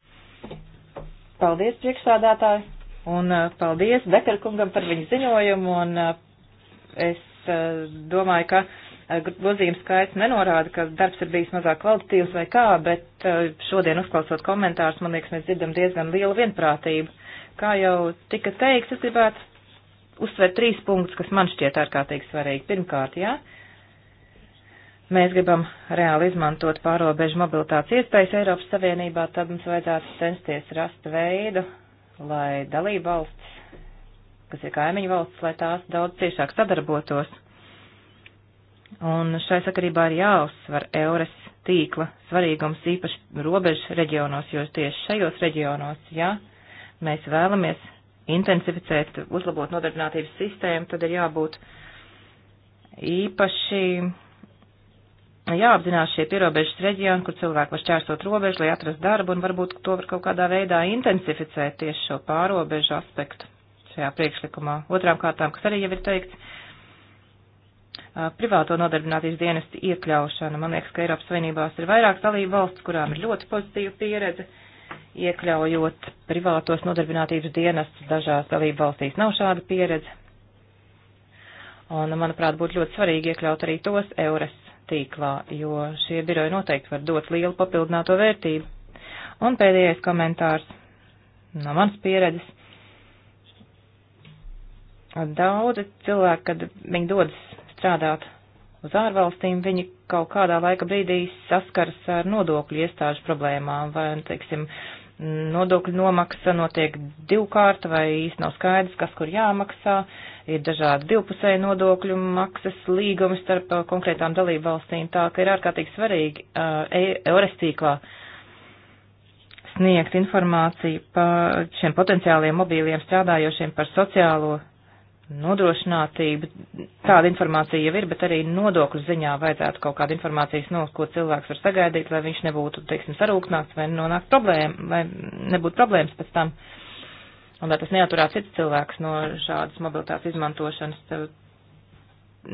D: Paldies, priekšsādātāji, un uh, paldies Bekarkungam par viņu ziņojumu, un uh, es uh, domāju, ka uh, Eh, grozījums skaits nenorāda, ka darbs ir bijis mazāk kvalitatīvs vai kā, bet eh, šodien uzklausot komentārus, man liekas, mēs dzirdam diezgan lielu vienprātību. Kā jau tika teikts, es gribētu uzsvērt trīs punktus, kas man šķiet ārkārtīgi svarīgi. Pirmkārt, jā, mēs gribam reāli izmantot pārobežu mobilitātes iespējas Eiropas Savienībā, tad mums vajadzētu censties rast veidu, lai dalība valsts, kas ir kaimiņu valsts, lai tās daudz ciešāk sadarbotos Un šai sakarībā ir jāuzsver eures tīkla svarīgums īpaši robežu reģionos, jo tieši šajos reģionos, ja mēs vēlamies intensificēt, uzlabot nodarbinātības sistēmu, tad ir jābūt īpaši jāapzinās šie pierobežas reģioni, kur cilvēki var šķērsot robežu, lai atrastu darbu, un varbūt to var kaut kādā veidā intensificēt tieši šo pārobežu aspektu šajā priekšlikumā. Otrām kārtām, kas arī jau ir teikts, Uh, privāto nodarbinātības dienestu iekļaušana. Man liekas, ka Eiropas Savienībās ir vairāk dalību valsts, kurām ir ļoti pozitīva pieredze, iekļaujot privātos nodarbinātības dienestus dažās dalību valstīs. Nav šāda pieredze. Un, manuprāt, būtu ļoti svarīgi iekļaut arī tos eures tīklā, jo šie biroji noteikti var dot lielu papildināto vērtību. Un pēdējais komentārs no manas pieredzes. Daudzi cilvēki, kad viņi dodas strādāt uz ārvalstīm, viņi kaut kādā laika brīdī saskaras ar nodokļu iestāžu problēmām vai, nu, teiksim, nodokļu nomaksa notiek divkārta vai īsti nav skaidrs, kas kur jāmaksā, ir dažādi divpusēji nodokļu maksas līgumi starp uh, konkrētām dalību valstīm, tā ka ir ārkārtīgi svarīgi uh, EORES tīklā sniegt informāciju par šiem potenciāliem mobīliem strādājošiem par sociālo nodrošinātība, tāda informācija jau ir, bet arī nodokļu ziņā vajadzētu kaut kādu informācijas no, ko cilvēks var sagaidīt, lai viņš nebūtu, teiksim, sarūknāts vai nonāktu problēma, lai nebūtu problēmas pēc tam. Un lai tas neaturētu cits cilvēks no šādas mobilitātes izmantošanas.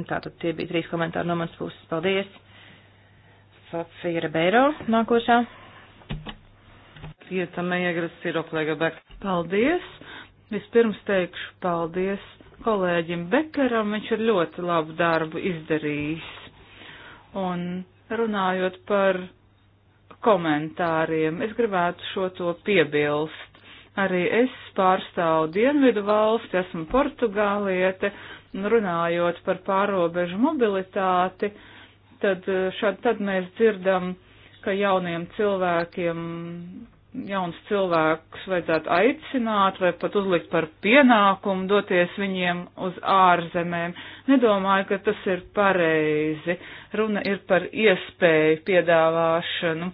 D: Tātad tie bija trīs komentāri no manas puses. Paldies. Sofija Rebeiro nākošā. Paldies. Vispirms
A: teikšu paldies kolēģim Bekaram, viņš ir ļoti labu darbu izdarījis. Un runājot par komentāriem, es gribētu šo to piebilst. Arī es pārstāvu Dienvidu valsti, esmu Portugāliete, un runājot par pārobežu mobilitāti, tad, šad, tad mēs dzirdam, ka jauniem cilvēkiem jauns cilvēks vajadzētu aicināt vai pat uzlikt par pienākumu doties viņiem uz ārzemēm. Nedomāju, ka tas ir pareizi. Runa ir par iespēju piedāvāšanu,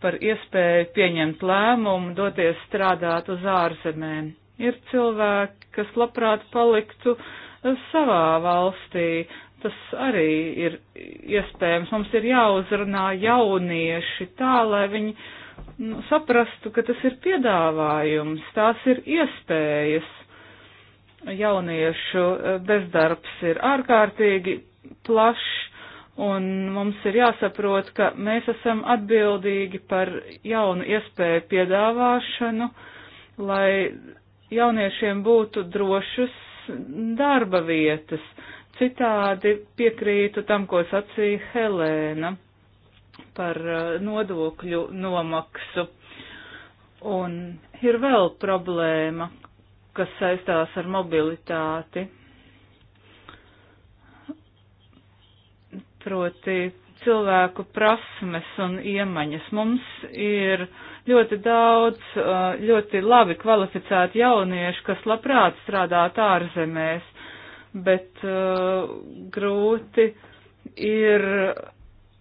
A: par iespēju pieņemt lēmumu, doties strādāt uz ārzemēm. Ir cilvēki, kas labprāt paliktu savā valstī. Tas arī ir iespējams. Mums ir jāuzrunā jaunieši tā, lai viņi nu, saprastu, ka tas ir piedāvājums, tās ir iespējas. Jauniešu e, bezdarbs ir ārkārtīgi plašs, un mums ir jāsaprot, ka mēs esam atbildīgi par jaunu iespēju piedāvāšanu, lai jauniešiem būtu drošas darba vietas. Citādi piekrītu tam, ko sacīja Helēna par uh, nodokļu nomaksu. Un ir vēl problēma, kas saistās ar mobilitāti. Proti cilvēku prasmes un iemaņas. Mums ir ļoti daudz, uh, ļoti labi kvalificēti jaunieši, kas labprāt strādāt ārzemēs, bet uh, grūti ir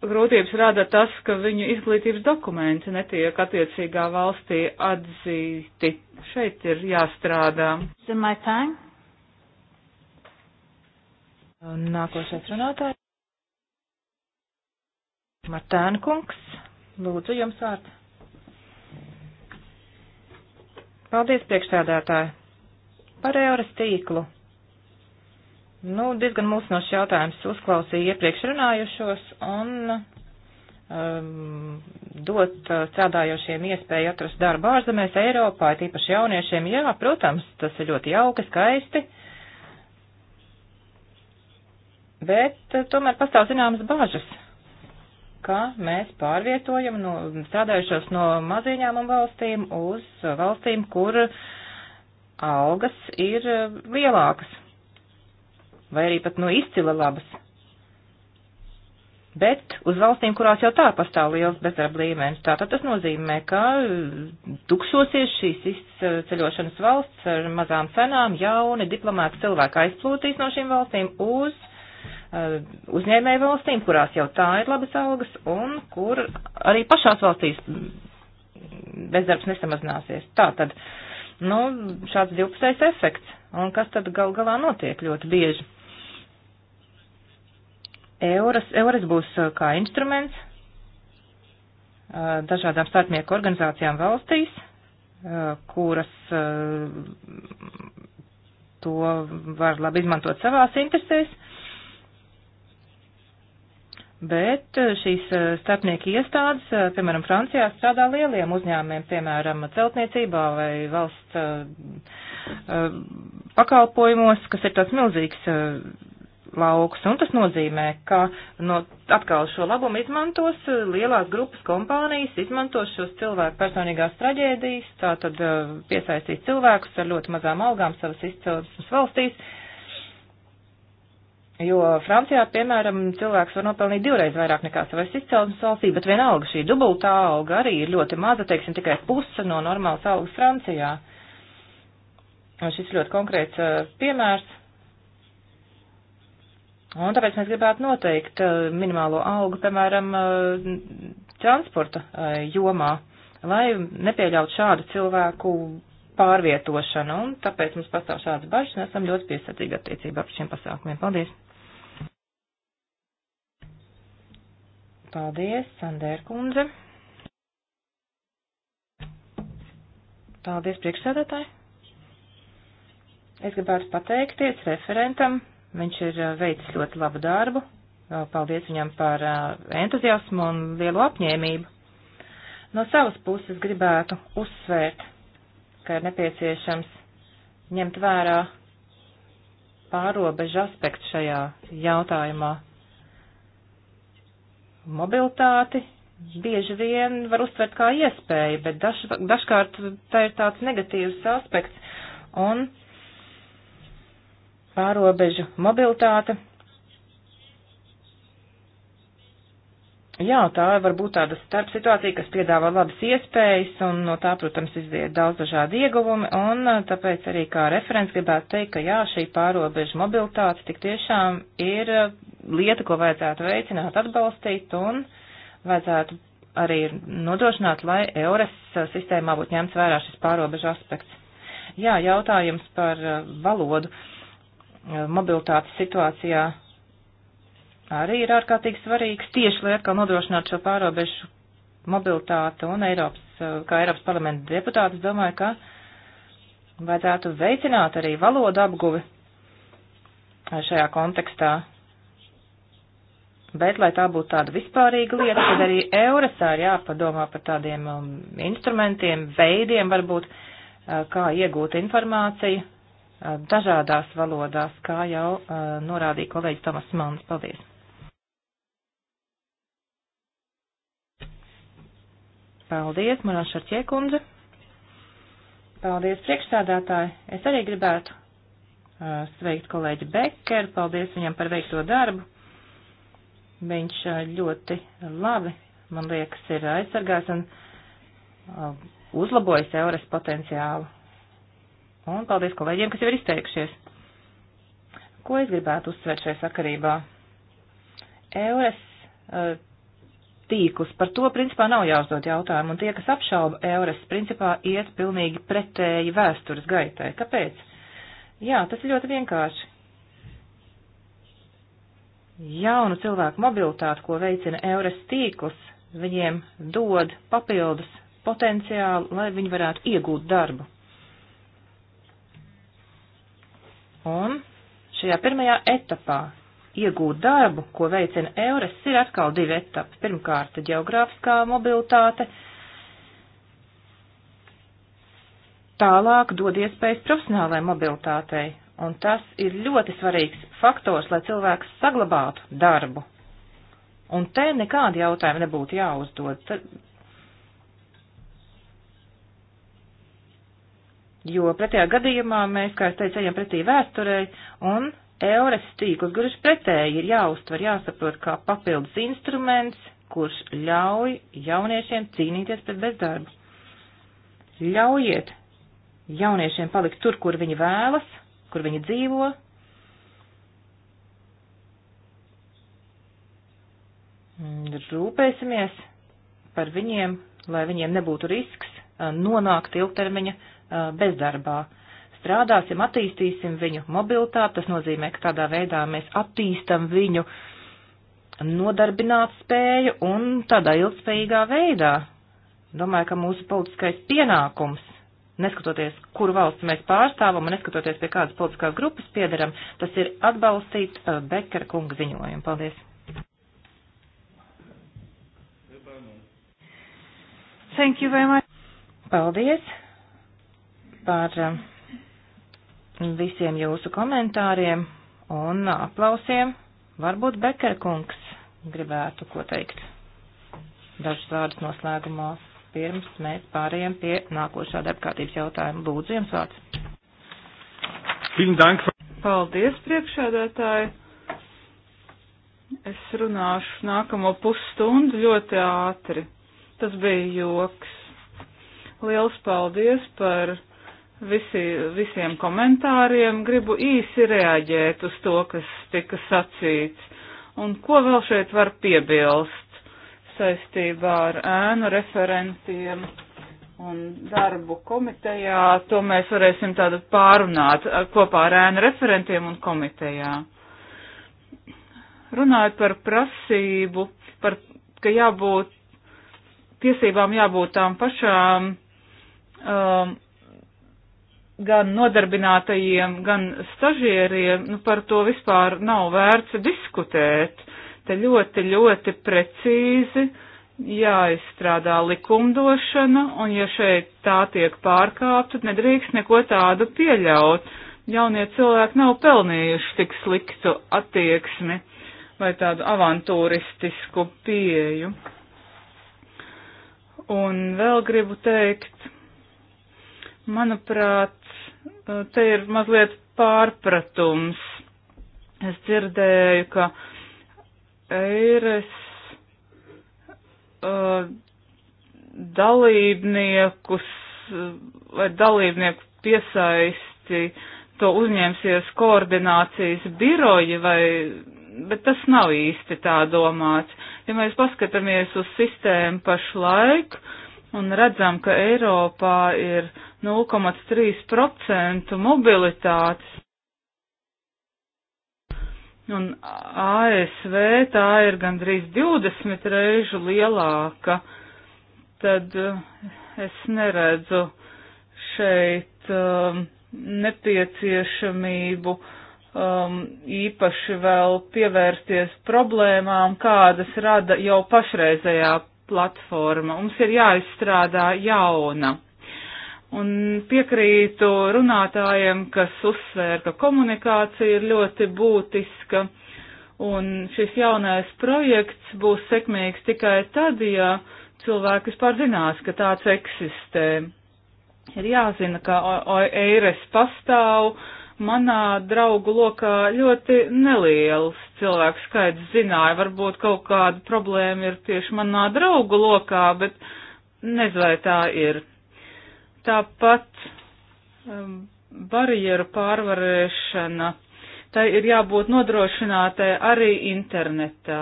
A: grūtības rada tas, ka viņu izglītības dokumenti netiek attiecīgā valstī atzīti. Šeit ir jāstrādā.
D: Nākošais runātājs. Martēna kungs, lūdzu jums vārdu. Paldies priekšstādātāji. Par eures tīklu Nu, diezgan mūsinošs jautājums. Uzklausīju iepriekš runājušos un um, dot uh, strādājošiem iespēju atrast darbu ārzemēs, Eiropā, tīpaši jauniešiem. Jā, protams, tas ir ļoti jauki, skaisti. Bet uh, tomēr pastāv zināmas bažas, ka mēs pārvietojam no, strādājušos no maziņām un valstīm uz valstīm, kur algas ir uh, lielākas vai arī pat no izcila labas. Bet uz valstīm, kurās jau tā pastāv liels bezdarba līmenis, tātad tas nozīmē, ka uh, tukšosies šīs izceļošanas valsts ar mazām cenām, jauni diplomāti cilvēki aizplūtīs no šīm valstīm uz uh, uzņēmēju valstīm, kurās jau tā ir labas algas un kur arī pašās valstīs bezdarbs nesamazināsies. Tātad, nu, šāds divpusējs efekts. Un kas tad gal galā notiek ļoti bieži? Euras, Euras būs uh, kā instruments uh, dažādām starpnieku organizācijām valstīs, uh, kuras to var labi izmantot savās interesēs. Bet šīs starpnieku iestādes, piemēram, Francijā strādā lieliem uzņēmumiem, piemēram, celtniecībā vai valsts pakalpojumos, kas ir tāds milzīgs lauks, un tas nozīmē, ka no, atkal šo labumu izmantos lielās grupas kompānijas, izmantos šos cilvēku personīgās traģēdijas, tā tad uh, piesaistīs cilvēkus ar ļoti mazām algām savas izcelsmes valstīs, jo Francijā, piemēram, cilvēks var nopelnīt divreiz vairāk nekā savas izcelsmes valstī, bet vienalga šī dubultā alga arī ir ļoti maza, teiksim, tikai puse no normālas algas Francijā. Un šis ļoti konkrēts uh, piemērs Un tāpēc mēs gribētu noteikt eh, minimālo algu, piemēram, eh, transporta eh, jomā, lai nepieļaut šādu cilvēku pārvietošanu. Un tāpēc mums pastāv šādas bažas un esam ļoti piesardzīgi attiecībā par šiem pasākumiem. Paldies! Paldies, Sandēra kundze. Paldies, priekšsēdētāji. Es gribētu pateikties referentam Viņš ir veicis ļoti labu darbu. Paldies viņam par entuziasmu un lielu apņēmību. No savas puses gribētu uzsvērt, ka ir nepieciešams ņemt vērā pārobežu aspektu šajā jautājumā. Mobilitāti bieži vien var uztvert kā iespēju, bet daž, dažkārt tā ir tāds negatīvs aspekts. Un pārobežu mobilitāte. Jā, tā var būt tāda starp situācija, kas piedāvā labas iespējas, un no tā, protams, izdiet daudz dažādi ieguvumi, un tāpēc arī kā referents gribētu teikt, ka jā, šī pārobežu mobilitāte tik tiešām ir lieta, ko vajadzētu veicināt, atbalstīt, un vajadzētu arī nodrošināt, lai EURES sistēmā būtu ņemts vērā šis pārobežu aspekts. Jā, jautājums par valodu. Uh, Eh, mobilitātes situācijā arī ir ārkārtīgi svarīgs, tieši lai atkal nodrošinātu šo pārobežu mobilitāti un Eiropas, eh, kā Eiropas parlamenta deputātis, domāju, ka vajadzētu veicināt arī valodu apguvi eh, šajā kontekstā. Bet, lai tā būtu tāda vispārīga lieta, tad arī Eurasā ir jāpadomā par tādiem um, instrumentiem, veidiem varbūt, kā iegūt informāciju Um, dažādās valodās, kā jau uh, norādīja kolēģis Tomas Mans. Paldies! Paldies, Marā Šarķiekundze! Paldies, priekšstādātāji! Es arī gribētu uh, sveikt kolēģi Bekeru, paldies viņam par veikto darbu. Viņš uh, ļoti labi, man liekas, ir aizsargājis un uzlabojis eures potenciālu. Un paldies kolēģiem, kas jau ir izteikšies. Ko es gribētu uzsvērt šajā sakarībā? EOS uh, e, tīklus. Par to principā nav jāuzdod jautājumu, un tie, kas apšauba Eures, principā iet pilnīgi pretēji vēstures gaitai. Kāpēc? Jā, tas ir ļoti vienkārši. Jaunu cilvēku mobilitāti, ko veicina Eures tīklus, viņiem dod papildus potenciālu, lai viņi varētu iegūt darbu. Un šajā pirmajā etapā iegūt darbu, ko veicina Eures, ir atkal divi etapi. Pirmkārt, geogrāfiskā mobilitāte. Tālāk dod iespējas profesionālai mobilitātei, un tas ir ļoti svarīgs faktors, lai cilvēks saglabātu darbu. Un te nekādi jautājumi nebūtu jāuzdod. Tad Jo pretējā gadījumā mēs, kā es teicu, ejam pretī vēsturei un eures tīklus, kurš pretēji ir jāuztver, jāsaprot kā papildus instruments, kurš ļauj jauniešiem cīnīties pret bezdarbu. Ļaujiet jauniešiem palikt tur, kur viņi vēlas, kur viņi dzīvo. Rūpēsimies par viņiem, lai viņiem nebūtu risks eh, nonākt ilgtermiņa uh, Uh, bezdarbā. Strādāsim, attīstīsim viņu mobilitāti, tas nozīmē, ka tādā veidā mēs attīstam viņu nodarbināt spēju un tādā ilgspējīgā veidā. Domāju, ka mūsu politiskais pienākums, neskatoties, kur valsts mēs pārstāvam un neskatoties, pie kādas politiskās grupas piedaram, tas ir atbalstīt uh, Bekara kunga ziņojumu. Paldies! Thank you very much. Paldies! par eh, visiem jūsu komentāriem un aplausiem. Varbūt Bekera kungs gribētu ko teikt. Dažas vārdas noslēgumā pirms mēs pārējiem pie nākošā darbkārtības jautājuma. Lūdzu, jums vārds. Paldies, priekšādātāji.
A: Es runāšu nākamo pusstundu ļoti ātri. Tas bija joks. Liels paldies par visi, visiem komentāriem. Gribu īsi reaģēt uz to, kas tika sacīts. Un ko vēl šeit var piebilst saistībā ar ēnu referentiem un darbu komitejā? To mēs varēsim tādu pārunāt kopā ar ēnu referentiem un komitejā. Runājot par prasību, par, ka jābūt tiesībām jābūt tām pašām um, gan nodarbinātajiem, gan stažieriem, nu, par to vispār nav vērts diskutēt. Te ļoti, ļoti precīzi jāizstrādā likumdošana, un ja šeit tā tiek pārkāpta, tad nedrīkst neko tādu pieļaut. Jaunie cilvēki nav pelnījuši tik sliktu attieksmi vai tādu avantūristisku pieju. Un vēl gribu teikt, manuprāt, te ir mazliet pārpratums. Es dzirdēju, ka eires uh, dalībniekus vai dalībnieku piesaisti to uzņemsies koordinācijas biroji vai, bet tas nav īsti tā domāts. Ja mēs paskatāmies uz sistēmu pašlaik un redzam, ka Eiropā ir 0,3% mobilitātes. Un ASV tā ir gandrīz 20 reižu lielāka, tad eh, es neredzu šeit um, nepieciešamību um, īpaši vēl pievērsties problēmām, kādas rada jau pašreizējā platforma. Mums ir jāizstrādā jauna. Un piekrītu runātājiem, kas uzsvēra, ka komunikācija ir ļoti būtiska, un šis jaunais projekts būs sekmīgs tikai tad, ja cilvēki vispār zinās, ka tāds eksistē. Ir jāzina, ka eires pastāv, manā draugu lokā ļoti neliels cilvēku skaits zināja, varbūt kaut kāda problēma ir tieši manā draugu lokā, bet nezvēj tā ir. Tāpat um, barjeru pārvarēšana, tai ir jābūt nodrošinātai arī internetā.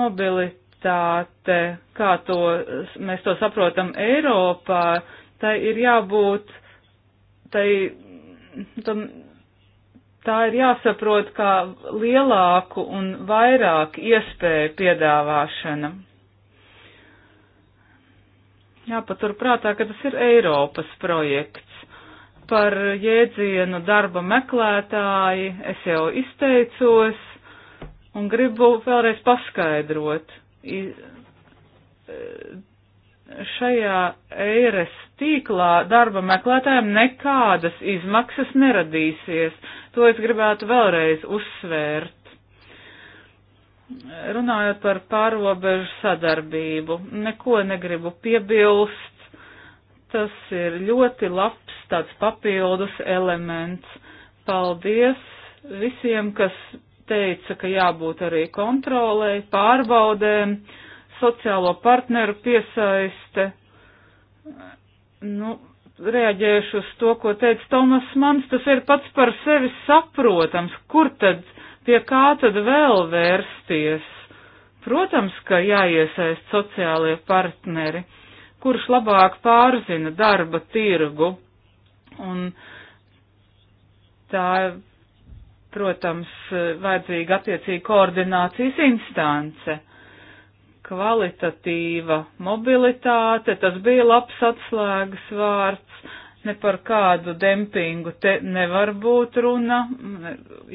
A: Mobilitāte, kā to mēs to saprotam Eiropā, tai ir jābūt, tai, tam, tā ir jāsaprot kā lielāku un vairāk iespēju piedāvāšana jāpaturprātā, ka tas ir Eiropas projekts. Par jēdzienu darba meklētāji es jau izteicos un gribu vēlreiz paskaidrot. I, e, šajā eires tīklā darba meklētājiem nekādas izmaksas neradīsies. To es gribētu vēlreiz uzsvērt. Runājot par pārobežu sadarbību, neko negribu piebilst. Tas ir ļoti labs tāds papildus elements. Paldies visiem, kas teica, ka jābūt arī kontrolē, pārbaudēm, sociālo partneru piesaiste. Nu, reaģēšu uz to, ko teica Tomas Mans, tas ir pats par sevi saprotams, kur tad Pie kā tad vēl vērsties? Protams, ka jāiesaist sociālie partneri, kurš labāk pārzina darba tirgu. Un tā, protams, vajadzīga attiecīga koordinācijas instance. Kvalitatīva mobilitāte, tas bija labs atslēgas vārds Ne par kādu dempingu te nevar būt runa,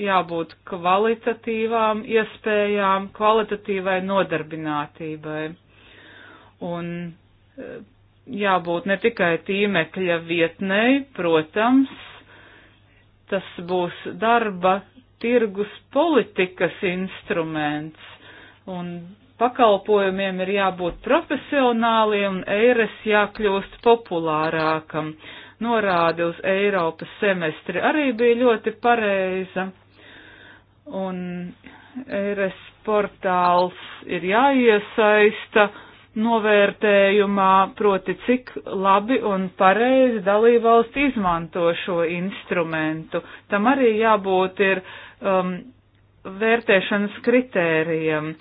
A: jābūt kvalitatīvām iespējām, kvalitatīvai nodarbinātībai. Un e, jābūt ne tikai tīmekļa vietnei, protams, tas būs darba tirgus politikas instruments, un pakalpojumiem ir jābūt profesionāliem, un eires jākļūst populārākam norāde uz Eiropas semestri arī bija ļoti pareiza. Un eres portāls ir jāiesaista novērtējumā, proti cik labi un pareizi dalībvalsts izmanto šo instrumentu. Tam arī jābūt ir um, vērtēšanas kritērijam,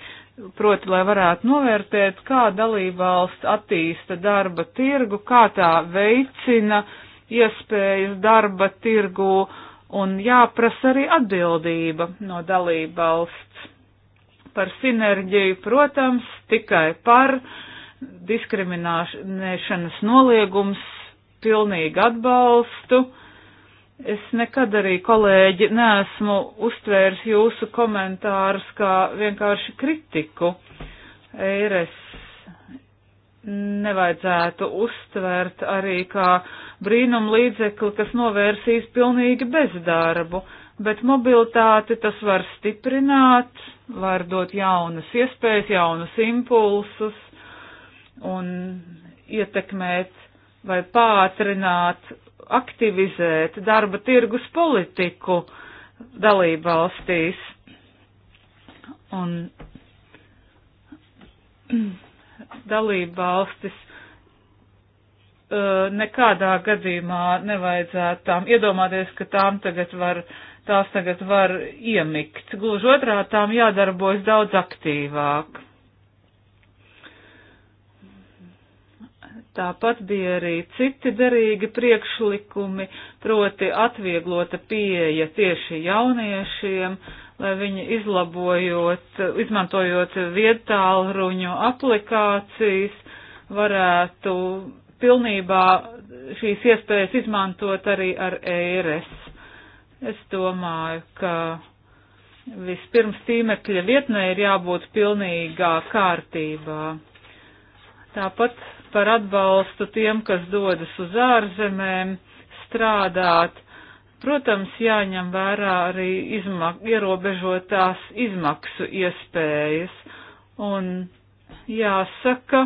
A: proti, lai varētu novērtēt, kā dalībvalsts attīsta darba tirgu, kā tā veicina uh, iespējas darba tirgū un jāprasa arī atbildība no dalībvalsts. Par sinerģiju, protams, tikai par diskrimināšanas noliegums pilnīgi atbalstu. Es nekad arī, kolēģi, neesmu uztvērs jūsu komentārus kā vienkārši kritiku. Eires nevajadzētu uztvert arī kā brīnum līdzekli, kas novērsīs pilnīgi bezdarbu, bet mobilitāti tas var stiprināt, var dot jaunas iespējas, jaunus impulsus un ietekmēt vai pātrināt, aktivizēt darba tirgus politiku dalībvalstīs. Un dalību valstis uh, nekādā gadījumā nevajadzētu tām iedomāties, ka tām tagad var, tās tagad var iemikt. Gluži otrā tām jādarbojas daudz aktīvāk. Tāpat bija arī citi derīgi priekšlikumi, proti atvieglota pieeja tieši jauniešiem, uh, lai viņi izlabojot, izmantojot viedtālruņu aplikācijas, varētu pilnībā šīs iespējas izmantot arī ar ERS. Es domāju, ka vispirms tīmekļa vietnē ir jābūt pilnīgā kārtībā. Tāpat par atbalstu tiem, kas dodas uz ārzemēm strādāt Protams, jāņem vērā arī izmak ierobežotās izmaksu iespējas un jāsaka,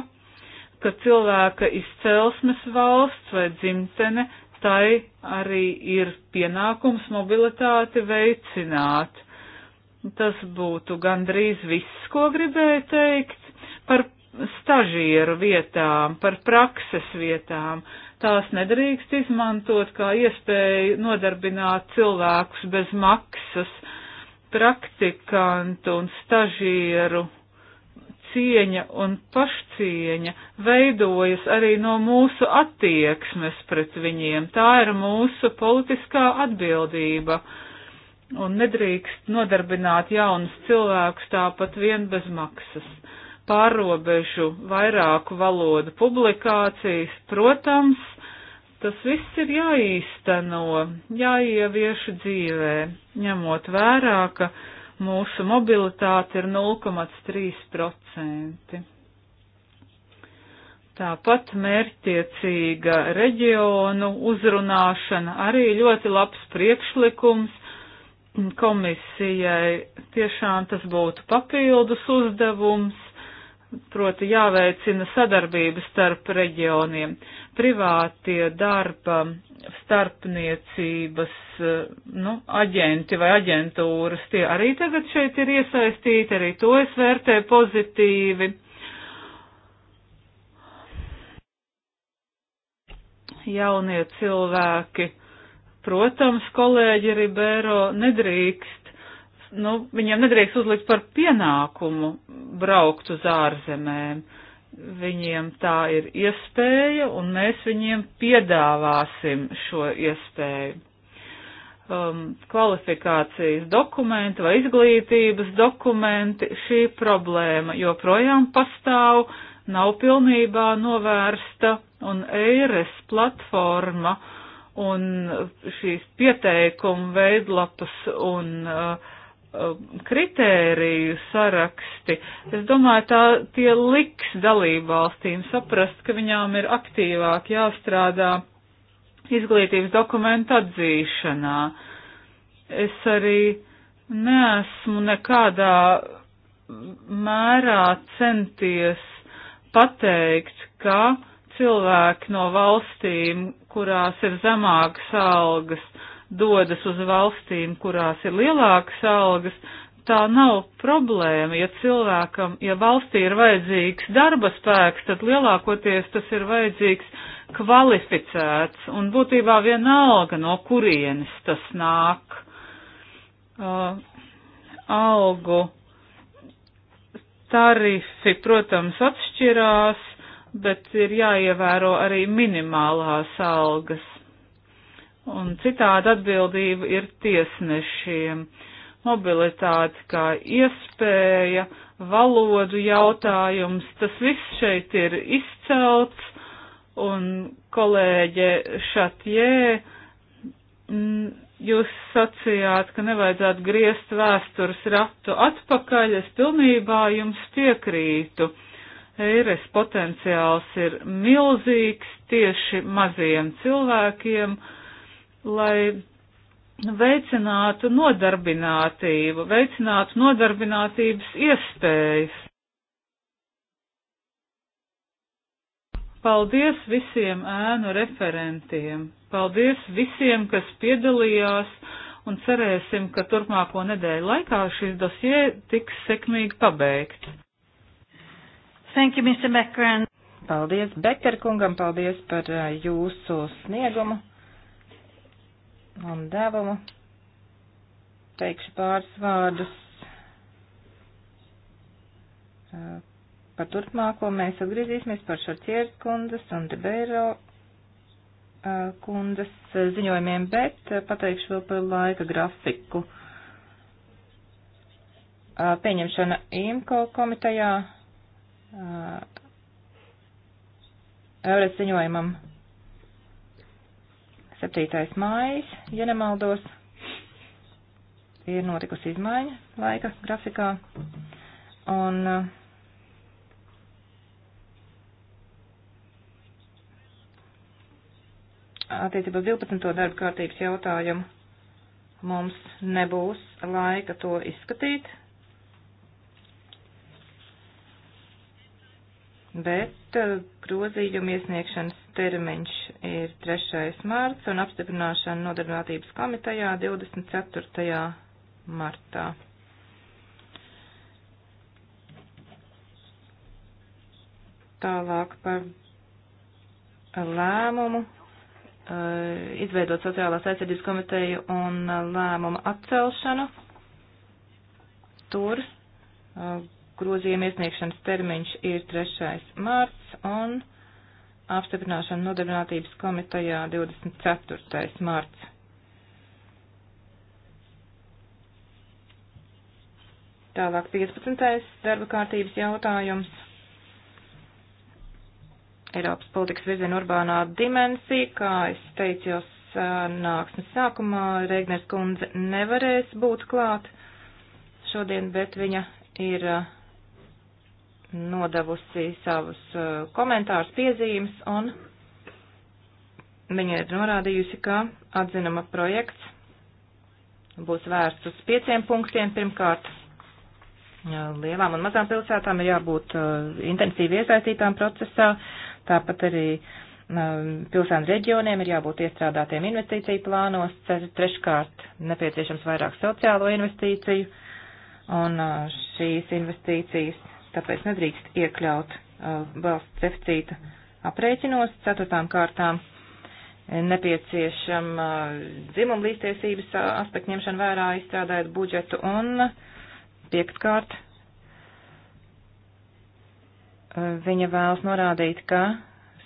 A: ka cilvēka izcelsmes valsts vai dzimtene tai arī ir pienākums mobilitāti veicināt. Tas būtu gandrīz viss, ko gribēju teikt par stažieru vietām, par prakses vietām. Tās nedrīkst izmantot kā iespēju nodarbināt cilvēkus bez maksas, praktikantu un stažieru cieņa un pašcieņa veidojas arī no mūsu attieksmes pret viņiem. Tā ir mūsu politiskā atbildība. Un nedrīkst nodarbināt jaunus cilvēkus tāpat vien bez maksas pārobežu vairāku valodu publikācijas, protams, tas viss ir jāīsteno, jāievieš dzīvē, ņemot vērā, ka mūsu mobilitāte ir 0,3%. Tāpat mērķtiecīga reģionu uzrunāšana arī ļoti labs priekšlikums komisijai. Tiešām tas būtu papildus uzdevums proti jāveicina sadarbība starp reģioniem, privātie darba starpniecības eh, nu, aģenti vai aģentūras, tie arī tagad šeit ir iesaistīti, arī to es vērtēju pozitīvi. Jaunie cilvēki, protams, kolēģi Ribēro nedrīkst nu, viņiem nedrīkst uzlikt par pienākumu braukt uz ārzemēm. Viņiem tā ir iespēja, un mēs viņiem piedāvāsim šo iespēju. Um, kvalifikācijas dokumenti vai izglītības dokumenti, šī problēma joprojām pastāv, nav pilnībā novērsta, un EIRES platforma un šīs pieteikumu veidlapas un uh, Um, kritēriju saraksti, es domāju, tā tie liks dalībvalstīm saprast, ka viņām ir aktīvāk jāstrādā izglītības dokumentu atzīšanā. Es arī neesmu nekādā mērā centies pateikt, ka cilvēki no valstīm, kurās ir zemākas algas, dodas uz valstīm, kurās ir lielākas algas, tā nav problēma. Ja cilvēkam, ja valstī ir vajadzīgs darba spēks, tad lielākoties tas ir vajadzīgs kvalificēts un būtībā vienalga, no kurienes tas nāk. Uh, algu tarifi, protams, atšķirās, bet ir jāievēro arī minimālās algas un citāda atbildība ir tiesnešiem. Mobilitāte kā iespēja, valodu jautājums, tas viss šeit ir izcelts, un kolēģe Šatjē, jūs sacījāt, ka nevajadzētu griezt vēstures ratu atpakaļ, es pilnībā jums piekrītu. Eires potenciāls ir milzīgs tieši maziem cilvēkiem, lai veicinātu nodarbinātību, veicinātu nodarbinātības iespējas. Paldies visiem ēnu referentiem, paldies visiem, kas piedalījās, un cerēsim, ka turpmāko nedēļu laikā šis
D: dosie tiks sekmīgi pabeigts. Thank you, Mr. Becker. Paldies Becker kungam, paldies par jūsu sniegumu un devumu. Teikšu pāris vārdus par turpmāko. Mēs atgriezīsimies par Šarķieres kundas un Debeiro kundas ziņojumiem, bet pateikšu vēl par laika grafiku. Pieņemšana IMCO komitejā. Eures ziņojumam 7. mājas, ja nemaldos, ir notikusi izmaiņa laika grafikā. Un uh, attiecībā 12. darba kārtības jautājumu mums nebūs laika to izskatīt, bet uh, grozījuma iesniegšanas termiņš ir 3. mārts un apstiprināšana nodarbinātības komitejā 24. martā. Tālāk par lēmumu eh, izveidot sociālās aizsardzības komiteju un eh, lēmumu atcelšanu. Tur eh, grozījuma iesniegšanas termiņš ir 3. mārts un apstiprināšana nodarbinātības komitejā 24. marts. Tālāk 15. darba kārtības jautājums. Eiropas politikas virziena urbānā dimensija, kā es teicu jau sanāksmes sākumā, Reigners kundze nevarēs būt klāt šodien, bet viņa ir uh, nodevusi savus eh, komentārus, piezīmes, un viņa ir norādījusi, ka atzinama projekts būs vērsts uz pieciem punktiem. Pirmkārt, lielām un mazām pilsētām ir jābūt eh, intensīvi iesaistītām procesā, tāpat arī eh, pilsēnu reģioniem ir jābūt iestrādātiem investīciju plānos, treškārt nepieciešams vairāk sociālo investīciju, un šīs investīcijas tāpēc nedrīkst iekļaut uh, valsts deficīta aprēķinos. Ceturtām kārtām nepieciešama uh, dzimuma līdztiesības uh, aspektu ņemšana vērā, izstrādājot budžetu un piektkārt. Viņa vēlas norādīt, ka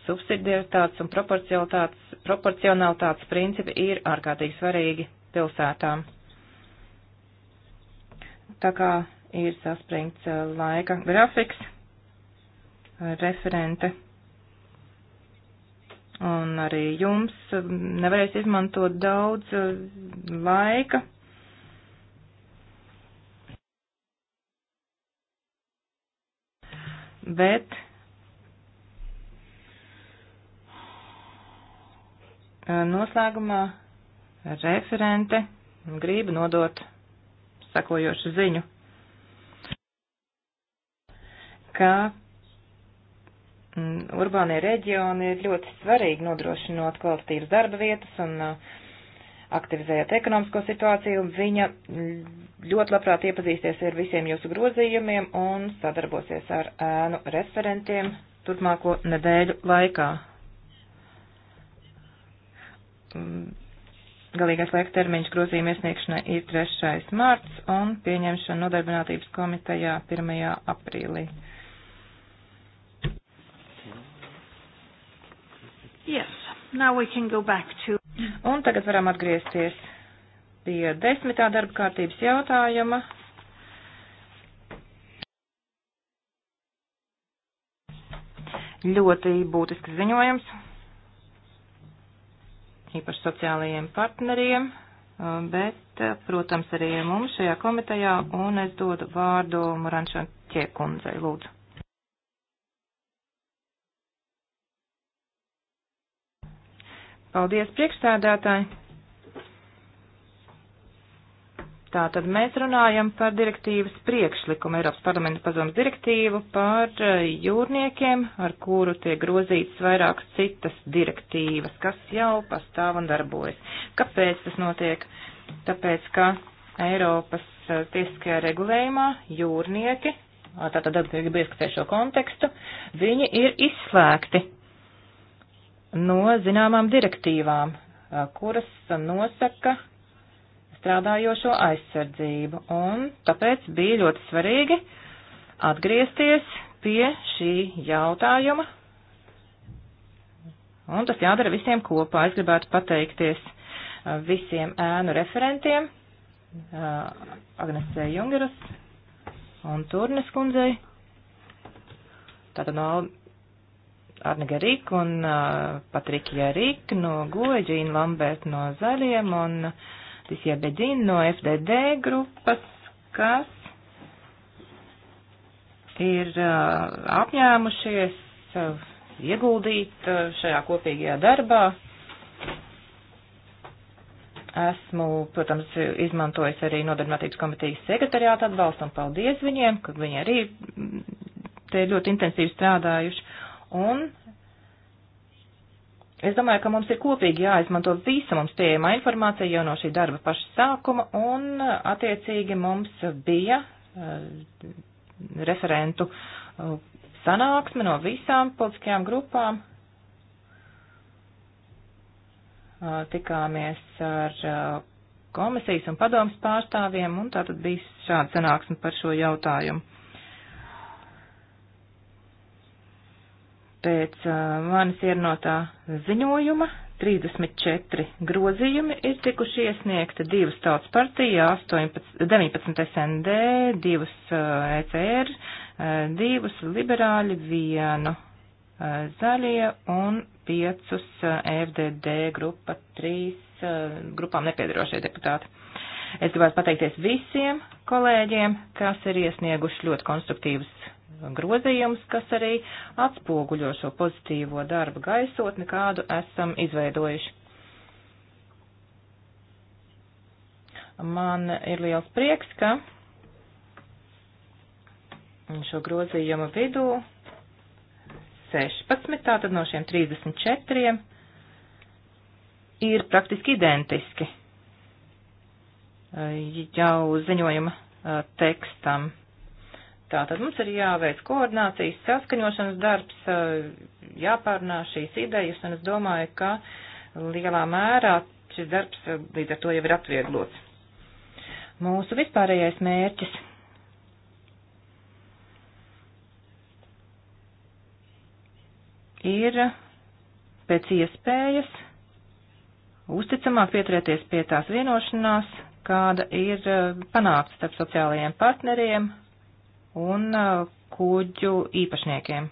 D: subsidiaritātes un proporcionalitātes principi ir ārkārtīgi svarīgi pilsētām. Tā kā ir saspringts uh, laika grafiks, uh, referente. Un arī jums um, nevarēs izmantot daudz uh, laika. Bet noslēgumā referente grib nodot sakojošu ziņu ka mm, urbānie reģioni ir ļoti svarīgi nodrošinot kvalitīvas darba vietas un uh, aktivizējot ekonomisko situāciju. Viņa ļoti labprāt iepazīsties ar visiem jūsu grozījumiem un sadarbosies ar ēnu referentiem turpmāko nedēļu laikā. Mm, galīgais laika termiņš grozījuma iesniegšanai ir 3. mārts un pieņemšana nodarbinātības komitejā 1. aprīlī. Yes, now we can go back to. Un tagad varam atgriezties pie desmitā darba kārtības jautājuma. Ļoti būtisks ziņojums, īpaši sociālajiem partneriem, bet, protams, arī mums šajā komitejā, un es dodu vārdu Morančan Čiekundzei, lūdzu. Paldies, priekšstādātāji! Tātad mēs runājam par direktīvas priekšlikumu Eiropas parlamenta padomas direktīvu par eh, jūrniekiem, ar kuru tiek grozītas vairākas citas direktīvas, kas jau pastāv un darbojas. Kāpēc tas notiek? Tāpēc, ka Eiropas eh, tiesiskajā regulējumā jūrnieki, tātad atbildīgi ieskatē šo kontekstu, viņi ir izslēgti no zināmām direktīvām, eh, kuras nosaka strādājošo aizsardzību. Un tāpēc bija ļoti svarīgi atgriezties pie šī jautājuma. Un tas jādara visiem kopā. Es gribētu pateikties eh, visiem ēnu referentiem, eh, Agnesē Jungeras un Turnes kundzei. Tātad no Arne Garik un uh, Patrika Jarik no Goja, Džīna Lambert no Zaļiem un Tisija Beģina no FDD grupas, kas ir uh, apņēmušies uh, ieguldīt uh, šajā kopīgajā darbā. Esmu, protams, izmantojis arī nodarbinātības komitejas sekretariāta atbalstu un paldies viņiem, ka viņi arī mm, te ļoti intensīvi strādājuši. Un Es domāju, ka mums ir kopīgi jāizmanto visa mums pieejamā informācija jau no šī darba paša sākuma, un attiecīgi mums bija uh, referentu uh, sanāksme no visām politiskajām grupām. Uh, tikāmies ar komisijas un padomas pārstāvjiem, un tātad bija šāda sanāksme par šo jautājumu. Pēc manis ierunotā ziņojuma 34 grozījumi ir tikuši iesniegti divas tautas partija, 18, 19 SND, divas ECR, divas liberāļi, vienu zaļie un piecus FDD grupa, trīs grupām nepiedarošie deputāti. Es gribētu pateikties visiem kolēģiem, kas ir iesnieguši ļoti konstruktīvas grozījums, kas arī atspoguļo šo pozitīvo darba gaisotni, kādu esam izveidojuši. Man ir liels prieks, ka šo grozījumu vidū 16, tātad no šiem 34 ir praktiski identiski e, jau ziņojuma e, tekstam. Tātad mums ir jāveic koordinācijas, saskaņošanas darbs, eh, jāpārnā šīs idejas, un es domāju, ka lielā mērā šis darbs eh, līdz ar to jau ir atvieglots. Mūsu vispārējais mērķis ir pēc iespējas uzticamāk pieturēties pie tās vienošanās, kāda ir eh, panākta starp sociālajiem partneriem un uh, kuģu īpašniekiem.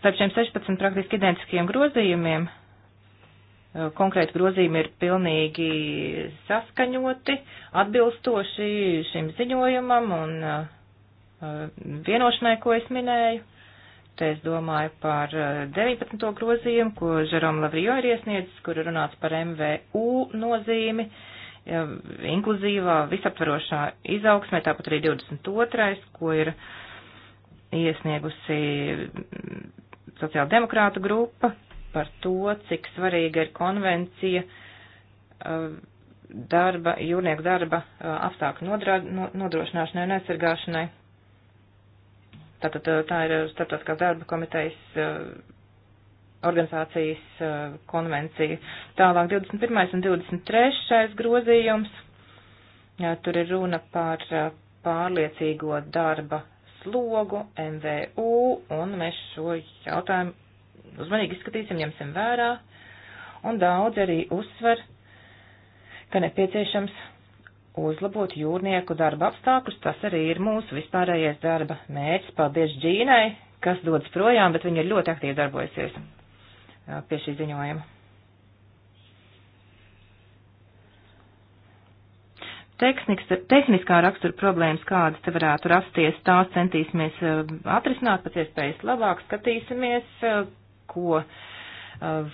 D: Starp šiem 16 praktiski identiskiem grozījumiem uh, konkrēti grozījumi ir pilnīgi saskaņoti, atbilstoši šim ziņojumam un uh, vienošanai, ko es minēju. Te es domāju par 19. grozījumu, ko Žerom Lavrijo ir iesniedzis, kur ir runāts par MVU nozīmi. Uh, Um, inkluzīvā, visaptvarošā izaugsmē, tāpat arī 22. ko ir iesniegusi sociāldemokrātu grupa par to, cik svarīga ir konvencija um, darba, jūrnieku darba uh, apstākļu nodrošināšanai un aizsargāšanai. Tātad uh, tā ir uh, starptautiskās darba komitejas organizācijas eh, konvenciju. Tālāk 21. un 23. grozījums. Tur ir runa par eh, pārliecīgo darba slogu MVU, un mēs šo jautājumu uzmanīgi izskatīsim, ņemsim vērā. Un daudz arī uzsver, ka nepieciešams uzlabot jūrnieku darba apstākļus. Tas arī ir mūsu vispārējais darba mērķis. Paldies Džīnai, kas dodas projām, bet viņa ir ļoti aktīvi darbojusies pie šī ziņojuma. Tehniks, tehniskā rakstura problēmas, kādas te varētu rasties, tās centīsimies atrisināt pēc iespējas labāk, skatīsimies, ko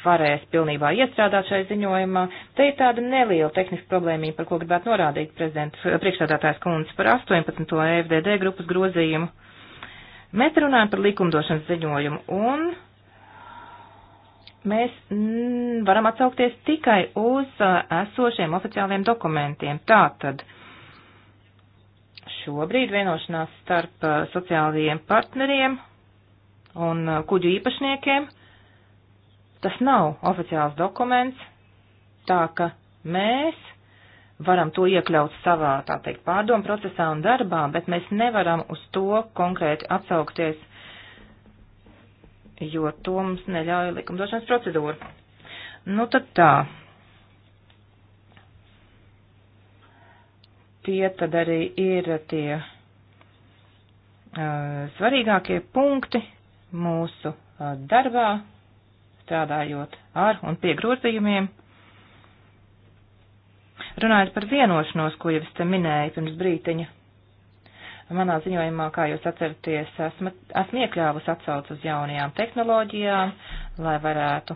D: varēs pilnībā iestrādāt šai ziņojumā. Te ir tāda neliela tehniska problēmība, par ko gribētu norādīt priekšstādātājs kundze par 18. E FDD grupas grozījumu. Mēs runājam par likumdošanas ziņojumu un mēs mm, varam atsaukties tikai uz uh, esošiem oficiāliem dokumentiem. Tātad šobrīd vienošanās starp uh, sociālajiem partneriem un uh, kuģu īpašniekiem tas nav oficiāls dokuments, tā ka mēs varam to iekļaut savā, tā teikt, pārdomu procesā un darbā, bet mēs nevaram uz to konkrēti atsaukties jo to mums neļauj likumdošanas procedūra. Nu tad tā. Tie tad arī ir tie uh, svarīgākie punkti mūsu uh, darbā, strādājot ar un pie grozījumiem. Runājot par vienošanos, ko jau es te minēju pirms brīteņa, Manā ziņojumā, kā jūs atceraties, esmu, esmu iekļāvusi atsaucu uz jaunajām tehnoloģijām, lai varētu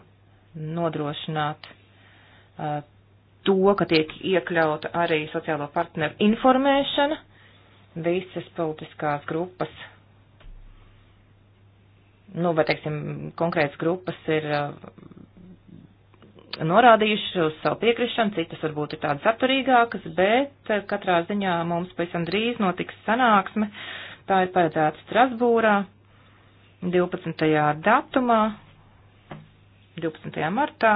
D: nodrošināt uh, to, ka tiek iekļauta arī sociālo partneru informēšana visas politiskās grupas. Nu, vai teiksim, konkrētas grupas ir uh, norādījuši uz savu piekrišanu, citas varbūt ir tādas atturīgākas, bet eh, katrā ziņā mums pavisam drīz notiks sanāksme. Tā ir paredzēta Strasbūrā 12. datumā, 12. martā,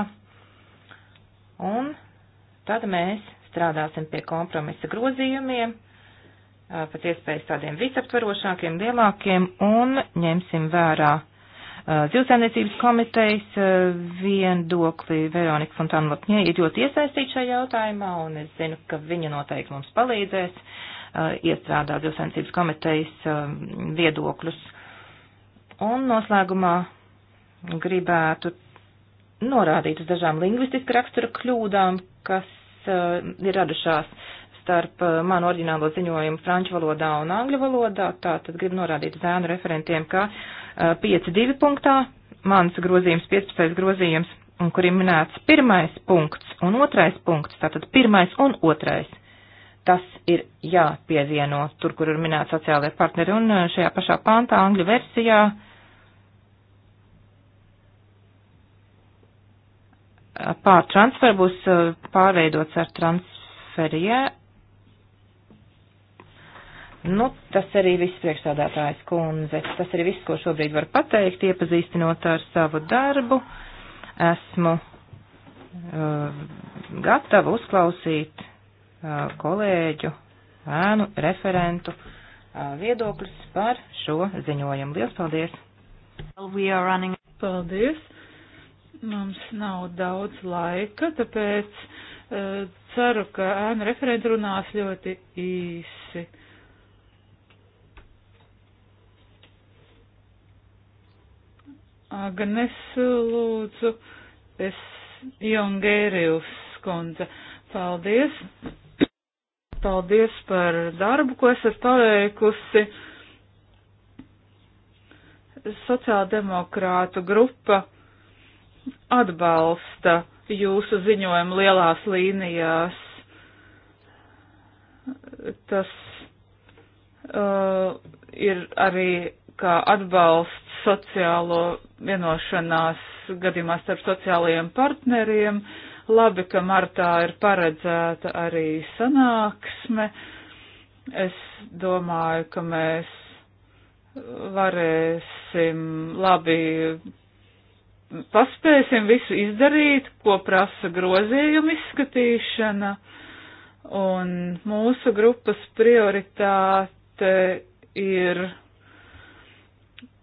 D: un tad mēs strādāsim pie kompromisa grozījumiem, eh, pēc iespējas tādiem visaptvarošākiem, lielākiem, un ņemsim vērā Eh, zilsēmniecības komitejas eh, viendokli Veronika Fontāna Lapņē ir ļoti iesaistīta šajā jautājumā, un es zinu, ka viņa noteikti mums palīdzēs eh, iestrādāt zilsēmniecības komitejas viedokļus. Un noslēgumā gribētu norādīt uz dažām lingvistiski rakstura kļūdām, kas ir radušās starp eh, manu oriģinālo ziņojumu franču valodā un angļu valodā, tā tad gribu norādīt zēnu referentiem, ka 5.2. Eh, punktā mans grozījums, 15. grozījums, un kur ir minēts pirmais punkts un otrais punkts, tātad pirmais un otrais. Tas ir jāpievieno tur, kur ir minēti sociālai partneri, un eh, šajā pašā pāntā angļu versijā pārtransfer būs pārveidots ar transferie Nu, tas arī viss priekšstādātājs kundze. Tas arī viss, ko šobrīd var pateikt, iepazīstinot ar savu darbu. Esmu uh, gatava uzklausīt uh, kolēģu, ēnu, referentu uh, viedokļus par šo ziņojumu. Lielas paldies! Running... Paldies! Mums
A: nav daudz laika, tāpēc uh, ceru, ka ēnu referenti runās ļoti īsi Agnes lūdzu, es Jongērijus kundze. Paldies! Paldies par darbu, ko esat paveikusi. Sociāldemokrātu grupa atbalsta jūsu ziņojumu lielās līnijās. Tas uh, ir arī kā atbalsts sociālo vienošanās gadījumā starp sociālajiem partneriem. Labi, ka martā ir paredzēta arī sanāksme. Es domāju, ka mēs varēsim labi paspēsim visu izdarīt, ko prasa grozījuma izskatīšana. Un mūsu grupas prioritāte ir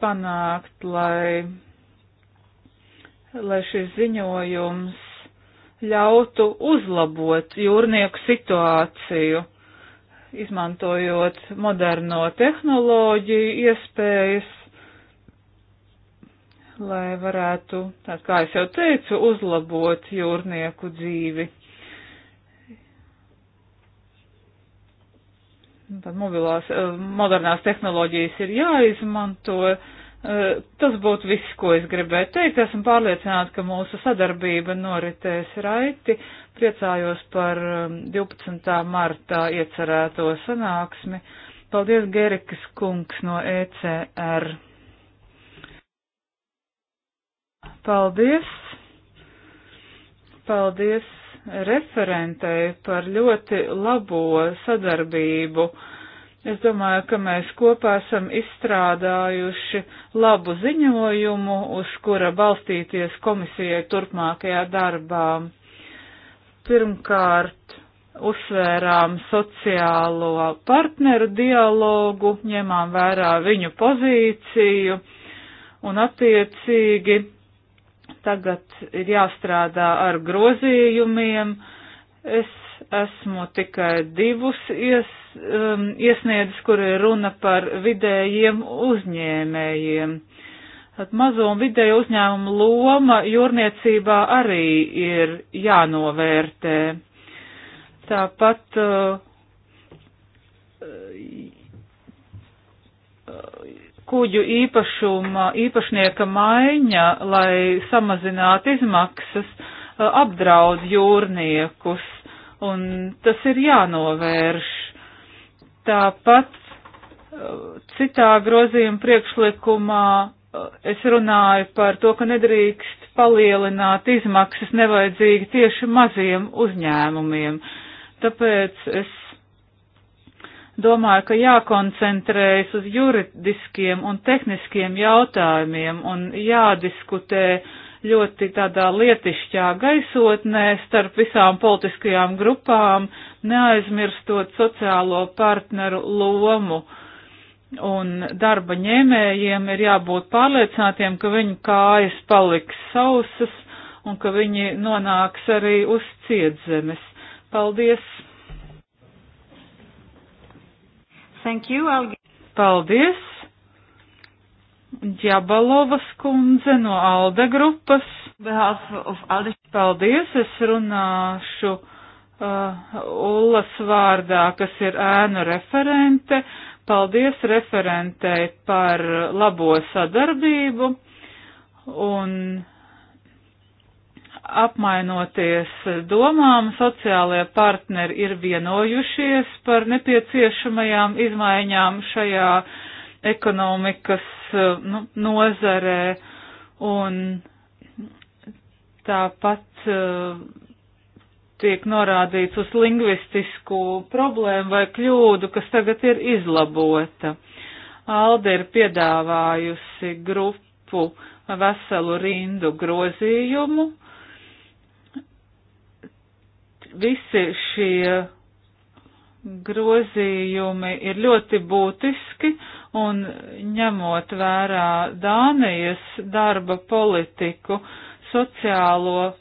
A: panākt, lai, lai šis ziņojums ļautu uzlabot jūrnieku situāciju, izmantojot moderno tehnoloģiju iespējas, lai varētu, tā kā es jau teicu, uzlabot jūrnieku dzīvi. Tad mobilās, eh, modernās tehnoloģijas ir jāizmanto. Eh, tas būtu viss, ko es gribēju teikt. Esmu pārliecināta, ka mūsu sadarbība noritēs raiti. Priecājos par 12. Um, martā iecerēto sanāksmi. Paldies, Gerikas kungs no ECR. Paldies! Paldies referentei par ļoti labo sadarbību. Es domāju, ka mēs kopā esam izstrādājuši labu ziņojumu, uz kura balstīties komisijai turpmākajā darbā. Pirmkārt, uzsvērām sociālo partneru dialogu, ņemām vērā viņu pozīciju un attiecīgi tagad ir jāstrādā ar grozījumiem. Es esmu tikai divus ies, um, iesniedzis, kur ir runa par vidējiem uzņēmējiem. Tad mazo un vidēju uzņēmumu loma jūrniecībā arī ir jānovērtē. Tāpat uh, uh, kuģu īpašuma, īpašnieka maiņa, lai samazinātu izmaksas, apdraud jūrniekus, un tas ir jānovērš. Tāpat citā grozījuma priekšlikumā es runāju par to, ka nedrīkst palielināt izmaksas nevajadzīgi tieši maziem uzņēmumiem. Tāpēc es domāju, ka jākoncentrējas uz juridiskiem un tehniskiem jautājumiem un jādiskutē ļoti tādā lietišķā gaisotnē starp visām politiskajām grupām, neaizmirstot sociālo partneru lomu. Un darba ņēmējiem ir jābūt pārliecinātiem, ka viņu kājas paliks sausas un ka viņi nonāks arī uz ciedzemes. Paldies! Thank you. I'll... Paldies. Džabalovas kundze no Alde grupas. Alde. Paldies, es runāšu uh, Ullas vārdā, kas ir ēnu referente. Paldies referentei par labo sadarbību un apmainoties domām, sociālajie partneri ir vienojušies par nepieciešamajām izmaiņām šajā ekonomikas eh, nu, nozarē un tāpat uh, tiek norādīts uz lingvistisku problēmu vai kļūdu, kas tagad ir izlabota. Alde ir piedāvājusi grupu veselu rindu grozījumu, uh, visi šie grozījumi ir ļoti būtiski un ņemot vērā Dānijas darba politiku, sociālo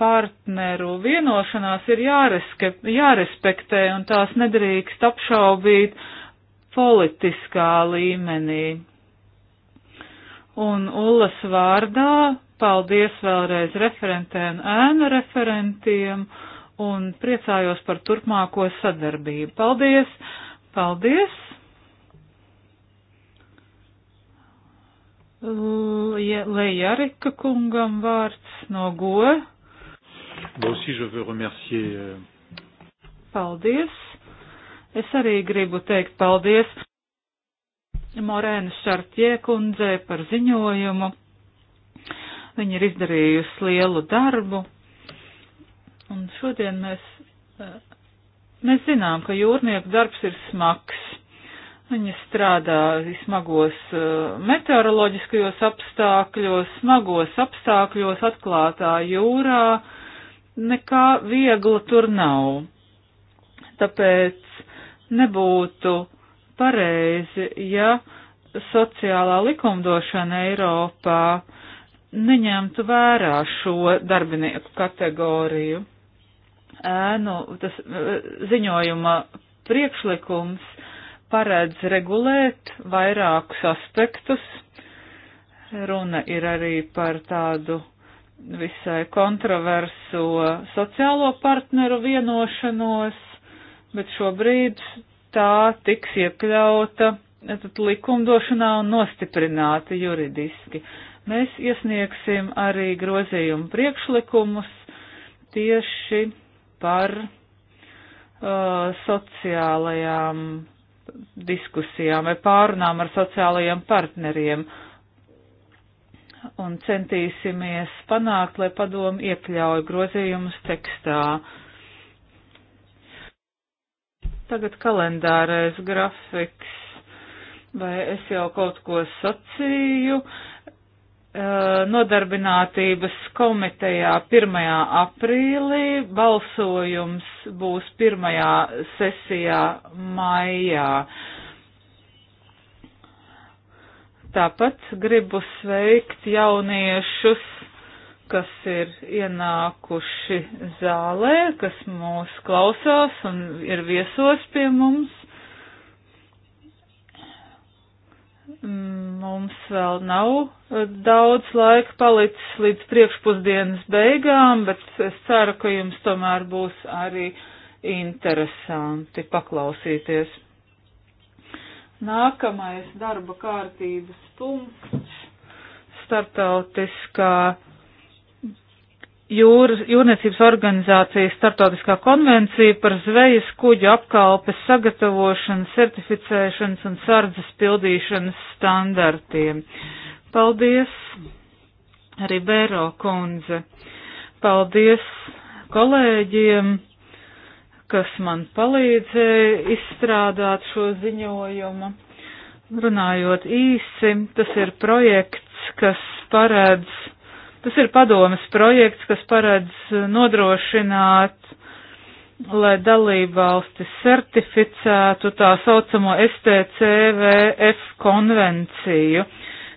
A: partneru vienošanās ir jāreske, jārespektē un tās nedrīkst apšaubīt politiskā līmenī. Un Ullas vārdā paldies vēlreiz referentēm ēnu referentiem. Un un priecājos par turpmāko sadarbību. Paldies! Paldies! Lejarika kungam vārds no go.
C: Aussi, je veux remercier... Euh,
A: paldies! Es arī gribu teikt paldies Morēnas Šartie kundzē par ziņojumu. Viņa ir izdarījusi lielu darbu Un šodien mēs, eh, mēs zinām, ka jūrnieku darbs ir smags. Viņi strādā smagos eh, meteoroloģiskajos apstākļos, smagos apstākļos, atklātā jūrā. Nekā viegla tur nav. Tāpēc nebūtu pareizi, ja sociālā likumdošana Eiropā neņemtu vērā šo darbinieku kategoriju ēnu, tas eh, ziņojuma priekšlikums paredz regulēt vairākus aspektus. Runa ir arī par tādu visai kontroverso sociālo partneru vienošanos, bet šobrīd tā tiks iekļauta likumdošanā un nostiprināta juridiski. Mēs iesniegsim arī grozījumu priekšlikumus tieši par uh, sociālajām diskusijām vai pārunām ar sociālajiem partneriem un centīsimies panākt, lai padomu iekļauj grozījumus tekstā. Tagad kalendārais grafiks, vai es jau kaut ko sacīju, Uh, nodarbinātības komitejā 1. aprīlī, balsojums būs pirmajā sesijā maijā. Tāpat gribu sveikt jauniešus, kas ir ienākuši zālē, kas mūs klausās un ir viesos pie mums. Mums vēl nav eh, daudz laika palicis līdz priekšpusdienas beigām, bet es ceru, ka jums tomēr būs arī interesanti paklausīties. Nākamais darba kārtības punkts - startautiskā jūras, jūrniecības organizācijas startautiskā konvencija par zvejas kuģu apkalpes sagatavošanu, certificēšanas un sardzes pildīšanas standartiem. Paldies, Ribero kundze. Paldies kolēģiem, kas man palīdzēja izstrādāt šo ziņojumu. Runājot īsi, tas ir projekts, kas paredz Tas ir padomas projekts, kas paredz eh, nodrošināt, lai dalībvalstis certificētu tā saucamo STCVF konvenciju,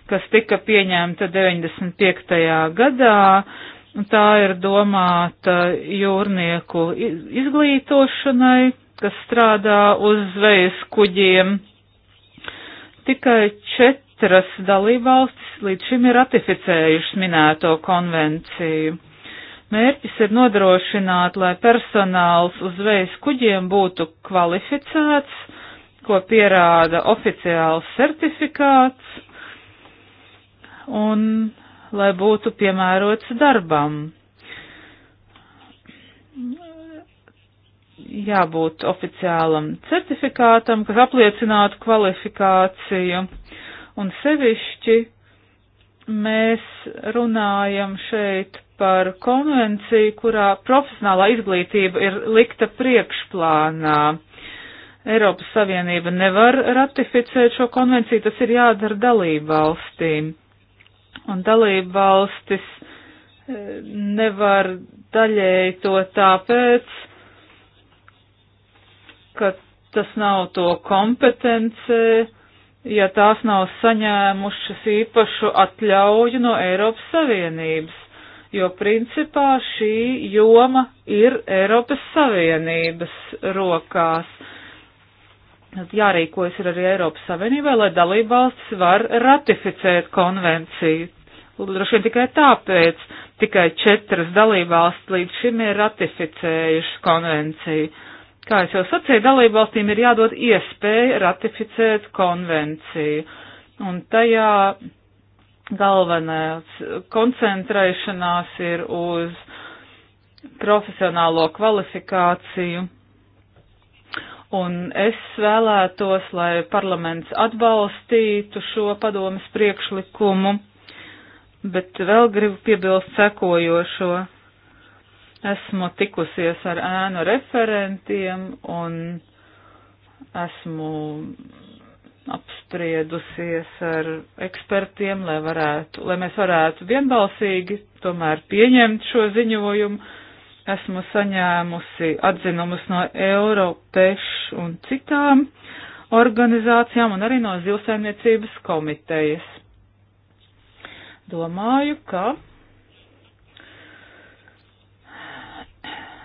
A: kas tika pieņemta 95. gadā. Tā ir domāta jūrnieku izglītošanai, kas strādā uz zvejas kuģiem tikai čet, četras dalībvalstis līdz šim ir ratificējušas minēto konvenciju. Mērķis ir nodrošināt, lai personāls uz zvejas kuģiem būtu kvalificēts, ko pierāda oficiāls certifikāts, un lai būtu piemērots darbam. Jābūt oficiālam certifikātam, kas apliecinātu kvalifikāciju Un sevišķi mēs runājam šeit par konvenciju, kurā profesionālā izglītība ir likta priekšplānā. Eiropas Savienība nevar ratificēt šo konvenciju, tas ir jādara dalību valstīm. Un dalību valstis e, nevar daļēji to tāpēc, ka tas nav to kompetencē, ja tās nav saņēmušas īpašu atļauju no Eiropas Savienības, jo principā šī joma ir Eiropas Savienības rokās. Jārīkojas ir arī Eiropas Savienībai, lai dalībvalstis var ratificēt konvenciju. Droši vien tikai tāpēc tikai četras dalībvalstis līdz šim ir ratificējušas konvenciju. Kā es jau sacīju, dalībvalstīm ir jādod iespēja ratificēt konvenciju. Un tajā galvenā koncentrēšanās ir uz profesionālo kvalifikāciju. Un es vēlētos, lai parlaments atbalstītu šo padomas priekšlikumu, bet vēl gribu piebilst sekojošo. Esmu tikusies ar ēnu referentiem un esmu apspriedusies ar ekspertiem, lai, varētu, lai mēs varētu vienbalsīgi tomēr pieņemt šo ziņojumu. Esmu saņēmusi atzinumus no Europeš un citām organizācijām un arī no Zilsaimniecības komitejas. Domāju, ka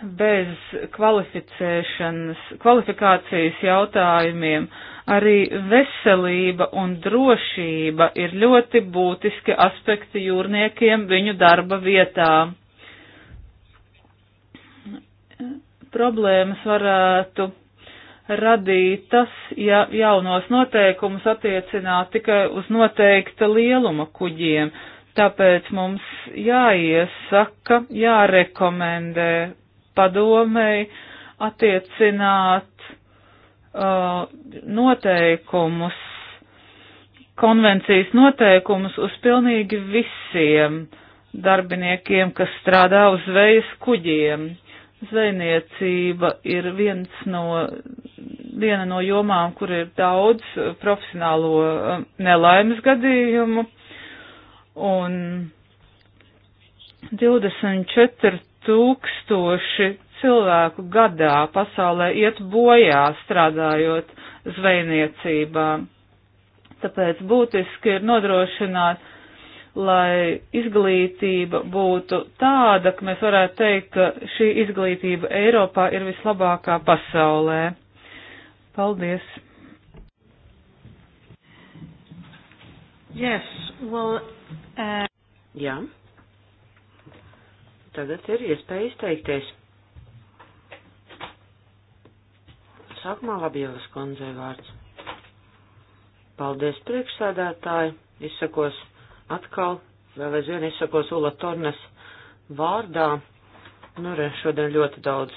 A: bez kvalificēšanas, kvalifikācijas jautājumiem arī veselība un drošība ir ļoti būtiski aspekti jūrniekiem viņu darba vietā. Problēmas varētu radīt tas, ja jaunos noteikumus attiecināt tikai uz noteikta lieluma kuģiem. Tāpēc mums jāiesaka, jārekomendē padomei attiecināt uh, noteikumus, konvencijas noteikumus uz pilnīgi visiem darbiniekiem, kas strādā uz zvejas kuģiem. Zvejniecība ir viens no, viena no jomām, kur ir daudz profesionālo uh, nelaimes gadījumu, un 24 tūkstoši cilvēku gadā pasaulē iet bojā strādājot zvejniecībā. Tāpēc būtiski ir nodrošināt, lai izglītība būtu tāda, ka mēs varētu teikt, ka šī izglītība Eiropā ir vislabākā pasaulē. Paldies!
C: Yes, well, uh... Jā. Yeah tagad
B: ir iespēja izteikties. Sākumā Labielas kundzei vārds. Paldies priekšsēdētāji, izsakos atkal, vēl aizvien izsakos Ula Tornes vārdā. Nu, re, šodien ļoti daudz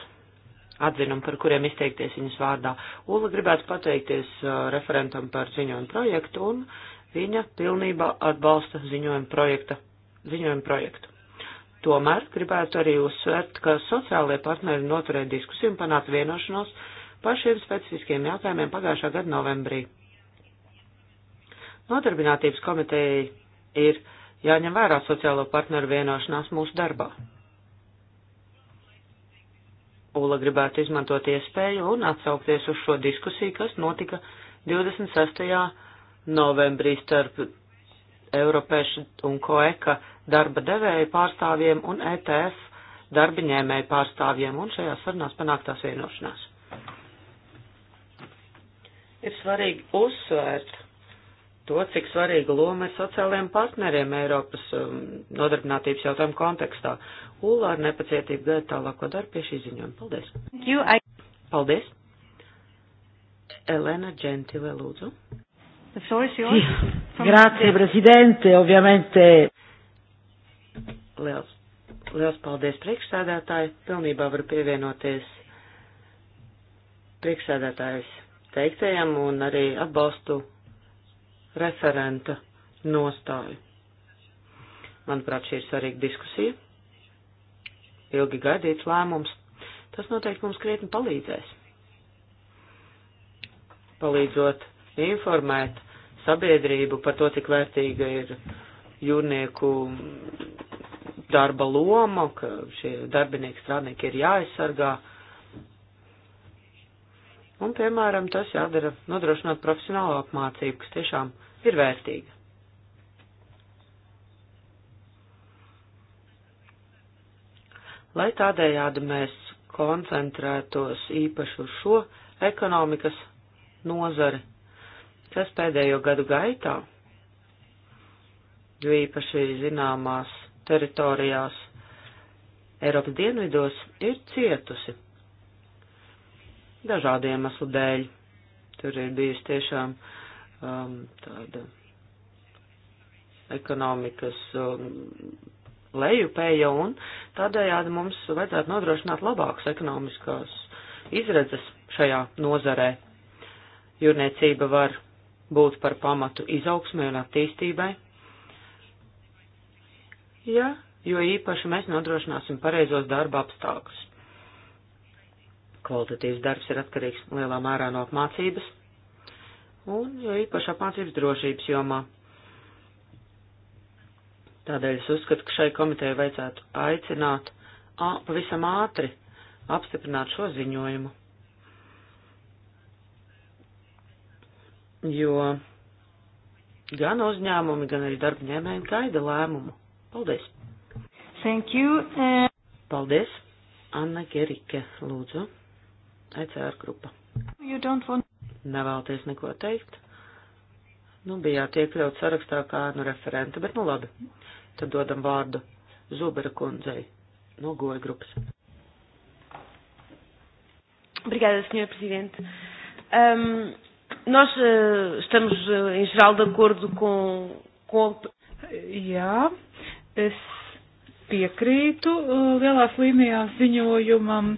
B: atzinumu, par kuriem izteikties viņas vārdā. Ula gribētu pateikties uh, referentam par ziņojumu projektu un viņa pilnībā atbalsta ziņojumu projekta, ziņojumu projektu. Tomēr gribētu arī uzsvērt, ka sociālajie partneri noturēja diskusiju un panāca vienošanos par šiem specifiskiem jautājumiem pagājušā gada novembrī. Nodarbinātības komitejai ir jāņem vērā sociālo partneru vienošanās mūsu darbā. Ula gribētu izmantot iespēju un atsaukties uz šo diskusiju, kas notika 26. novembrī starp Eiropēšu un Koeka darba devēja pārstāvjiem un ETF darbiņēmēju pārstāvjiem un šajās sarunās panāktās vienošanās. Ir svarīgi uzsvērt to, cik svarīga loma ir sociālajiem partneriem Eiropas um, nodarbinātības jautājumu kontekstā. Ulā ar nepacietību gaida tālāko darbu pie šī ziņojuma. Paldies! You, I... Paldies! Elena Gentile, lūdzu. Grazie, Presidente, ovviamente. Liels, liels paldies priekšsēdētāji. Pilnībā var pievienoties priekšsēdētājs teiktajam un arī atbalstu referenta nostāju. Manuprāt, šī ir svarīga diskusija. Ilgi gaidīts lēmums. Tas noteikti mums krietni palīdzēs. Palīdzot informēt sabiedrību par to, cik vērtīga ir jūrnieku darba loma, ka šie darbinieki strādnieki ir jāaizsargā. Un, piemēram, tas jādara nodrošinot profesionālo apmācību, kas tiešām ir vērtīga. Lai tādējādi mēs koncentrētos īpaši uz šo ekonomikas nozari, kas pēdējo gadu gaitā, jo īpaši zināmās teritorijās Eiropas dienvidos ir cietusi dažādu iemeslu dēļ. Tur ir bijusi tiešām um, tāda ekonomikas um, lejupēja un tādējādi mums vajadzētu nodrošināt labākas ekonomiskās izredzes šajā nozarē. Jūrniecība var būt par pamatu izaugsmē un attīstībai, ja, jo īpaši mēs nodrošināsim pareizos darba apstākļus. Kvalitatīvs darbs ir atkarīgs lielā mērā no apmācības, un jo īpaši apmācības drošības jomā. Tādēļ es uzskatu, ka šai komitejai vajadzētu aicināt a, pavisam ātri apstiprināt šo ziņojumu. Jo gan uzņēmumi, gan arī darbņēmēji gaida lēmumu. Paldies! Thank you! Eh. Paldies! Anna Gerike, lūdzu. ECR grupa.
A: You don't want...
B: Nevēlties neko teikt? Nu, bijāt iekļaut sarakstā kā nu referenta, bet nu labi. Tad dodam vārdu Zubera kundzei no goja grupas. Obrigada, Sr. Presidente. Um, nós uh, estamos, uh, em geral, de acordo com,
A: com... Jā, Es piekrītu uh, lielās līnijās ziņojumam.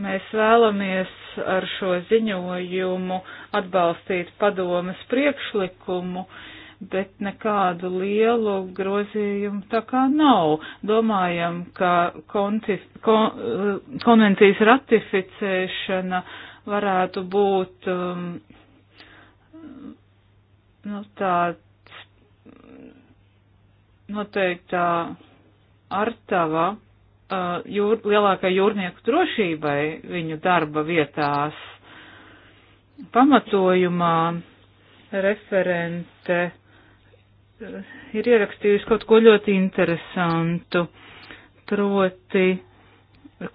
A: Mēs vēlamies ar šo ziņojumu atbalstīt padomas priekšlikumu, bet nekādu lielu grozījumu tā kā nav. Domājam, ka kontif, kon, uh, konvencijas ratificēšana varētu būt um, nu, tāds noteiktā artava uh, jūr, lielākai jūrnieku drošībai viņu darba vietās. Pamatojumā referente ir ierakstījusi kaut ko ļoti interesantu, proti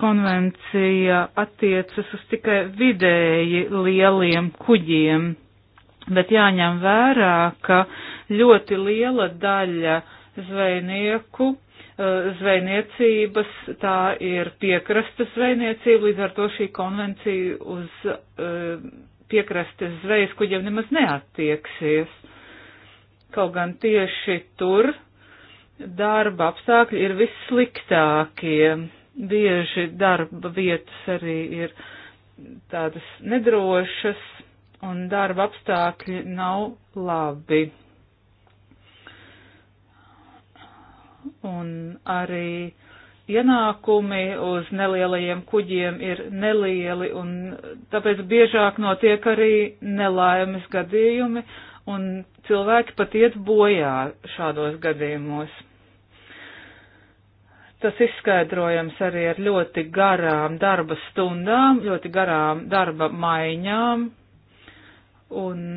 A: konvencija attiecas uz tikai vidēji lieliem kuģiem, bet jāņem vērā, ka ļoti liela daļa uh, zvejnieku eh, zvejniecības, tā ir piekrastes zvejniecība, līdz ar to šī konvencija uz eh, piekrastes zvejas kuģiem nemaz neattieksies. Kaut gan tieši tur darba apstākļi ir vissliktākie. Bieži darba vietas arī ir tādas nedrošas un darba apstākļi nav labi. un arī ienākumi uz nelielajiem kuģiem ir nelieli, un tāpēc biežāk notiek arī nelaimes gadījumi, un cilvēki pat iet bojā šādos gadījumos. Tas izskaidrojams arī ar ļoti garām darba stundām, ļoti garām darba maiņām, un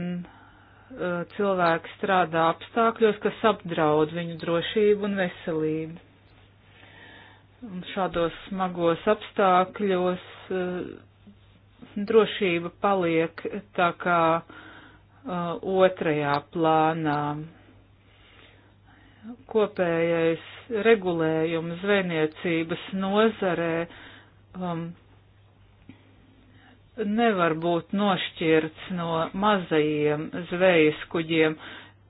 A: Eh, cilvēki strādā apstākļos, kas apdraud viņu drošību un veselību. Un šādos smagos apstākļos eh, drošība paliek tā kā eh, otrajā plānā. Kopējais regulējums zvejniecības nozarē um, nevar būt nošķirts no mazajiem zvejas kuģiem.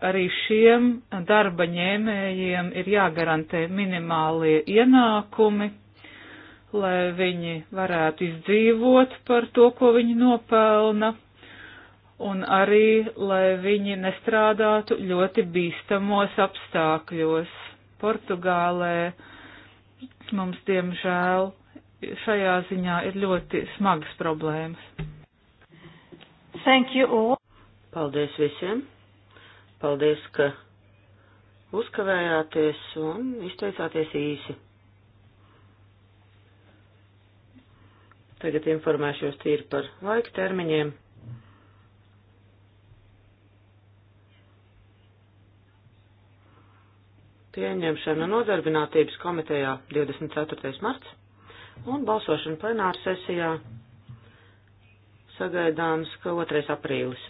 A: Arī šiem darba ņēmējiem ir jāgarantē minimālie ienākumi, lai viņi varētu izdzīvot par to, ko viņi nopelna, un arī, lai viņi nestrādātu ļoti bīstamos apstākļos. Portugālē mums, diemžēl, šajā ziņā ir ļoti smagas problēmas. Thank you all. Paldies visiem. Paldies, ka
B: uzkavējāties un izteicāties īsi. Tagad informēšos tīri par laika termiņiem. Pieņemšana nodarbinātības komitejā 24. marts un balsošana plenāra sesijā sagaidāms, ka 2. aprīlis.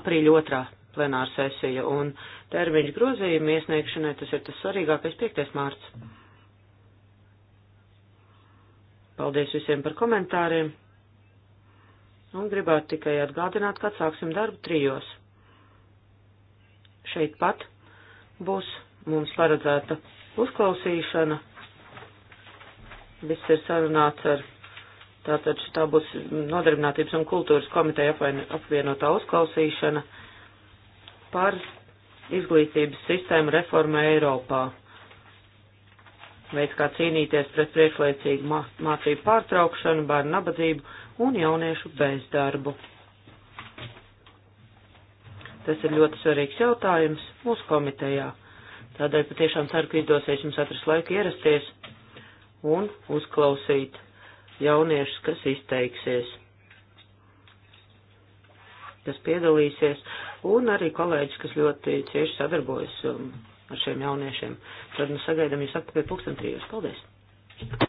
B: Aprīļa 2. plenāra sesija un termiņš grozījuma iesniegšanai tas ir tas svarīgākais 5. mārts. Paldies visiem par komentāriem. Un gribētu tikai atgādināt, kad sāksim darbu trijos. Šeit pat būs mums paredzēta uzklausīšana Viss ir sarunāts ar tātad tā būs nodarbinātības un kultūras komiteja apvienotā uzklausīšana par izglītības sistēmu reformu Eiropā. Veids, kā cīnīties pret priekšlaicīgu mācību pārtraukšanu, bērnu nabadzību un jauniešu bezdarbu. Tas ir ļoti svarīgs jautājums mūsu komitejā. Tādēļ patiešām ceru, ka izdosies jums atrast laiku ierasties un uzklausīt jauniešus, kas izteiksies, kas piedalīsies, un arī kolēģis, kas ļoti cieši sadarbojas um, ar šiem jauniešiem. Tad mēs nu sagaidām jūs atpakaļ pulksten trijos. Paldies!